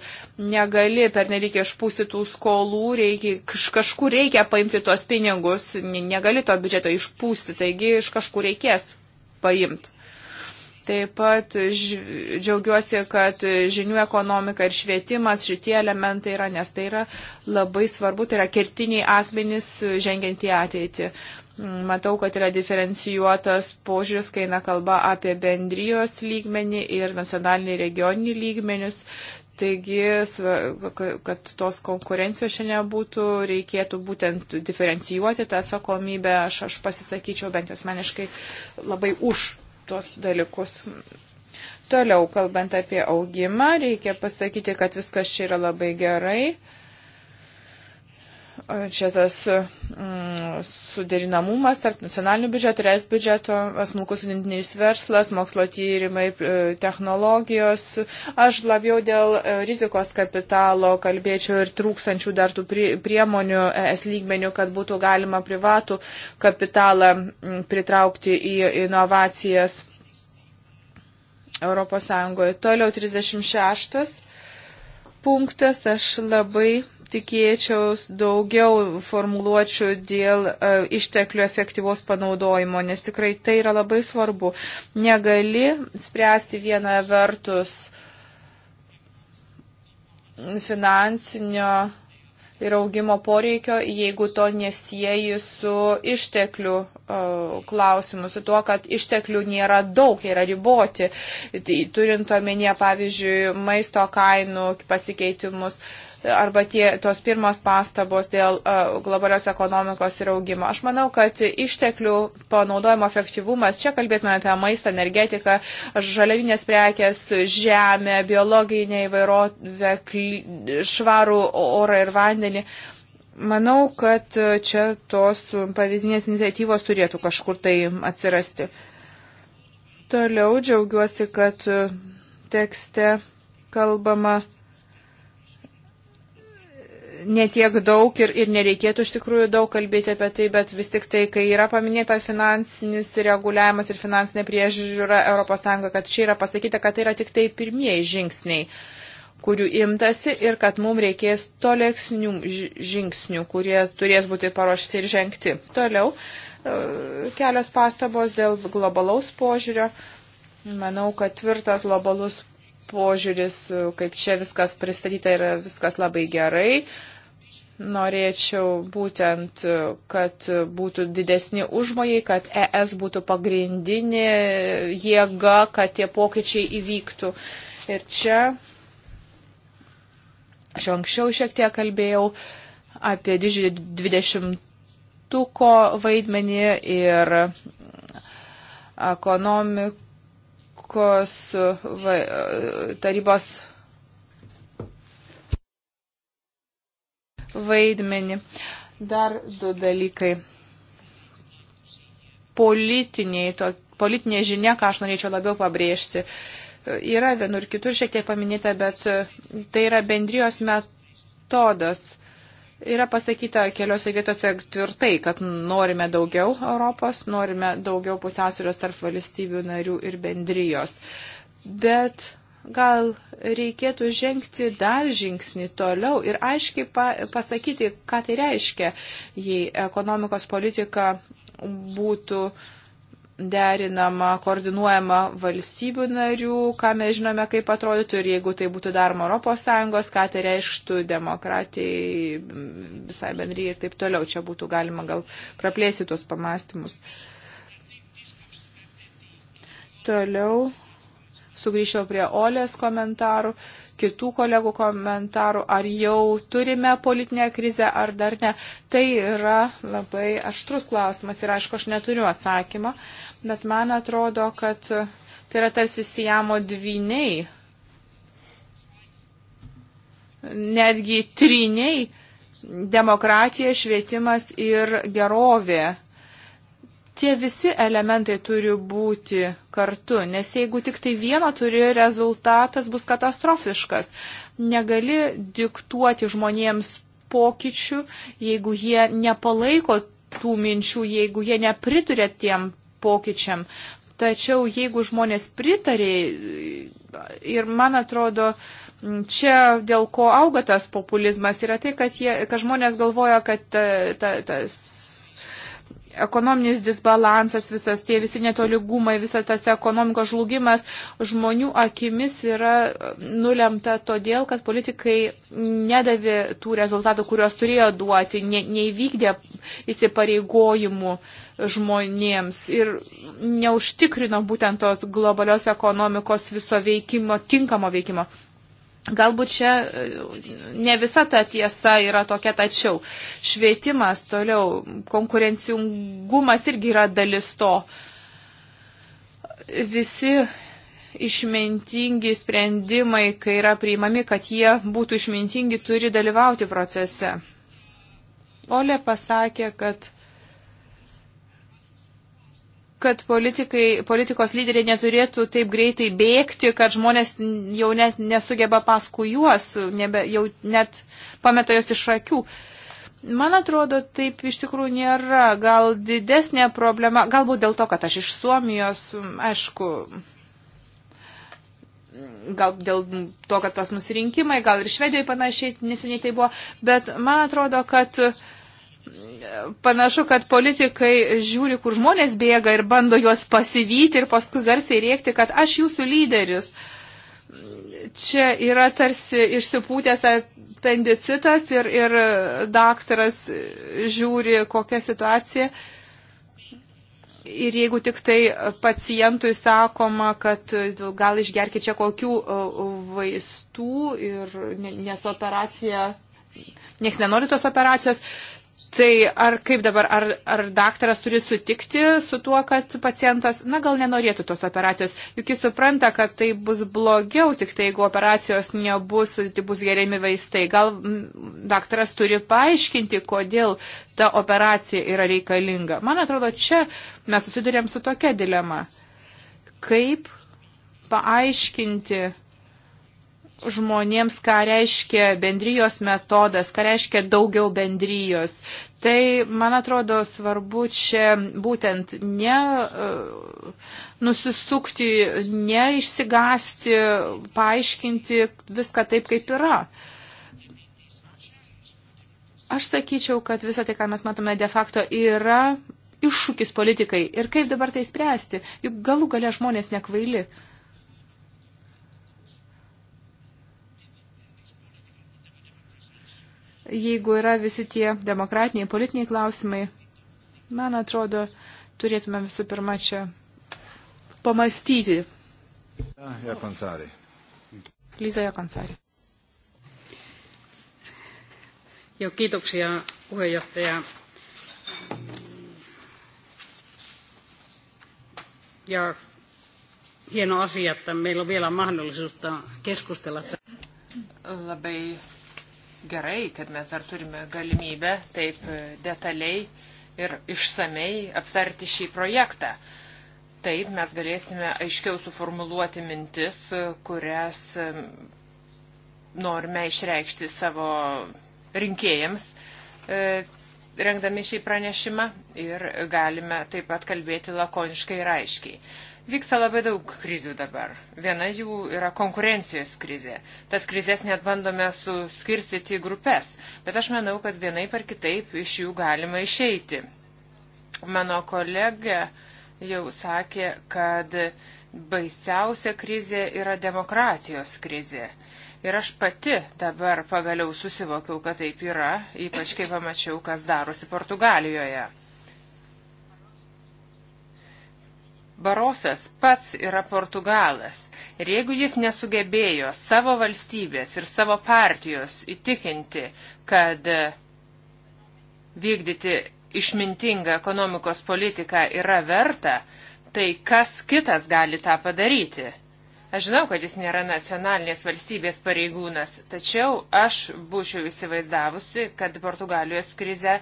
[SPEAKER 2] negali per nereikia išpūsti tų skolų, reikia, kažkur reikia paimti tuos pinigus, negali to biudžeto išpūsti, taigi iš kažkur reikės paimti. Taip pat džiaugiuosi, kad žinių ekonomika ir švietimas šitie elementai yra, nes tai yra labai svarbu, tai yra kertiniai akmenys žengiant į ateitį. Mm, matau, kad yra diferencijuotas požiūris, kai eina kalba apie bendrijos lygmenį ir nacionalinį regioninį lygmenius. Taigi, kad tos konkurencijos šiandien būtų, reikėtų būtent diferencijuoti tą atsakomybę. Aš, aš pasisakyčiau bent jau asmeniškai labai už tuos dalykus. Toliau, kalbant apie augimą, reikia pasakyti, kad viskas čia yra labai gerai. Uh, Čia tas mm, suderinamumas tarp nacionalinių biudžetų ir es biudžeto, smulkus vidutinis verslas, mokslo tyrimai, e, technologijos. Aš labiau dėl e, rizikos kapitalo kalbėčiau ir trūksančių dar tų priemonių es lygmenių, kad būtų galima privatų kapitalą pritraukti į inovacijas Europos Sąjungoje. Toliau 36 punktas. Aš labai tikėčiaus daugiau formuluočių dėl e, išteklių efektyvos panaudojimo, nes tikrai tai yra labai svarbu. Negali spręsti vieną vertus finansinio ir augimo poreikio, jeigu to nesieji su išteklių e, klausimu, su tuo, kad išteklių nėra daug, yra riboti, turint omenyje, pavyzdžiui, maisto kainų pasikeitimus. Uh, arba tie, tos pirmos pastabos dėl globalios ekonomikos ir augimo. Aš manau, kad išteklių panaudojimo efektyvumas, čia kalbėtume apie maistą, energetiką, žaliavinės prekes, žemę, biologinę įvairovę, švarų orą ir vandenį. Manau, kad čia tos pavyzdinės iniciatyvos turėtų kažkur tai atsirasti. Toliau džiaugiuosi, kad tekste kalbama netiek daug ir, ir nereikėtų iš tikrųjų daug kalbėti apie tai, bet vis tik tai, kai yra paminėta finansinis reguliavimas ir finansinė priežiūra ES, kad čia yra pasakyta, kad tai yra tik tai pirmieji žingsniai kurių imtasi ir kad mums reikės tolesnių žingsnių, kurie turės būti paruošti ir žengti. Toliau e, kelios pastabos dėl globalaus požiūrio. Manau, kad tvirtas globalus požiūris, e, kaip čia viskas pristatyta, yra viskas labai gerai norėčiau būtent, kad būtų didesni užmojai, kad ES būtų pagrindinė jėga, kad tie pokyčiai įvyktų. Ir čia aš anksčiau šiek tiek kalbėjau apie didžiulį dvidešimtuko vaidmenį ir ekonomikos tarybos vaidmenį. Dar du dalykai. Politiniai, to, politinė žinia, ką aš norėčiau labiau pabrėžti, yra vienur kitur šiek tiek paminėta, bet tai yra bendrijos metodas. Yra pasakyta keliose vietose tvirtai, kad norime daugiau Europos, norime daugiau pusiausvėros tarp valstybių narių ir bendrijos. Bet gal reikėtų žengti dar žingsnį toliau ir aiškiai pa, pasakyti, ką tai reiškia, jei ekonomikos politika būtų derinama, koordinuojama valstybių narių, ką mes žinome, kaip atrodytų ir jeigu tai būtų daroma ES, ką tai reikštų demokratijai, visai bendryje ir taip toliau. Čia būtų galima gal praplėsti tuos pamastymus. Toliau sugrįžčiau prie Olės komentarų, kitų kolegų komentarų, ar jau turime politinę krizę ar dar ne. Tai yra labai aštrus klausimas ir aišku, aš neturiu atsakymą, bet man atrodo, kad tai yra tarsi siamo dviniai, netgi triniai - demokratija, švietimas ir gerovė Tie visi elementai turi būti kartu, nes jeigu tik tai vieną turi, rezultatas bus katastrofiškas. Negali diktuoti žmonėms pokyčių, jeigu jie nepalaiko tų minčių, jeigu jie nepriturė tiem pokyčiam. Tačiau jeigu žmonės pritarė ir man atrodo, čia dėl ko auga tas populizmas yra tai, kad, jie, kad žmonės galvoja, kad ta, ta, tas ekonominis disbalansas, visas tie visi netoligumai, visas tas ekonomikos žlugimas žmonių akimis yra e, nulemta todėl, kad politikai nedavė tų rezultatų, kuriuos turėjo duoti, ne, neįvykdė įsipareigojimų žmonėms ir neužtikrino būtent tos globalios ekonomikos viso veikimo, tinkamo veikimo. Galbūt čia e, ne visa ta tiesa yra tokia, tačiau švietimas toliau, konkurencingumas irgi yra dalis to. Visi išmintingi sprendimai, kai yra priimami, kad jie būtų išmintingi, turi dalyvauti procese. Olė pasakė, kad kad politikai, politikos lyderiai neturėtų taip greitai bėgti, kad žmonės jau net nesugeba paskui juos, nebe, jau net pameta jos iš akių. Man atrodo, taip iš tikrųjų nėra. Gal didesnė problema, galbūt dėl to, kad aš iš Suomijos, aišku, gal dėl to, kad pas mus rinkimai, gal ir Švedijoje panašiai neseniai tai buvo, bet man atrodo, kad uh, panašu, kad politikai žiūri, kur žmonės bėga ir bando juos pasivyti ir paskui garsiai rėkti, kad aš jūsų lyderis. Čia yra tarsi išsipūtęs apendicitas ir, ir daktaras žiūri, kokia situacija. Ir jeigu tik tai pacientui sakoma, kad gal išgerkit čia kokių e, vaistų ir nes operacija, nieks nenori tos operacijos, Tai ar kaip dabar, ar, ar daktaras turi sutikti su tuo, kad pacientas, na gal nenorėtų tos operacijos, juk jis supranta, kad tai bus blogiau, tik tai jeigu operacijos nebus, tai bus geriami vaistai. Gal m, daktaras turi paaiškinti, kodėl ta operacija yra reikalinga. Man atrodo, čia mes susidurėm su tokia dilema. Kaip paaiškinti žmonėms, ką reiškia bendrijos metodas, ką reiškia daugiau bendrijos. Tai, man atrodo, svarbu čia būtent ne e, nusisukti, ne išsigasti, paaiškinti viską taip, kaip yra. Aš sakyčiau, kad visą tai, ką mes matome de facto, yra iššūkis politikai. Ir kaip dabar tai spręsti? Juk galų gale žmonės nekvaili. Uh, jeigu yra visi tie demokratiniai, politiniai klausimai, man atrodo, turėtume visų pirma čia pamastyti.
[SPEAKER 3] Liisa Jakansaari. Joo, kiitoksia puheenjohtaja. Ja hieno asia,
[SPEAKER 2] että meillä on vielä mahdollisuus keskustella.
[SPEAKER 3] Labai gerai, kad mes dar turime galimybę taip detaliai ir išsamei aptarti šį projektą. Taip mes galėsime aiškiau suformuluoti mintis, kurias norime išreikšti savo rinkėjams, e, rengdami šį pranešimą ir galime taip pat kalbėti lakoniškai ir aiškiai. Vyksta labai daug krizių dabar. Viena jų yra konkurencijos krizė. Tas krizės net bandome suskirstyti į grupės, bet aš manau, kad vienai par kitaip iš jų galima išeiti. Mano kolegė jau sakė, kad baisiausia krizė yra demokratijos krizė. Ir aš pati dabar pagaliau susivokiau, kad taip yra, ypač kai pamačiau, kas darosi Portugalijoje. Barosas pats yra Portugalas ir jeigu jis nesugebėjo savo valstybės ir savo partijos įtikinti, kad e, vykdyti išmintingą ekonomikos politiką yra verta, tai kas kitas gali tą padaryti? Aš žinau, kad jis nėra nacionalinės valstybės pareigūnas, tačiau aš būčiau įsivaizdavusi, kad Portugalijos krizę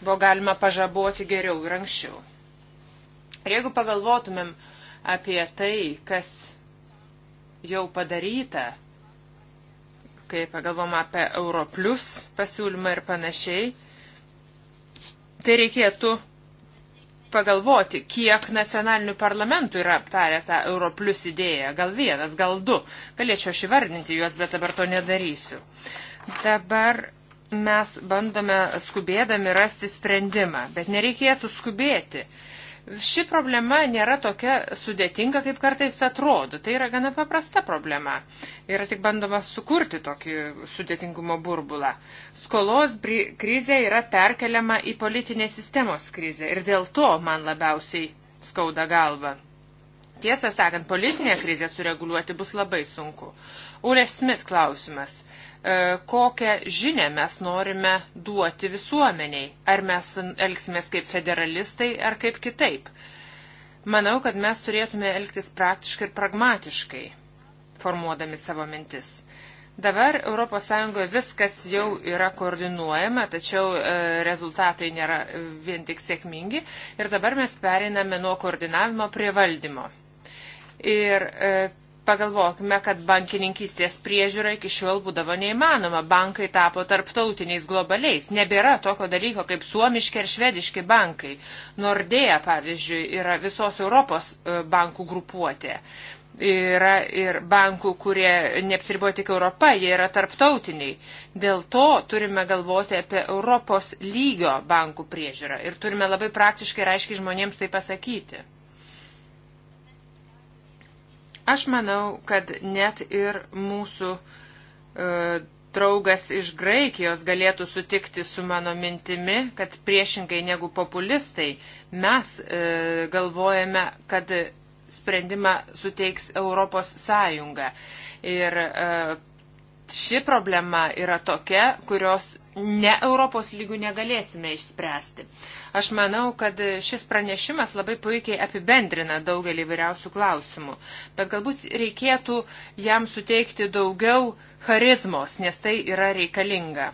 [SPEAKER 3] buvo galima pažaboti geriau ir anksčiau. Ir jeigu pagalvotumėm apie tai, kas jau padaryta, kai pagalvom apie Europlius pasiūlymą ir panašiai, tai reikėtų pagalvoti, kiek nacionalinių parlamentų yra aptarę tą Europlius idėją. Gal vienas, gal du. Galėčiau aš įvardinti juos, bet dabar to nedarysiu. Dabar mes bandome skubėdami rasti sprendimą, bet nereikėtų skubėti. Ši problema nėra tokia sudėtinga, kaip kartais atrodo. Tai yra gana paprasta problema. Yra tik bandoma sukurti tokį sudėtingumo burbulą. Skolos krizė yra perkeliama į politinės sistemos krizę ir dėl to man labiausiai skauda galva. Tiesą sakant, politinė krizė sureguliuoti bus labai sunku. Ulė Smith klausimas. E, kokią žinę mes norime duoti visuomeniai. Ar mes elgsimės kaip federalistai, ar kaip kitaip. Manau, kad mes turėtume elgtis praktiškai ir pragmatiškai, formuodami savo mintis. Dabar ES viskas jau yra koordinuojama, tačiau e, rezultatai nėra vien tik sėkmingi ir dabar mes pereiname nuo koordinavimo prie valdymo. Ir e, Pagalvokime, kad bankininkystės priežiūra iki šiol būdavo neįmanoma. Bankai tapo tarptautiniais globaliais. Nebėra tokio dalyko kaip suomiški ar švediški bankai. Nordėja, pavyzdžiui, yra visos Europos e, bankų grupuotė. Yra ir bankų, kurie neapsiribuoja tik Europą, jie yra tarptautiniai. Dėl to turime galvoti apie Europos lygio bankų priežiūrą ir turime labai praktiškai ir aiškiai žmonėms tai pasakyti. Aš manau, kad net ir mūsų e, draugas iš Graikijos galėtų sutikti su mano mintimi, kad priešingai negu populistai mes e, galvojame, kad sprendimą suteiks Europos Sąjunga. Ir e, ši problema yra tokia, kurios ne Europos lygių negalėsime išspręsti. Aš manau, kad šis pranešimas labai puikiai apibendrina daugelį vyriausių klausimų, bet galbūt reikėtų jam suteikti daugiau charizmos, nes tai yra reikalinga.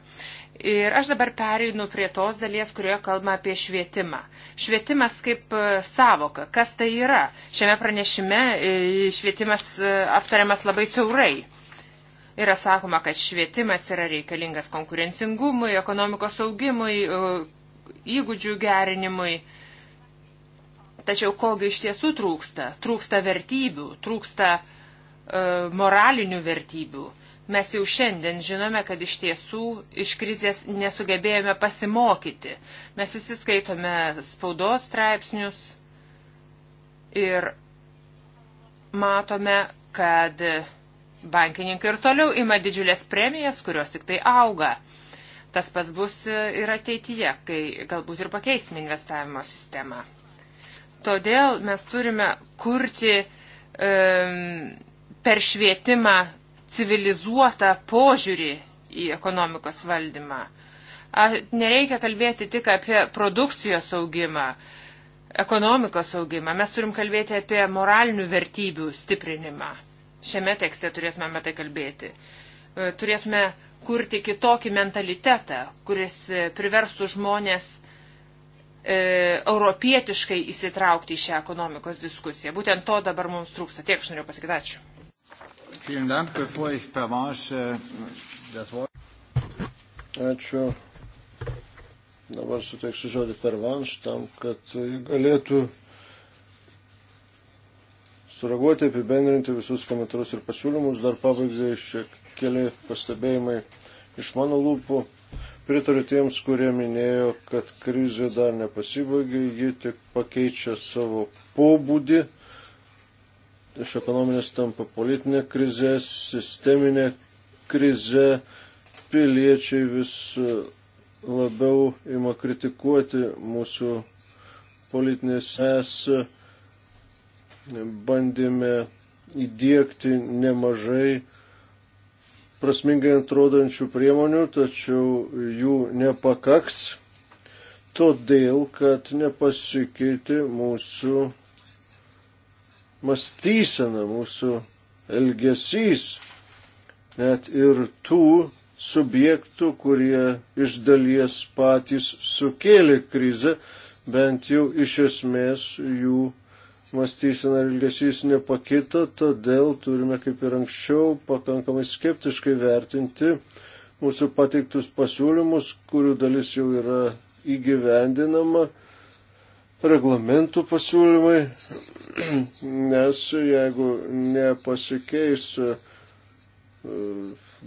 [SPEAKER 3] Ir aš dabar pereinu prie tos dalies, kurioje kalbama apie švietimą. Švietimas kaip e, savoka, kas tai yra? Šiame pranešime e, švietimas e, aptariamas labai siaurai. Yra sakoma, kad švietimas yra reikalingas konkurencingumui, ekonomikos augimui, e, įgūdžių gerinimui. Tačiau kogi iš tiesų trūksta? Trūksta vertybių, trūksta e, moralinių vertybių. Mes jau šiandien žinome, kad iš tiesų iš krizės nesugebėjome pasimokyti. Mes visi skaitome spaudos straipsnius ir matome, kad bankininkai ir toliau ima didžiulės premijas, kurios tik tai auga. Tas pats bus e, ir ateityje, kai galbūt ir pakeisime investavimo sistemą. Todėl mes turime kurti um, per švietimą civilizuotą požiūrį į ekonomikos valdymą. Nereikia kalbėti tik apie produkcijos augimą, ekonomikos augimą. Mes turim kalbėti apie moralinių vertybių stiprinimą. Šiame tekste turėtume apie tai kalbėti. E, turėtume kurti kitokį mentalitetą, kuris e, priverstų žmonės e, europietiškai įsitraukti į šią ekonomikos diskusiją. Būtent to dabar mums trūksta. Tiek aš norėjau pasakyti. Ačiū.
[SPEAKER 1] Äh, Ačiū. Dabar suteiksiu žodį per vanš tam, kad galėtų suraguoti, apibendrinti visus komentarus ir pasiūlymus. Dar pabaigai šiek keli pastebėjimai iš mano lūpų. Pritariu tiems, kurie minėjo, kad krizė dar nepasibaigė, ji tik pakeičia savo pobūdį. Iš ekonominės tampa politinė krizė, sisteminė krizė, piliečiai vis labiau ima kritikuoti mūsų politinės esą bandėme įdėkti nemažai prasmingai atrodančių priemonių, tačiau jų nepakaks, todėl kad nepasikeitė mūsų mąstysena, mūsų elgesys, net ir tų subjektų, kurie iš dalies patys sukėlė krizę, bent jau iš esmės jų mąstysena ir ilgesys nepakito, todėl turime kaip ir anksčiau pakankamai skeptiškai vertinti mūsų pateiktus pasiūlymus, kurių dalis jau yra įgyvendinama, reglamentų pasiūlymai, nes jeigu nepasikeis e,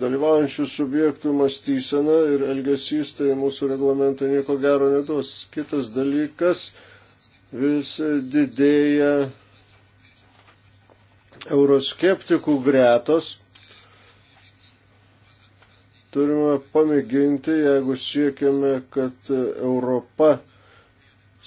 [SPEAKER 1] dalyvaujančių subjektų mąstysena ir elgesys, tai mūsų reglamentai nieko gero neduos. Kitas dalykas, vis didėja euroskeptikų gretos. Turime pamėginti, jeigu siekiame, kad Europa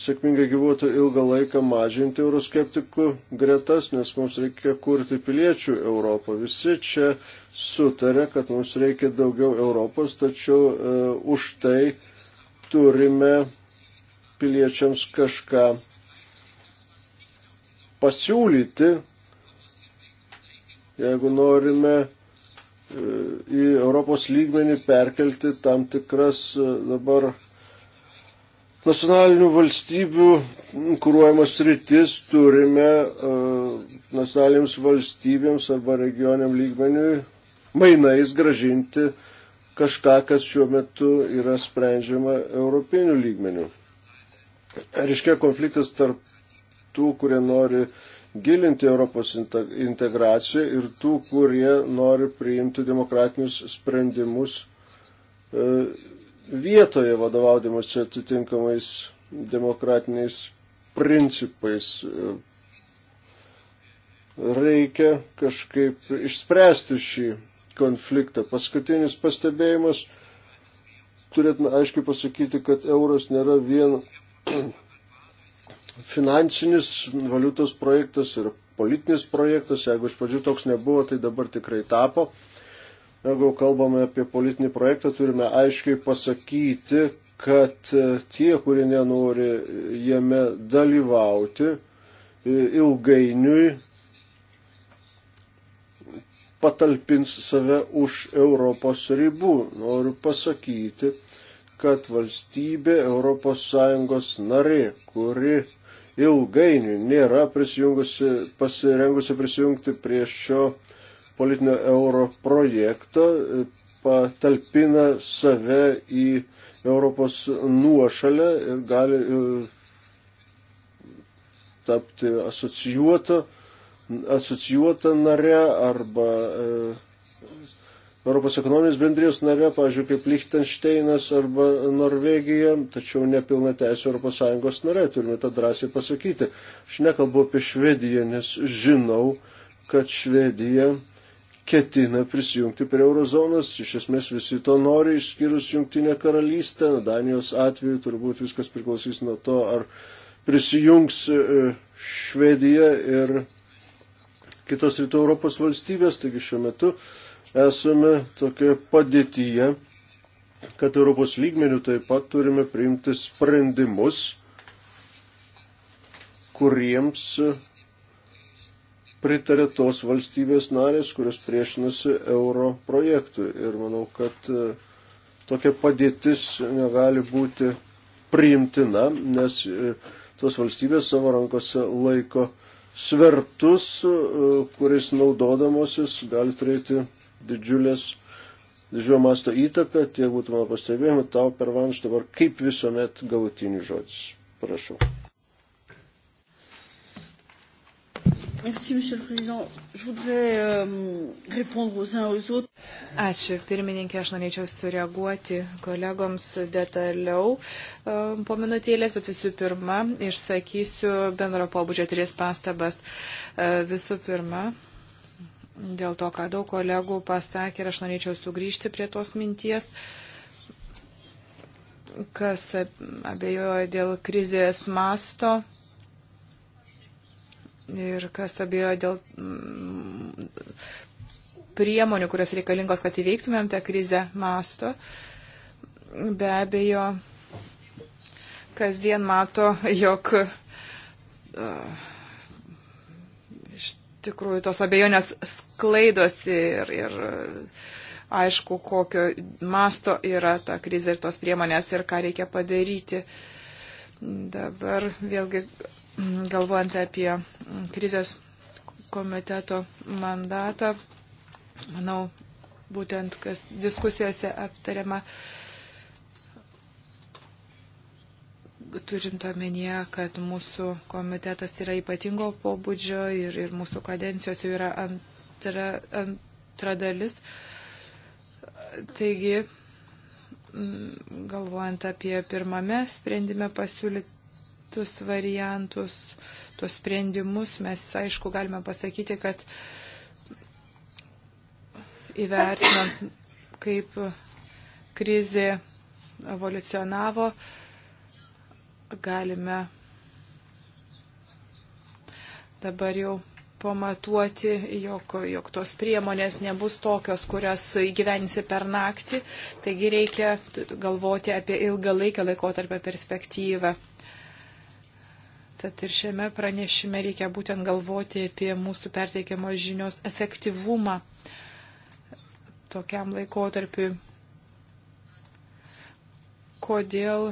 [SPEAKER 1] sėkmingai gyvuotų ilgą laiką, mažinti euroskeptikų gretas, nes mums reikia kurti piliečių Europą. Visi čia sutarė, kad mums reikia daugiau Europos, tačiau e, už tai turime piliečiams kažką pasiūlyti, jeigu norime e, į Europos lygmenį perkelti tam tikras e, dabar nacionalinių valstybių kūruojamas rytis turime e, nacionalinėms valstybėms arba regioniam lygmeniui mainais gražinti kažką, kas šiuo metu yra sprendžiama europinių lygmenių. Reiškia konfliktas tarp tų, kurie nori gilinti Europos integraciją ir tų, kurie nori priimti demokratinius sprendimus e, vietoje vadovaudimuose atitinkamais demokratiniais principais. E, reikia kažkaip išspręsti šį konfliktą. Paskutinis pastebėjimas turėtume aiškiai pasakyti, kad euras nėra vien finansinis valiutos projektas ir politinis projektas. Jeigu iš pradžių toks nebuvo, tai dabar tikrai tapo. Jeigu kalbame apie politinį projektą, turime aiškiai pasakyti, kad e, tie, kurie nenori jame dalyvauti, e, ilgainiui patalpins save už Europos ribų. Noriu pasakyti, kad valstybė ES narė, kuri ilgainiui nėra prisijungusi, pasirengusi prisijungti prie šio politinio euro projekto, patalpina save į Europos nuošalę ir gali e, tapti asocijuota, asocijuota nare arba e, Europos ekonominės bendrijos nare, pavyzdžiui, kaip Liechtensteinas arba Norvegija, tačiau nepilna teisė Europos Sąjungos nare, turime tą drąsiai pasakyti. Aš nekalbu apie Švediją, nes žinau, kad Švedija ketina prisijungti prie eurozonos, iš esmės visi to nori, išskyrus Junktinę karalystę, Danijos atveju turbūt viskas priklausys nuo to, ar prisijungs e, Švedija ir kitos rytų Europos valstybės, taigi šiuo metu esame tokioje padėtyje, kad Europos lygmenių taip pat turime priimti sprendimus, kuriems pritarė tos valstybės narės, kurios priešinasi euro projektui. Ir manau, kad e, tokia padėtis negali būti priimtina, nes e, tos valstybės savo rankose laiko svertus, e, kuris naudodamosis gali turėti didžiulės, didžiulio masto įtaką, tiek būtų mano pastebėjimų, tau per vanš dabar kaip visuomet galutinis žodis. Prašau.
[SPEAKER 2] Merci, Monsieur le Président. Je voudrais euh, répondre aux uns aux autres. Ačiū, pirmininkė, aš norėčiau sureaguoti kolegoms detaliau um, po minutėlės, bet visų pirma, išsakysiu bendro pobūdžio tris pastabas. Uh, visų pirma, dėl to, ką daug kolegų pasakė ir aš norėčiau sugrįžti prie tos minties kas abejoja dėl krizės masto ir kas abejoja dėl mm, priemonių, kurios reikalingos, kad įveiktumėm tą krizę masto. Be abejo, kasdien mato, jog uh, tikrųjų tos abejonės sklaidosi ir, ir aišku, kokio masto yra ta krizė ir tos priemonės ir ką reikia padaryti. Dabar vėlgi galvojant apie krizės komiteto mandatą, manau, būtent kas diskusijose aptariama turint omenyje, kad mūsų komitetas yra ypatingo pobūdžio ir, ir mūsų kadencijos jau yra antra, antra dalis. Taigi, mm, galvojant apie pirmame sprendime pasiūlytus variantus, tuos sprendimus, mes aišku galime pasakyti, kad įvertinant, kaip krizė evoliucionavo, galime dabar jau pamatuoti, jog, jog tos priemonės nebus tokios, kurias įgyvensi per naktį. Taigi reikia galvoti apie ilgalaikio laikotarpio perspektyvą. Tad ir šiame pranešime reikia būtent galvoti apie mūsų perteikiamos žinios efektyvumą tokiam laikotarpiu kodėl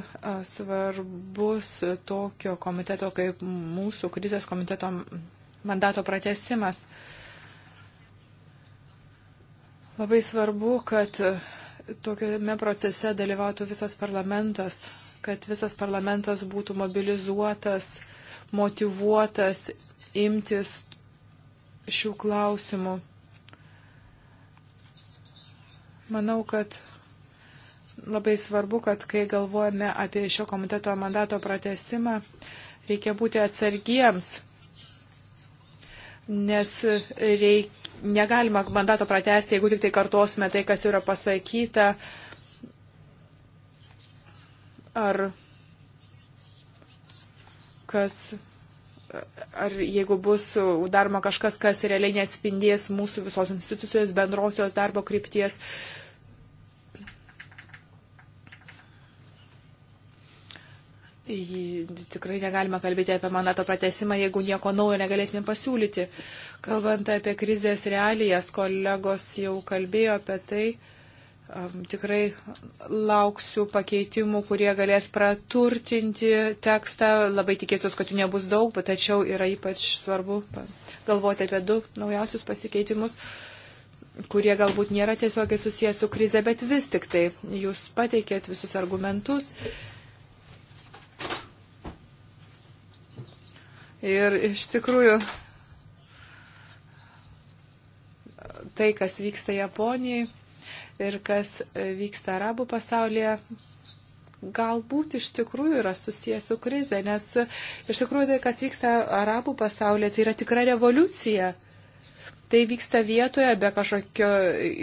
[SPEAKER 2] svarbus tokio komiteto kaip mūsų krizės komiteto mandato pratesimas. Labai svarbu, kad tokiame procese dalyvautų visas parlamentas, kad visas parlamentas būtų mobilizuotas, motivuotas imtis šių klausimų. Manau, kad labai svarbu, kad kai galvojame apie šio komiteto mandato pratesimą, reikia būti atsargiems, nes reik, negalima mandato pratesti, jeigu tik tai kartuosime tai, kas yra pasakyta. Ar kas ar jeigu bus daroma kažkas, kas realiai neatspindės mūsų visos institucijos bendrosios darbo krypties. Uh, Tikrai negalime kalbėti apie mandato pratesimą, jeigu nieko naujo negalėsime pasiūlyti. Kalbant apie krizės realijas, kolegos jau kalbėjo apie tai. Tikrai lauksiu pakeitimų, kurie galės praturtinti tekstą. Labai tikėsiuos, kad jų nebus daug, bet tačiau yra ypač svarbu galvoti apie du naujausius pasikeitimus kurie galbūt nėra tiesiogiai susijęs su krize, bet vis tik tai jūs pateikėt visus argumentus. Uh, Ir iš tikrųjų tai, kas vyksta Japonijai ir kas vyksta arabų pasaulyje, galbūt iš tikrųjų yra susijęs su krize, nes iš tikrųjų tai, kas vyksta arabų pasaulyje, tai yra tikra revoliucija. Tai vyksta vietoje be kažkokio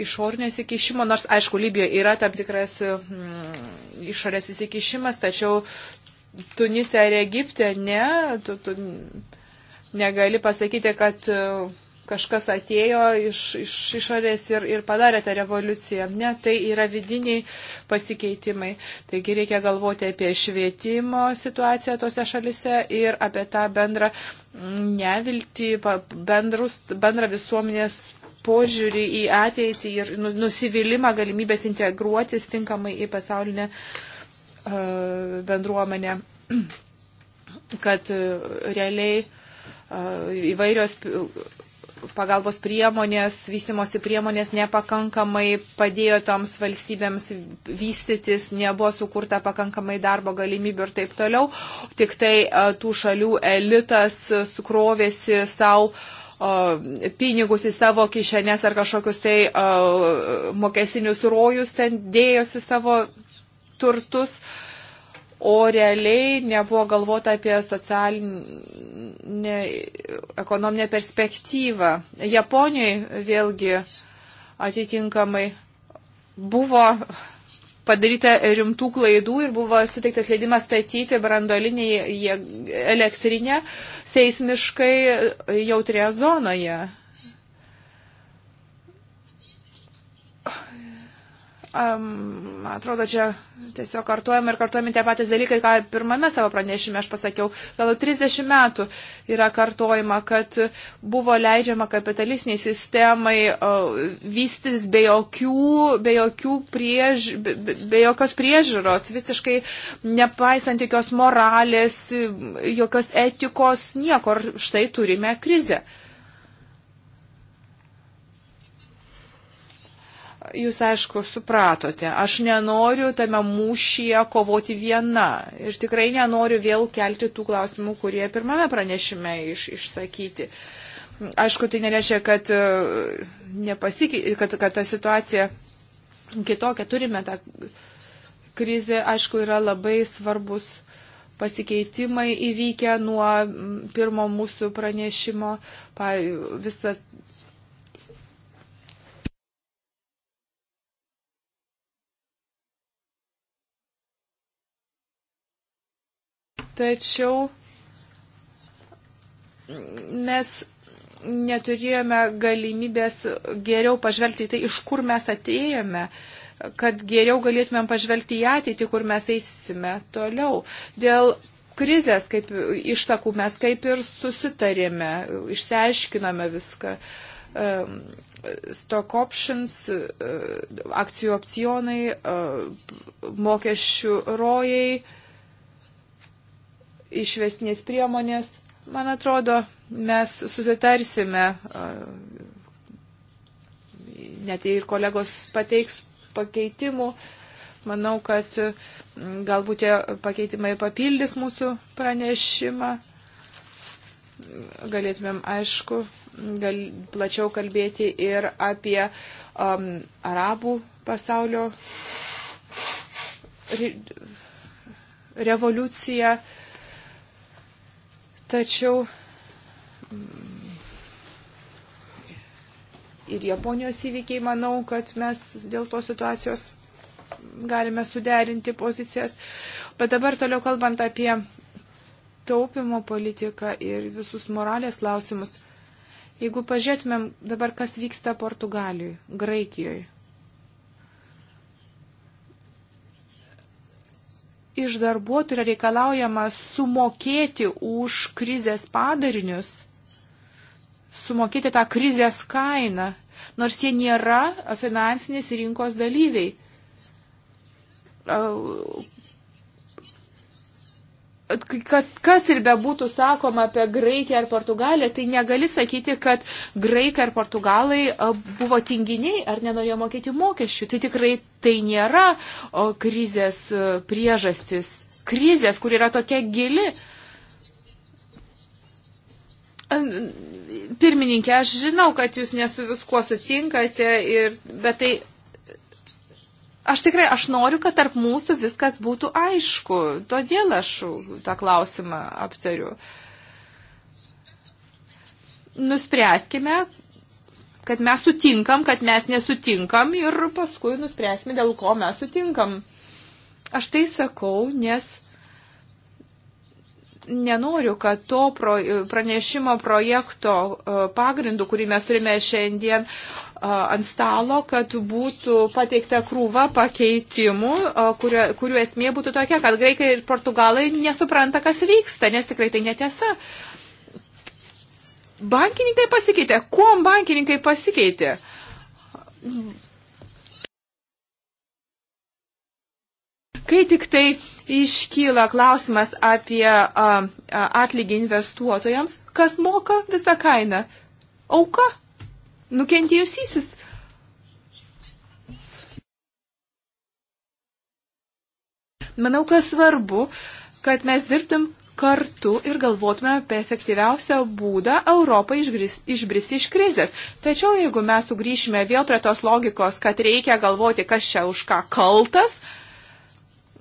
[SPEAKER 2] išorinės įsikišimo, nors aišku, Libijoje yra tam tikras mm, išorės įsikišimas, tačiau Tunise ar Egipte, ne, tu, tu negali pasakyti, kad e, kažkas atėjo iš, iš išorės ir, ir padarė tą revoliuciją. Ne, tai yra vidiniai pasikeitimai. Taigi reikia galvoti apie švietimo situaciją tose šalise ir apie tą bendrą mm, neviltį, bendrus, bendrą visuomenės požiūrį į ateitį ir nu, nusivylimą galimybės integruotis tinkamai į pasaulinę uh, E, bendruomenę, kad e, realiai e, įvairios pagalbos priemonės, vystimosi priemonės nepakankamai padėjo toms valstybėms vystytis, nebuvo sukurta pakankamai darbo galimybių ir taip toliau. Tik tai tų šalių elitas sukrovėsi savo pinigus į savo kišenės ar kažkokius tai mokesinius rojus ten dėjosi savo turtus, o realiai nebuvo galvota apie socialinę ekonominę perspektyvą. Japonijoje vėlgi atitinkamai buvo padaryta rimtų klaidų ir buvo suteiktas leidimas statyti brandolinį elektrinę seismiškai jautrėje zonoje. um, atrodo, čia tiesiog kartuojami ir kartuojami tie patys dalykai, ką pirmame savo pranešime aš pasakiau. Gal 30 metų yra kartuojama, kad buvo leidžiama kapitalistiniai sistemai uh, vystis be, jokių, be, jokių priež, be, be jokios priežiūros, visiškai nepaisant jokios moralės, jokios etikos, nieko. Ir štai turime krizę. Uh, jūs aišku supratote, aš nenoriu tame mūšyje kovoti viena ir tikrai nenoriu vėl kelti tų klausimų, kurie pirmame pranešime iš, išsakyti. Aišku, tai nereiškia, kad, e, nepasikė, kad, kad ta situacija kitokia, turime tą krizę, aišku, yra labai svarbus pasikeitimai įvykę nuo pirmo mūsų pranešimo. Pa, visa Tačiau mes neturėjome galimybės geriau pažvelgti tai, iš kur mes atėjome kad geriau galėtumėm pažvelgti į ateitį, kur mes eisime toliau. Dėl krizės, kaip ištakų, mes kaip ir susitarėme, išsiaiškinome viską. Stock options, akcijų opcionai, mokesčių rojai išvesnės priemonės. Man atrodo, mes susitarsime, net jei ir kolegos pateiks pakeitimų, manau, kad galbūt tie pakeitimai papildys mūsų pranešimą. Galėtumėm, aišku, gal, plačiau kalbėti ir apie um, arabų pasaulio re, revoliuciją. Uh, Tačiau mm, ir Japonijos įvykiai, manau, kad mes dėl tos situacijos galime suderinti pozicijas. Bet dabar toliau kalbant apie taupimo politiką ir visus moralės klausimus. Jeigu pažiūrėtumėm dabar, kas vyksta Portugalijoje, Graikijoje, iš darbuotojų yra reikalaujama sumokėti už krizės padarinius, sumokėti tą krizės kainą, nors jie nėra finansinės rinkos dalyviai kad kas ir bebūtų sakoma apie Graikiją ar Portugaliją, tai negali sakyti, kad Graikai ar Portugalai buvo tinginiai ar nenorėjo mokėti mokesčių. Tai tikrai tai nėra krizės priežastis. Krizės, kur yra tokia gili. Pirmininkė, aš žinau, kad jūs nesu viskuo sutinkate, ir, bet tai Aš tikrai, aš noriu, kad tarp mūsų viskas būtų aišku. Todėl aš tą klausimą aptariu. Nuspręskime, kad mes sutinkam, kad mes nesutinkam ir paskui nuspręsime, dėl ko mes sutinkam. Aš tai sakau, nes nenoriu, kad to pro, pranešimo projekto e, pagrindų, kurį mes turime šiandien e, ant stalo, kad būtų pateikta krūva pakeitimų, e, kurio, kurių esmė būtų tokia, kad graikai ir portugalai nesupranta, kas vyksta, nes tikrai tai netiesa. Bankininkai pasikeitė. Kuom bankininkai pasikeitė? Kai tik tai uh, iškyla klausimas apie atlygį investuotojams, kas moka visą kainą. Auka, nukentėjusysis. Manau, kas svarbu, kad mes dirbtum kartu ir galvotume apie efektyviausią būdą Europai išbristi iš krizės. Tačiau jeigu mes sugrįšime vėl prie tos logikos, kad reikia galvoti, kas čia už ką kaltas, uh,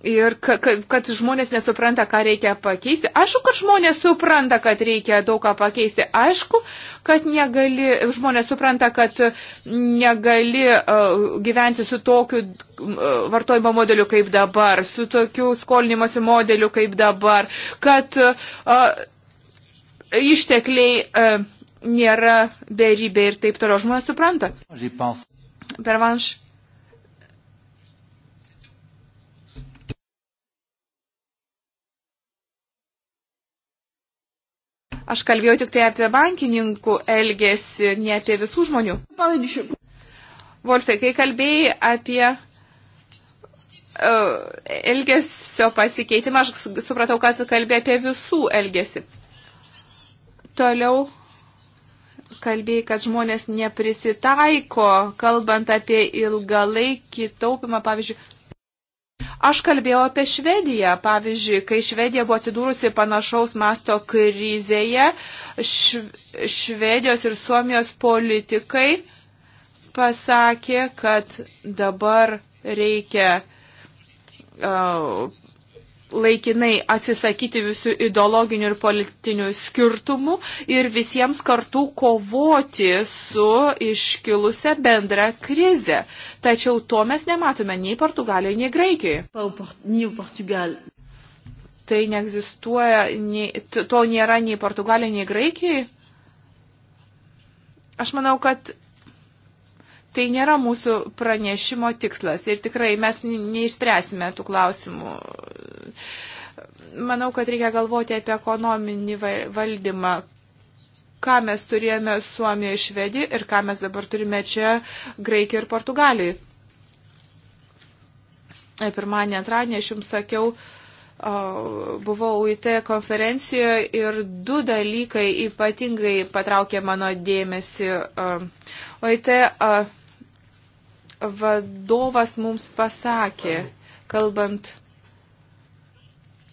[SPEAKER 2] Ir kad, kad žmonės nesupranta, ką reikia pakeisti. Aišku, kad žmonės supranta, kad reikia daug ką pakeisti. Aišku, kad negali, žmonės supranta, kad negali uh, gyventi su tokiu uh, vartojimo modeliu kaip dabar, su tokiu skolinimosi modeliu kaip dabar, kad uh, ištekliai uh, nėra beribė ir taip toliau. Žmonės supranta. Pervanš. Aš kalbėjau tik tai apie bankininkų elgesį, ne apie visų žmonių. Volfai, kai kalbėjai apie uh, elgesio pasikeitimą, aš supratau, kad kalbėjai apie visų elgesį. Toliau kalbėjai, kad žmonės neprisitaiko, kalbant apie ilgalaikį taupimą, pavyzdžiui, Aš kalbėjau apie Švediją. Pavyzdžiui, kai Švedija buvo atsidūrusi panašaus masto krizėje, Švedijos ir Suomijos politikai pasakė, kad dabar reikia uh, laikinai atsisakyti visų ideologinių ir politinių skirtumų ir visiems kartu kovoti su iškilusią bendrą krizę. Tačiau to mes nematome nei Portugalijoje, nei Graikijoje. Tai neegzistuoja, nei, to nėra nei Portugalijoje, nei Graikijoje. Aš manau, kad Tai nėra mūsų pranešimo tikslas ir tikrai mes neišspręsime tų klausimų manau, kad reikia galvoti apie ekonominį valdymą, ką mes turėjome Suomijoje išvedi ir ką mes dabar turime čia Graikijoje ir Portugalijoje. E, Pirmąjį antradienį aš jums sakiau, buvau UIT konferencijoje ir du dalykai ypatingai patraukė mano dėmesį. UIT vadovas mums pasakė, kalbant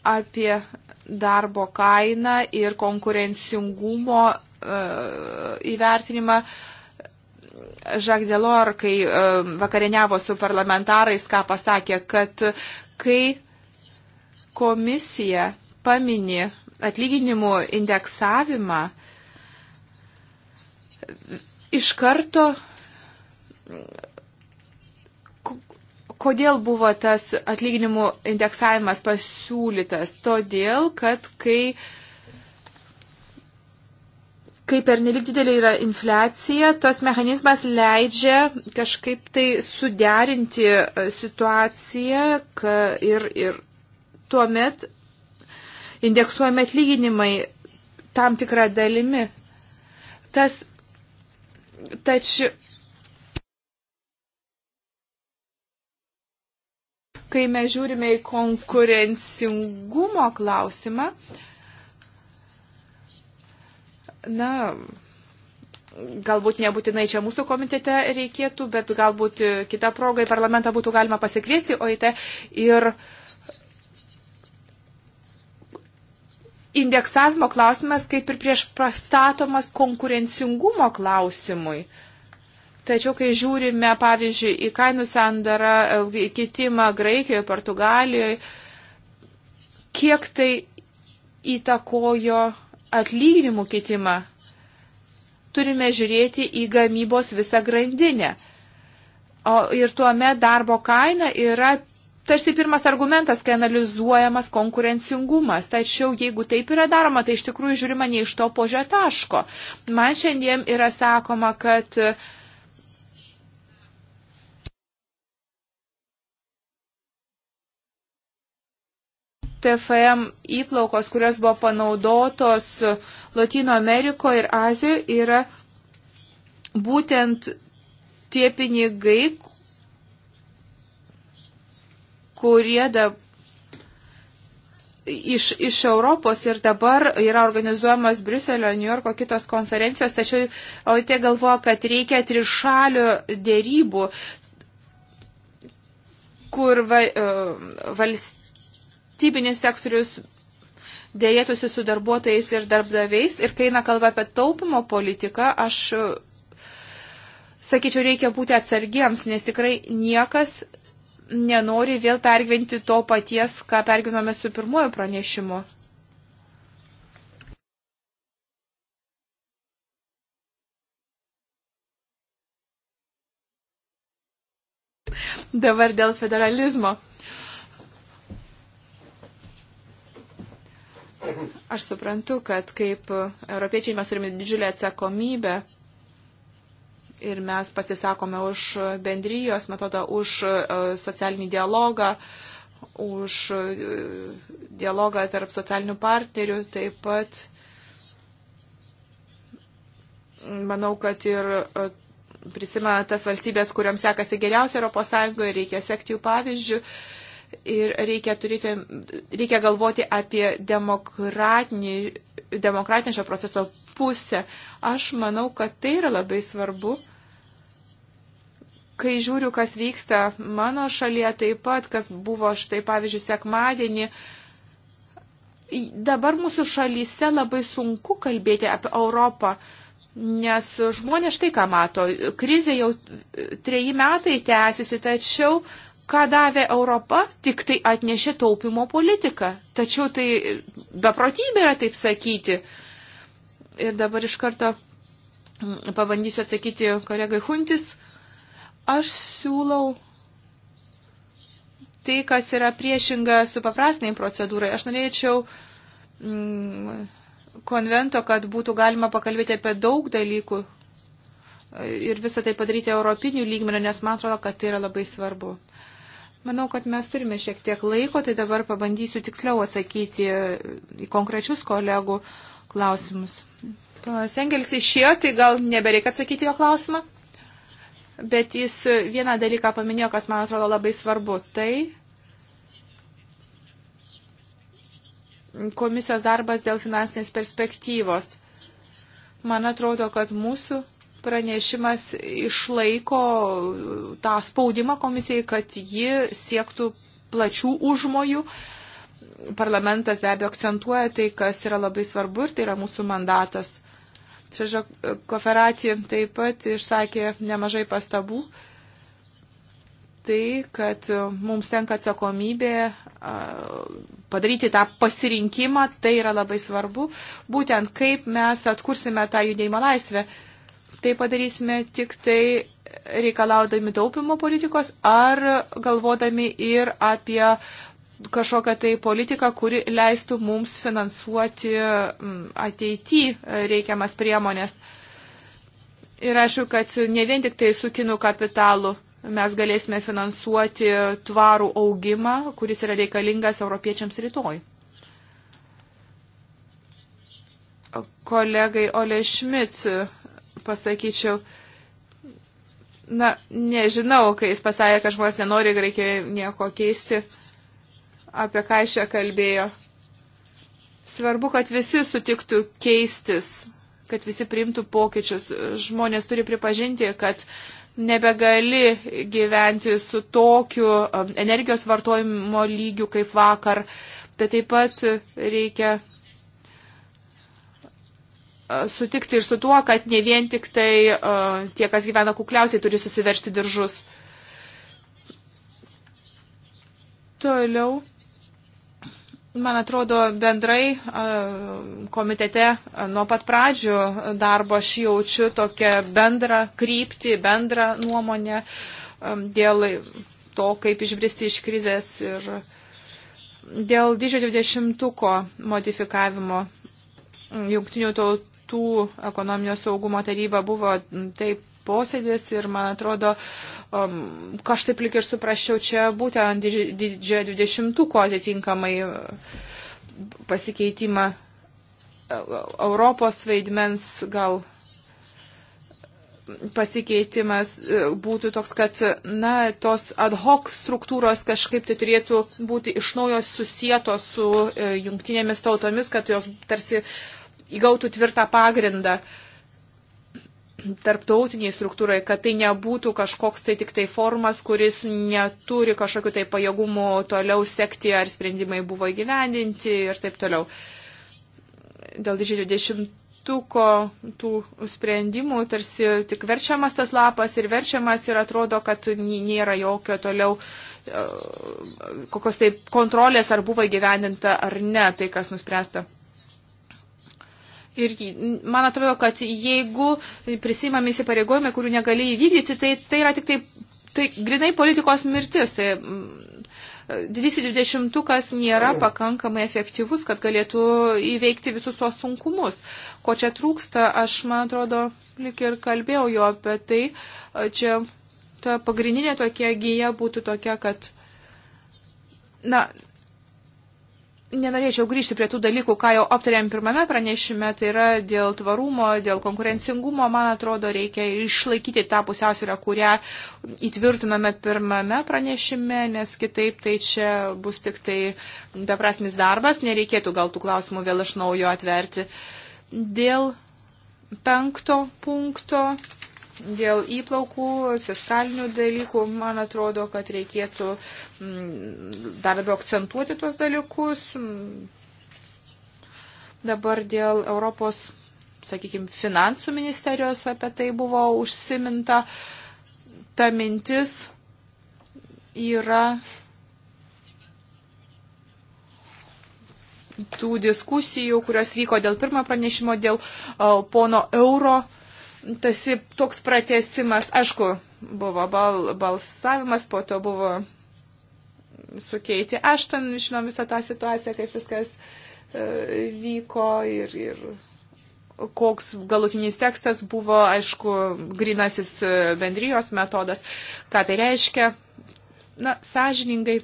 [SPEAKER 2] apie darbo kainą ir konkurencingumo e, įvertinimą. Žak Delor, kai e, vakarieniavo su parlamentarais, ką pasakė, kad kai komisija pamini atlyginimų indeksavimą, iš karto Kodėl buvo tas atlyginimų indeksavimas pasiūlytas? Todėl, kad kai, kai per nelik didelį yra infliacija, tos mechanizmas leidžia kažkaip tai suderinti e, situaciją ka, ir, ir tuomet indeksuojami atlyginimai tam tikrą dalimi. Tas, tačiau Kai mes žiūrime į konkurencingumo klausimą, na, galbūt nebūtinai čia mūsų komitete reikėtų, bet galbūt kitą progą į parlamentą būtų galima pasikviesti OIT ir indeksavimo klausimas kaip ir prieš prastatomas konkurencingumo klausimui. Uh, Tačiau, kai žiūrime, pavyzdžiui, į kainų sandarą, e, kitimą Graikijoje, Portugalijoje, kiek tai įtakojo atlyginimų kitimą, turime žiūrėti į gamybos visą grandinę. O ir tuome darbo kaina yra tarsi pirmas argumentas, kai analizuojamas konkurencingumas. Tačiau jeigu taip yra daroma, tai iš tikrųjų žiūrima ne iš to požio taško. Man šiandien yra sakoma, kad uh, TFM įplaukos, kurios buvo panaudotos Latino Amerikoje ir Azijoje, yra būtent tie pinigai, kurie da, iš, iš Europos ir dabar yra organizuojamas Briuselio, New Yorko kitos konferencijos, tačiau OIT galvoja, kad reikia trišalių dėrybų, kur va, e, valstybė valstybinis sektorius dėrėtųsi su darbuotojais ir darbdaviais. Ir kai eina kalba apie taupimo politiką, aš e, sakyčiau, reikia būti atsargiems, nes tikrai niekas nenori vėl pergyventi to paties, ką pergyvenome su pirmuoju pranešimu. Dabar dėl federalizmo. Aš suprantu, kad kaip europiečiai mes turime didžiulę atsakomybę ir mes pasisakome už bendrijos metodą, už e, socialinį dialogą, už e, dialogą tarp socialinių partnerių, taip pat manau, kad ir e, prisimena tas valstybės, kuriuom sekasi geriausia Europos Sąjungoje, reikia sekti jų pavyzdžių ir reikia, turėti, reikia galvoti apie demokratinę šio proceso pusę. Aš manau, kad tai yra labai svarbu. Kai žiūriu, kas vyksta mano šalyje taip pat, kas buvo štai pavyzdžiui sekmadienį, dabar mūsų šalyse labai sunku kalbėti apie Europą. Nes žmonės štai ką mato, krizė jau treji metai tęsiasi, tačiau ką davė Europa, tik tai atnešė taupimo politiką. Tačiau tai beprotybė yra taip sakyti. Ir dabar iš karto mm, pabandysiu atsakyti kolegai Huntis. Aš siūlau tai, kas yra priešinga su paprastiniai procedūrai. Aš norėčiau mm, konvento, kad būtų galima pakalbėti apie daug dalykų, ir visą tai padaryti europinių lygmenį, nes man atrodo, kad tai yra labai svarbu. Manau, kad mes turime šiek tiek laiko, tai dabar pabandysiu tiksliau atsakyti į konkrečius kolegų klausimus. Pas Engelis išėjo, tai gal nebereikia atsakyti jo klausimą, bet jis vieną dalyką paminėjo, kas man atrodo labai svarbu. Tai komisijos darbas dėl finansinės perspektyvos. Man atrodo, kad mūsų pranešimas išlaiko tą spaudimą komisijai, kad ji siektų plačių užmojų. Parlamentas be abejo akcentuoja tai, kas yra labai svarbu ir tai yra mūsų mandatas. Čia Koferatė taip pat išsakė nemažai pastabų. Tai, kad mums tenka atsakomybė padaryti tą pasirinkimą, tai yra labai svarbu. Būtent kaip mes atkursime tą judėjimo laisvę tai padarysime tik tai reikalaudami taupimo politikos ar galvodami ir apie kažkokią tai politiką, kuri leistų mums finansuoti mm, ateity reikiamas priemonės. Ir aišku, kad ne vien tik tai su kinų kapitalu mes galėsime finansuoti tvarų augimą, kuris yra reikalingas europiečiams rytoj. Kolegai Ole Šmit pasakyčiau, na, nežinau, kai jis pasakė, kad žmonės nenori Graikijoje nieko keisti, apie ką jis čia kalbėjo. Svarbu, kad visi sutiktų keistis, kad visi priimtų pokyčius. Žmonės turi pripažinti, kad nebegali gyventi su tokiu um, energijos vartojimo lygiu kaip vakar, bet taip pat reikia sutikti ir su tuo, kad ne vien tik tai e, tie, kas gyvena kukliausiai, turi susiveršti diržus. Toliau. Man atrodo, bendrai e, komitete e, nuo pat pradžių darbo aš jaučiu tokią bendrą kryptį, bendrą nuomonę dėl to, kaip išbristi iš krizės ir dėl didžiojo dvidešimtuko modifikavimo jungtinių tautų tautų ekonominio saugumo taryba buvo taip posėdis ir, man atrodo, um, kažkaip lik ir suprasčiau, čia būtent didžiojo dvidešimtuko atitinkamai uh, pasikeitimą uh, Europos vaidmens gal pasikeitimas uh, būtų toks, kad na, tos ad hoc struktūros kažkaip tai turėtų būti iš naujo susijėtos su jungtinėmis tautomis, kad jos tarsi uh, įgautų tvirtą pagrindą tarptautiniai struktūrai, kad tai nebūtų kažkoks tai tik tai formas, kuris neturi kažkokiu tai pajėgumu toliau sekti, ar sprendimai buvo įgyvendinti ir taip toliau. Dėl didžiulio dešimtuko tų sprendimų tarsi tik verčiamas tas lapas ir verčiamas ir atrodo, kad nėra jokio toliau e, kokios tai kontrolės, ar buvo įgyvendinta ar ne tai, kas nuspręsta. Ir man atrodo, kad jeigu prisimami įsipareigojimai, kurių negali įvykdyti, tai tai yra tik tai, tai grinai politikos mirtis. Tai, mm, Didysis dvidešimtukas nėra pakankamai efektyvus, kad galėtų įveikti visus tuos sunkumus. Ko čia trūksta, aš, man atrodo, lik ir kalbėjau jo apie tai. Čia ta pagrindinė tokia gyja būtų tokia, kad, na, nenorėčiau grįžti prie tų dalykų, ką jau aptarėm pirmame pranešime, tai yra dėl tvarumo, dėl konkurencingumo, man atrodo, reikia išlaikyti tą pusiausvyrą, kurią įtvirtiname pirmame pranešime, nes kitaip tai čia bus tik tai beprasmis darbas, nereikėtų gal tų klausimų vėl iš naujo atverti. Dėl penkto punkto Dėl įplaukų, fiskalinių dalykų, man atrodo, kad reikėtų mm, dar labiau akcentuoti tuos dalykus. Mm. Dabar dėl Europos, sakykime, finansų ministerijos apie tai buvo užsiminta. Ta mintis yra tų diskusijų, kurios vyko dėl pirmo pranešimo, dėl o, pono euro tasi, toks pratesimas, aišku, buvo bal, balsavimas, po to buvo sukeiti. Aš ten žinom visą tą situaciją, kaip viskas e, vyko ir, ir koks galutinis tekstas buvo, aišku, grinasis e, bendrijos metodas, ką tai reiškia. Na, sąžiningai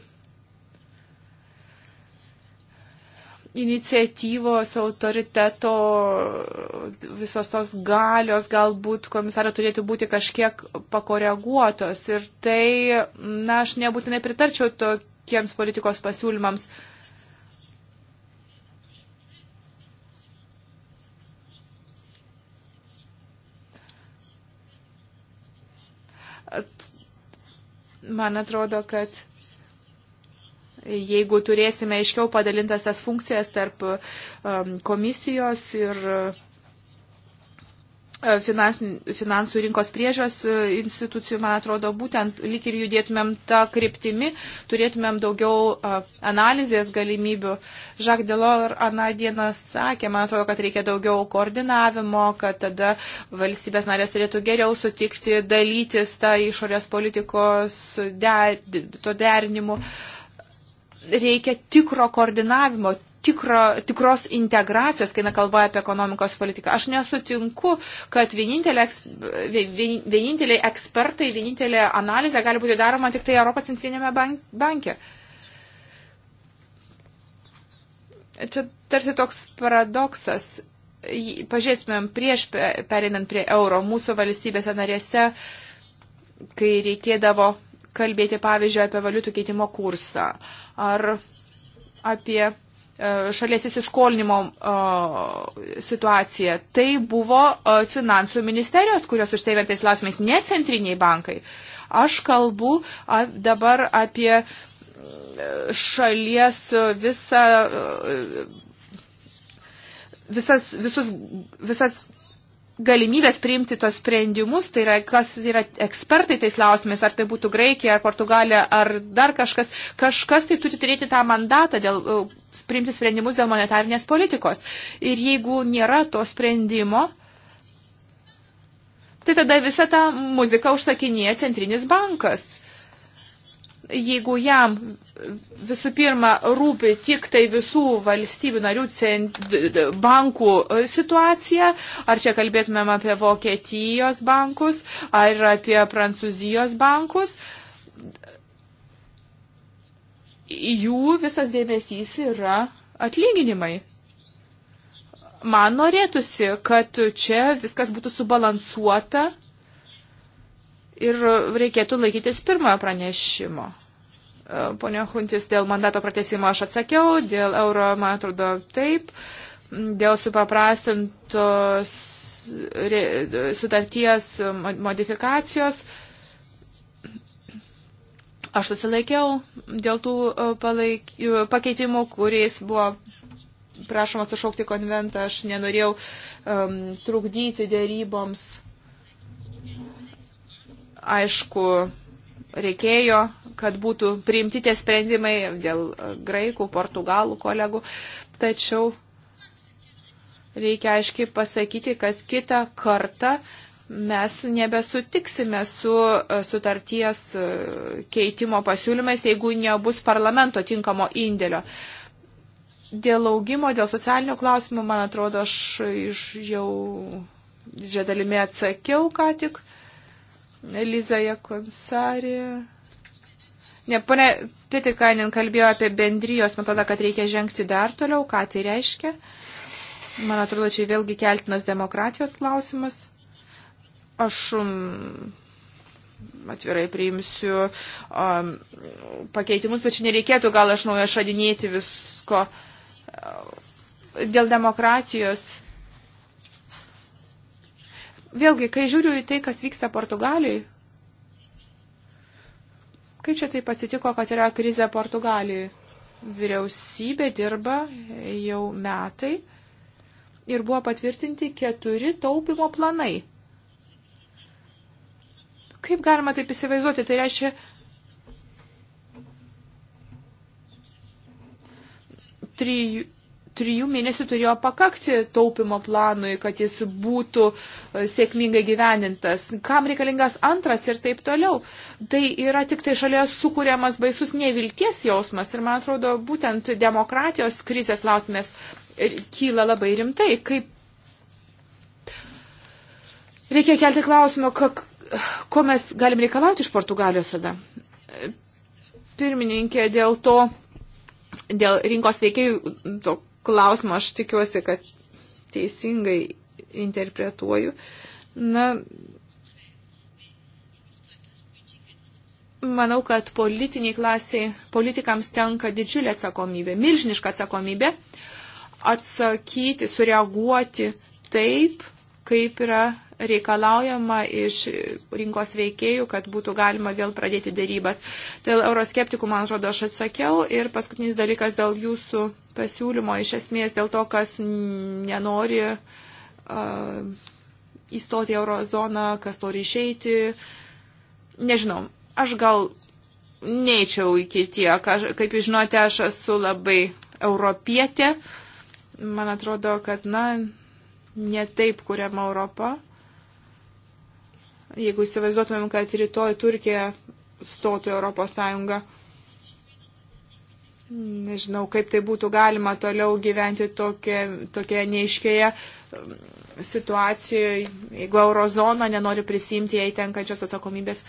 [SPEAKER 2] iniciatyvos, autoriteto, visos tos galios galbūt komisaro turėtų būti kažkiek pakoreguotos. Ir tai, na, aš nebūtinai pritarčiau tokiems politikos pasiūlymams. Man atrodo, kad jeigu turėsime aiškiau padalintas tas funkcijas tarp um, komisijos ir e, finansų rinkos priežios e, institucijų, man atrodo, būtent lik ir judėtumėm tą kryptimi, turėtumėm daugiau e, analizės galimybių. Žak Delor aną dieną sakė, man atrodo, kad reikia daugiau koordinavimo, kad tada valstybės narės turėtų geriau sutikti dalytis tą išorės politikos der, to derinimu. Uh, reikia tikro koordinavimo, tikro, tikros integracijos, kai nekalba apie ekonomikos politiką. Aš nesutinku, kad vienintelė, vieninteliai ekspertai, vienintelė analizė gali būti daroma tik tai Europos centrinėme banke. Čia tarsi toks paradoksas. Pažiūrėtumėm prieš perinant prie euro mūsų valstybėse narėse, kai reikėdavo kalbėti, pavyzdžiui, apie valiutų keitimo kursą ar apie e, šalies įsiskolinimo e, situacija. Tai buvo e, finansų ministerijos, kurios už tai vertais klausimais, ne centriniai bankai. Aš kalbu dabar apie šalies visą visas, visus, visas galimybės priimti tos sprendimus, tai yra, kas yra ekspertai tais klausimais, ar tai būtų Graikija, ar Portugalija, ar dar kažkas, kažkas tai turi turėti tą mandatą dėl, uh, priimti sprendimus dėl monetarnės politikos. Ir jeigu nėra to sprendimo, tai tada visą tą muziką užsakinėja Centrinis bankas jeigu jam visų pirma rūpi tik tai visų valstybių narių cent, bankų situacija, ar čia kalbėtumėm apie Vokietijos bankus, ar apie Prancūzijos bankus, jų visas dėmesys yra atlyginimai. Man norėtųsi, kad čia viskas būtų subalansuota ir reikėtų laikytis pirmojo pranešimo. E, Pone Huntis, dėl mandato pratesimo aš atsakiau, dėl euro, man atrodo, taip, dėl supaprastintos sutarties modifikacijos aš susilaikiau dėl tų e, palaik... pakeitimų, kuriais buvo prašoma sušaukti konventą, aš nenorėjau um, trukdyti dėryboms aišku, reikėjo, kad būtų priimti tie sprendimai dėl e, graikų, portugalų kolegų, tačiau reikia aiškiai pasakyti, kad kitą kartą mes nebesutiksime su e, sutarties e, keitimo pasiūlymais, jeigu nebus parlamento tinkamo indėlio. Dėl augimo, dėl socialinių klausimų, man atrodo, aš iš jau didžią dalimi atsakiau ką tik. Uh, Eliza Jakonsari. Ne, ponė Pitikainin kalbėjo apie bendrijos metodą, kad reikia žengti dar toliau. Ką tai reiškia? Man atrodo, čia vėlgi keltinas demokratijos klausimas. Aš um, atvirai priimsiu um, pakeitimus, bet čia nereikėtų gal aš naujo šadinėti visko dėl demokratijos Vėlgi, kai žiūriu į tai, kas vyksta Portugalijai, kaip čia taip atsitiko, kad yra krizė Portugalijai? Vyriausybė dirba jau metai ir buvo patvirtinti keturi taupimo planai. Kaip galima taip įsivaizduoti? Tai reiškia, trijų trijų mėnesių turėjo pakakti taupimo planui, kad jis būtų e, sėkmingai gyvenintas. Kam reikalingas antras ir taip toliau. Tai yra tik tai šalia sukūriamas baisus nevilties jausmas ir, man atrodo, būtent demokratijos krizės lautmės kyla labai rimtai. Kaip Reikia kelti klausimą, kak, ko mes galim reikalauti iš Portugalijos tada. Pirmininkė dėl to, dėl rinkos veikėjų to klausimo, aš tikiuosi, kad teisingai interpretuoju. Na, manau, kad politiniai klasiai, politikams tenka didžiulė atsakomybė, milžiniška atsakomybė atsakyti, sureaguoti taip, kaip yra reikalaujama iš rinkos veikėjų, kad būtų galima vėl pradėti dėrybas. Dėl euroskeptikų, man atrodo, aš atsakiau. Ir paskutinis dalykas dėl jūsų pasiūlymo iš esmės dėl to, kas nenori uh, įstoti eurozoną, kas nori išeiti. Nežinau, aš gal neįčiau iki tiek. Aš, kaip jūs žinote, aš esu labai europietė. Man atrodo, kad, na, ne taip kuriama Europa. Jeigu įsivaizduotumėm, kad rytoj Turkija stotų Europos Sąjungą Nežinau, kaip tai būtų galima toliau gyventi tokioje neiškėje um, situacijoje, jeigu eurozona nenori prisimti jai tenkančios atsakomybės.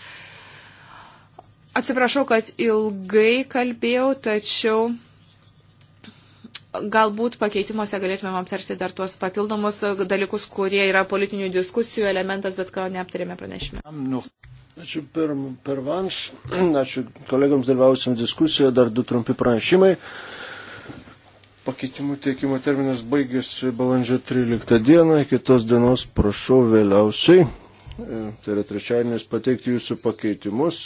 [SPEAKER 2] Atsiprašau, kad ilgai kalbėjau, tačiau galbūt pakeitimuose galėtumėm aptarsti dar tuos papildomus dalykus, kurie yra politinių diskusijų elementas, bet ką neaptarėme pranešime.
[SPEAKER 1] Ačiū per, per Vans, ačiū kolegams dalyvausiam diskusijoje, dar du trumpi pranešimai. Pakeitimų teikimo terminas baigėsi balandžio 13 dieną, kitos dienos prašau vėliausiai, e, tai yra trečiadienis, pateikti jūsų pakeitimus.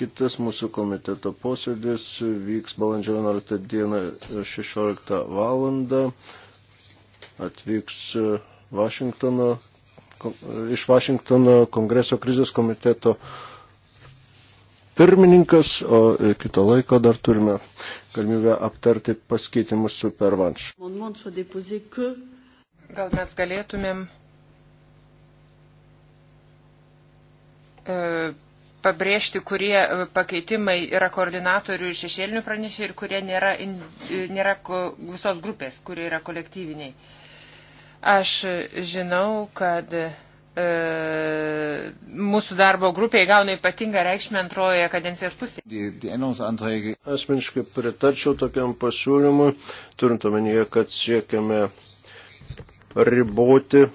[SPEAKER 1] Kitas mūsų komiteto posėdis vyks balandžio 11 dieną 16 val. Atvyks e, Vašingtono iš Vašingtono kongreso krizės komiteto pirmininkas, o kito laiko dar turime galimybę aptarti paskeitimus su pervanš.
[SPEAKER 3] Gal mes galėtumėm e, pabrėžti, kurie e, pakeitimai yra koordinatorių ir šešėlinių pranešėjų ir kurie nėra, in, e, nėra visos grupės, kurie yra kolektyviniai. E, Aš žinau, kad e, mūsų darbo grupė įgauna ypatingą reikšmę antrojoje kadencijos
[SPEAKER 1] pusėje. Asmeniškai pritarčiau tokiam pasiūlymui, turint omenyje, kad siekiame riboti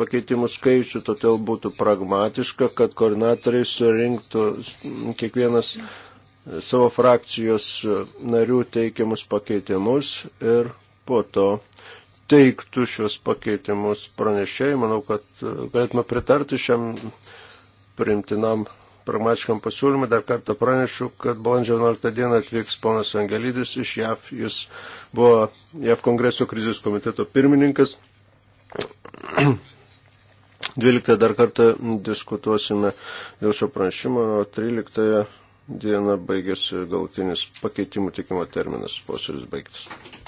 [SPEAKER 1] pakeitimų skaičių, todėl būtų pragmatiška, kad koordinatoriai surinktų kiekvienas savo frakcijos narių teikiamus pakeitimus ir po to teiktų šios pakeitimus pranešėjai. Manau, kad e, galėtume pritarti šiam primtinam pragmatiškam pasiūlymui. Dar kartą pranešu, kad balandžio 11 dieną atvyks ponas Angelydis iš JAV. Jis buvo JAV kongreso krizės komiteto pirmininkas. 12 dar kartą diskutuosime dėl šio pranešimo, o 13 dieną baigėsi galutinis pakeitimų tikimo terminas, posėdis baigtas.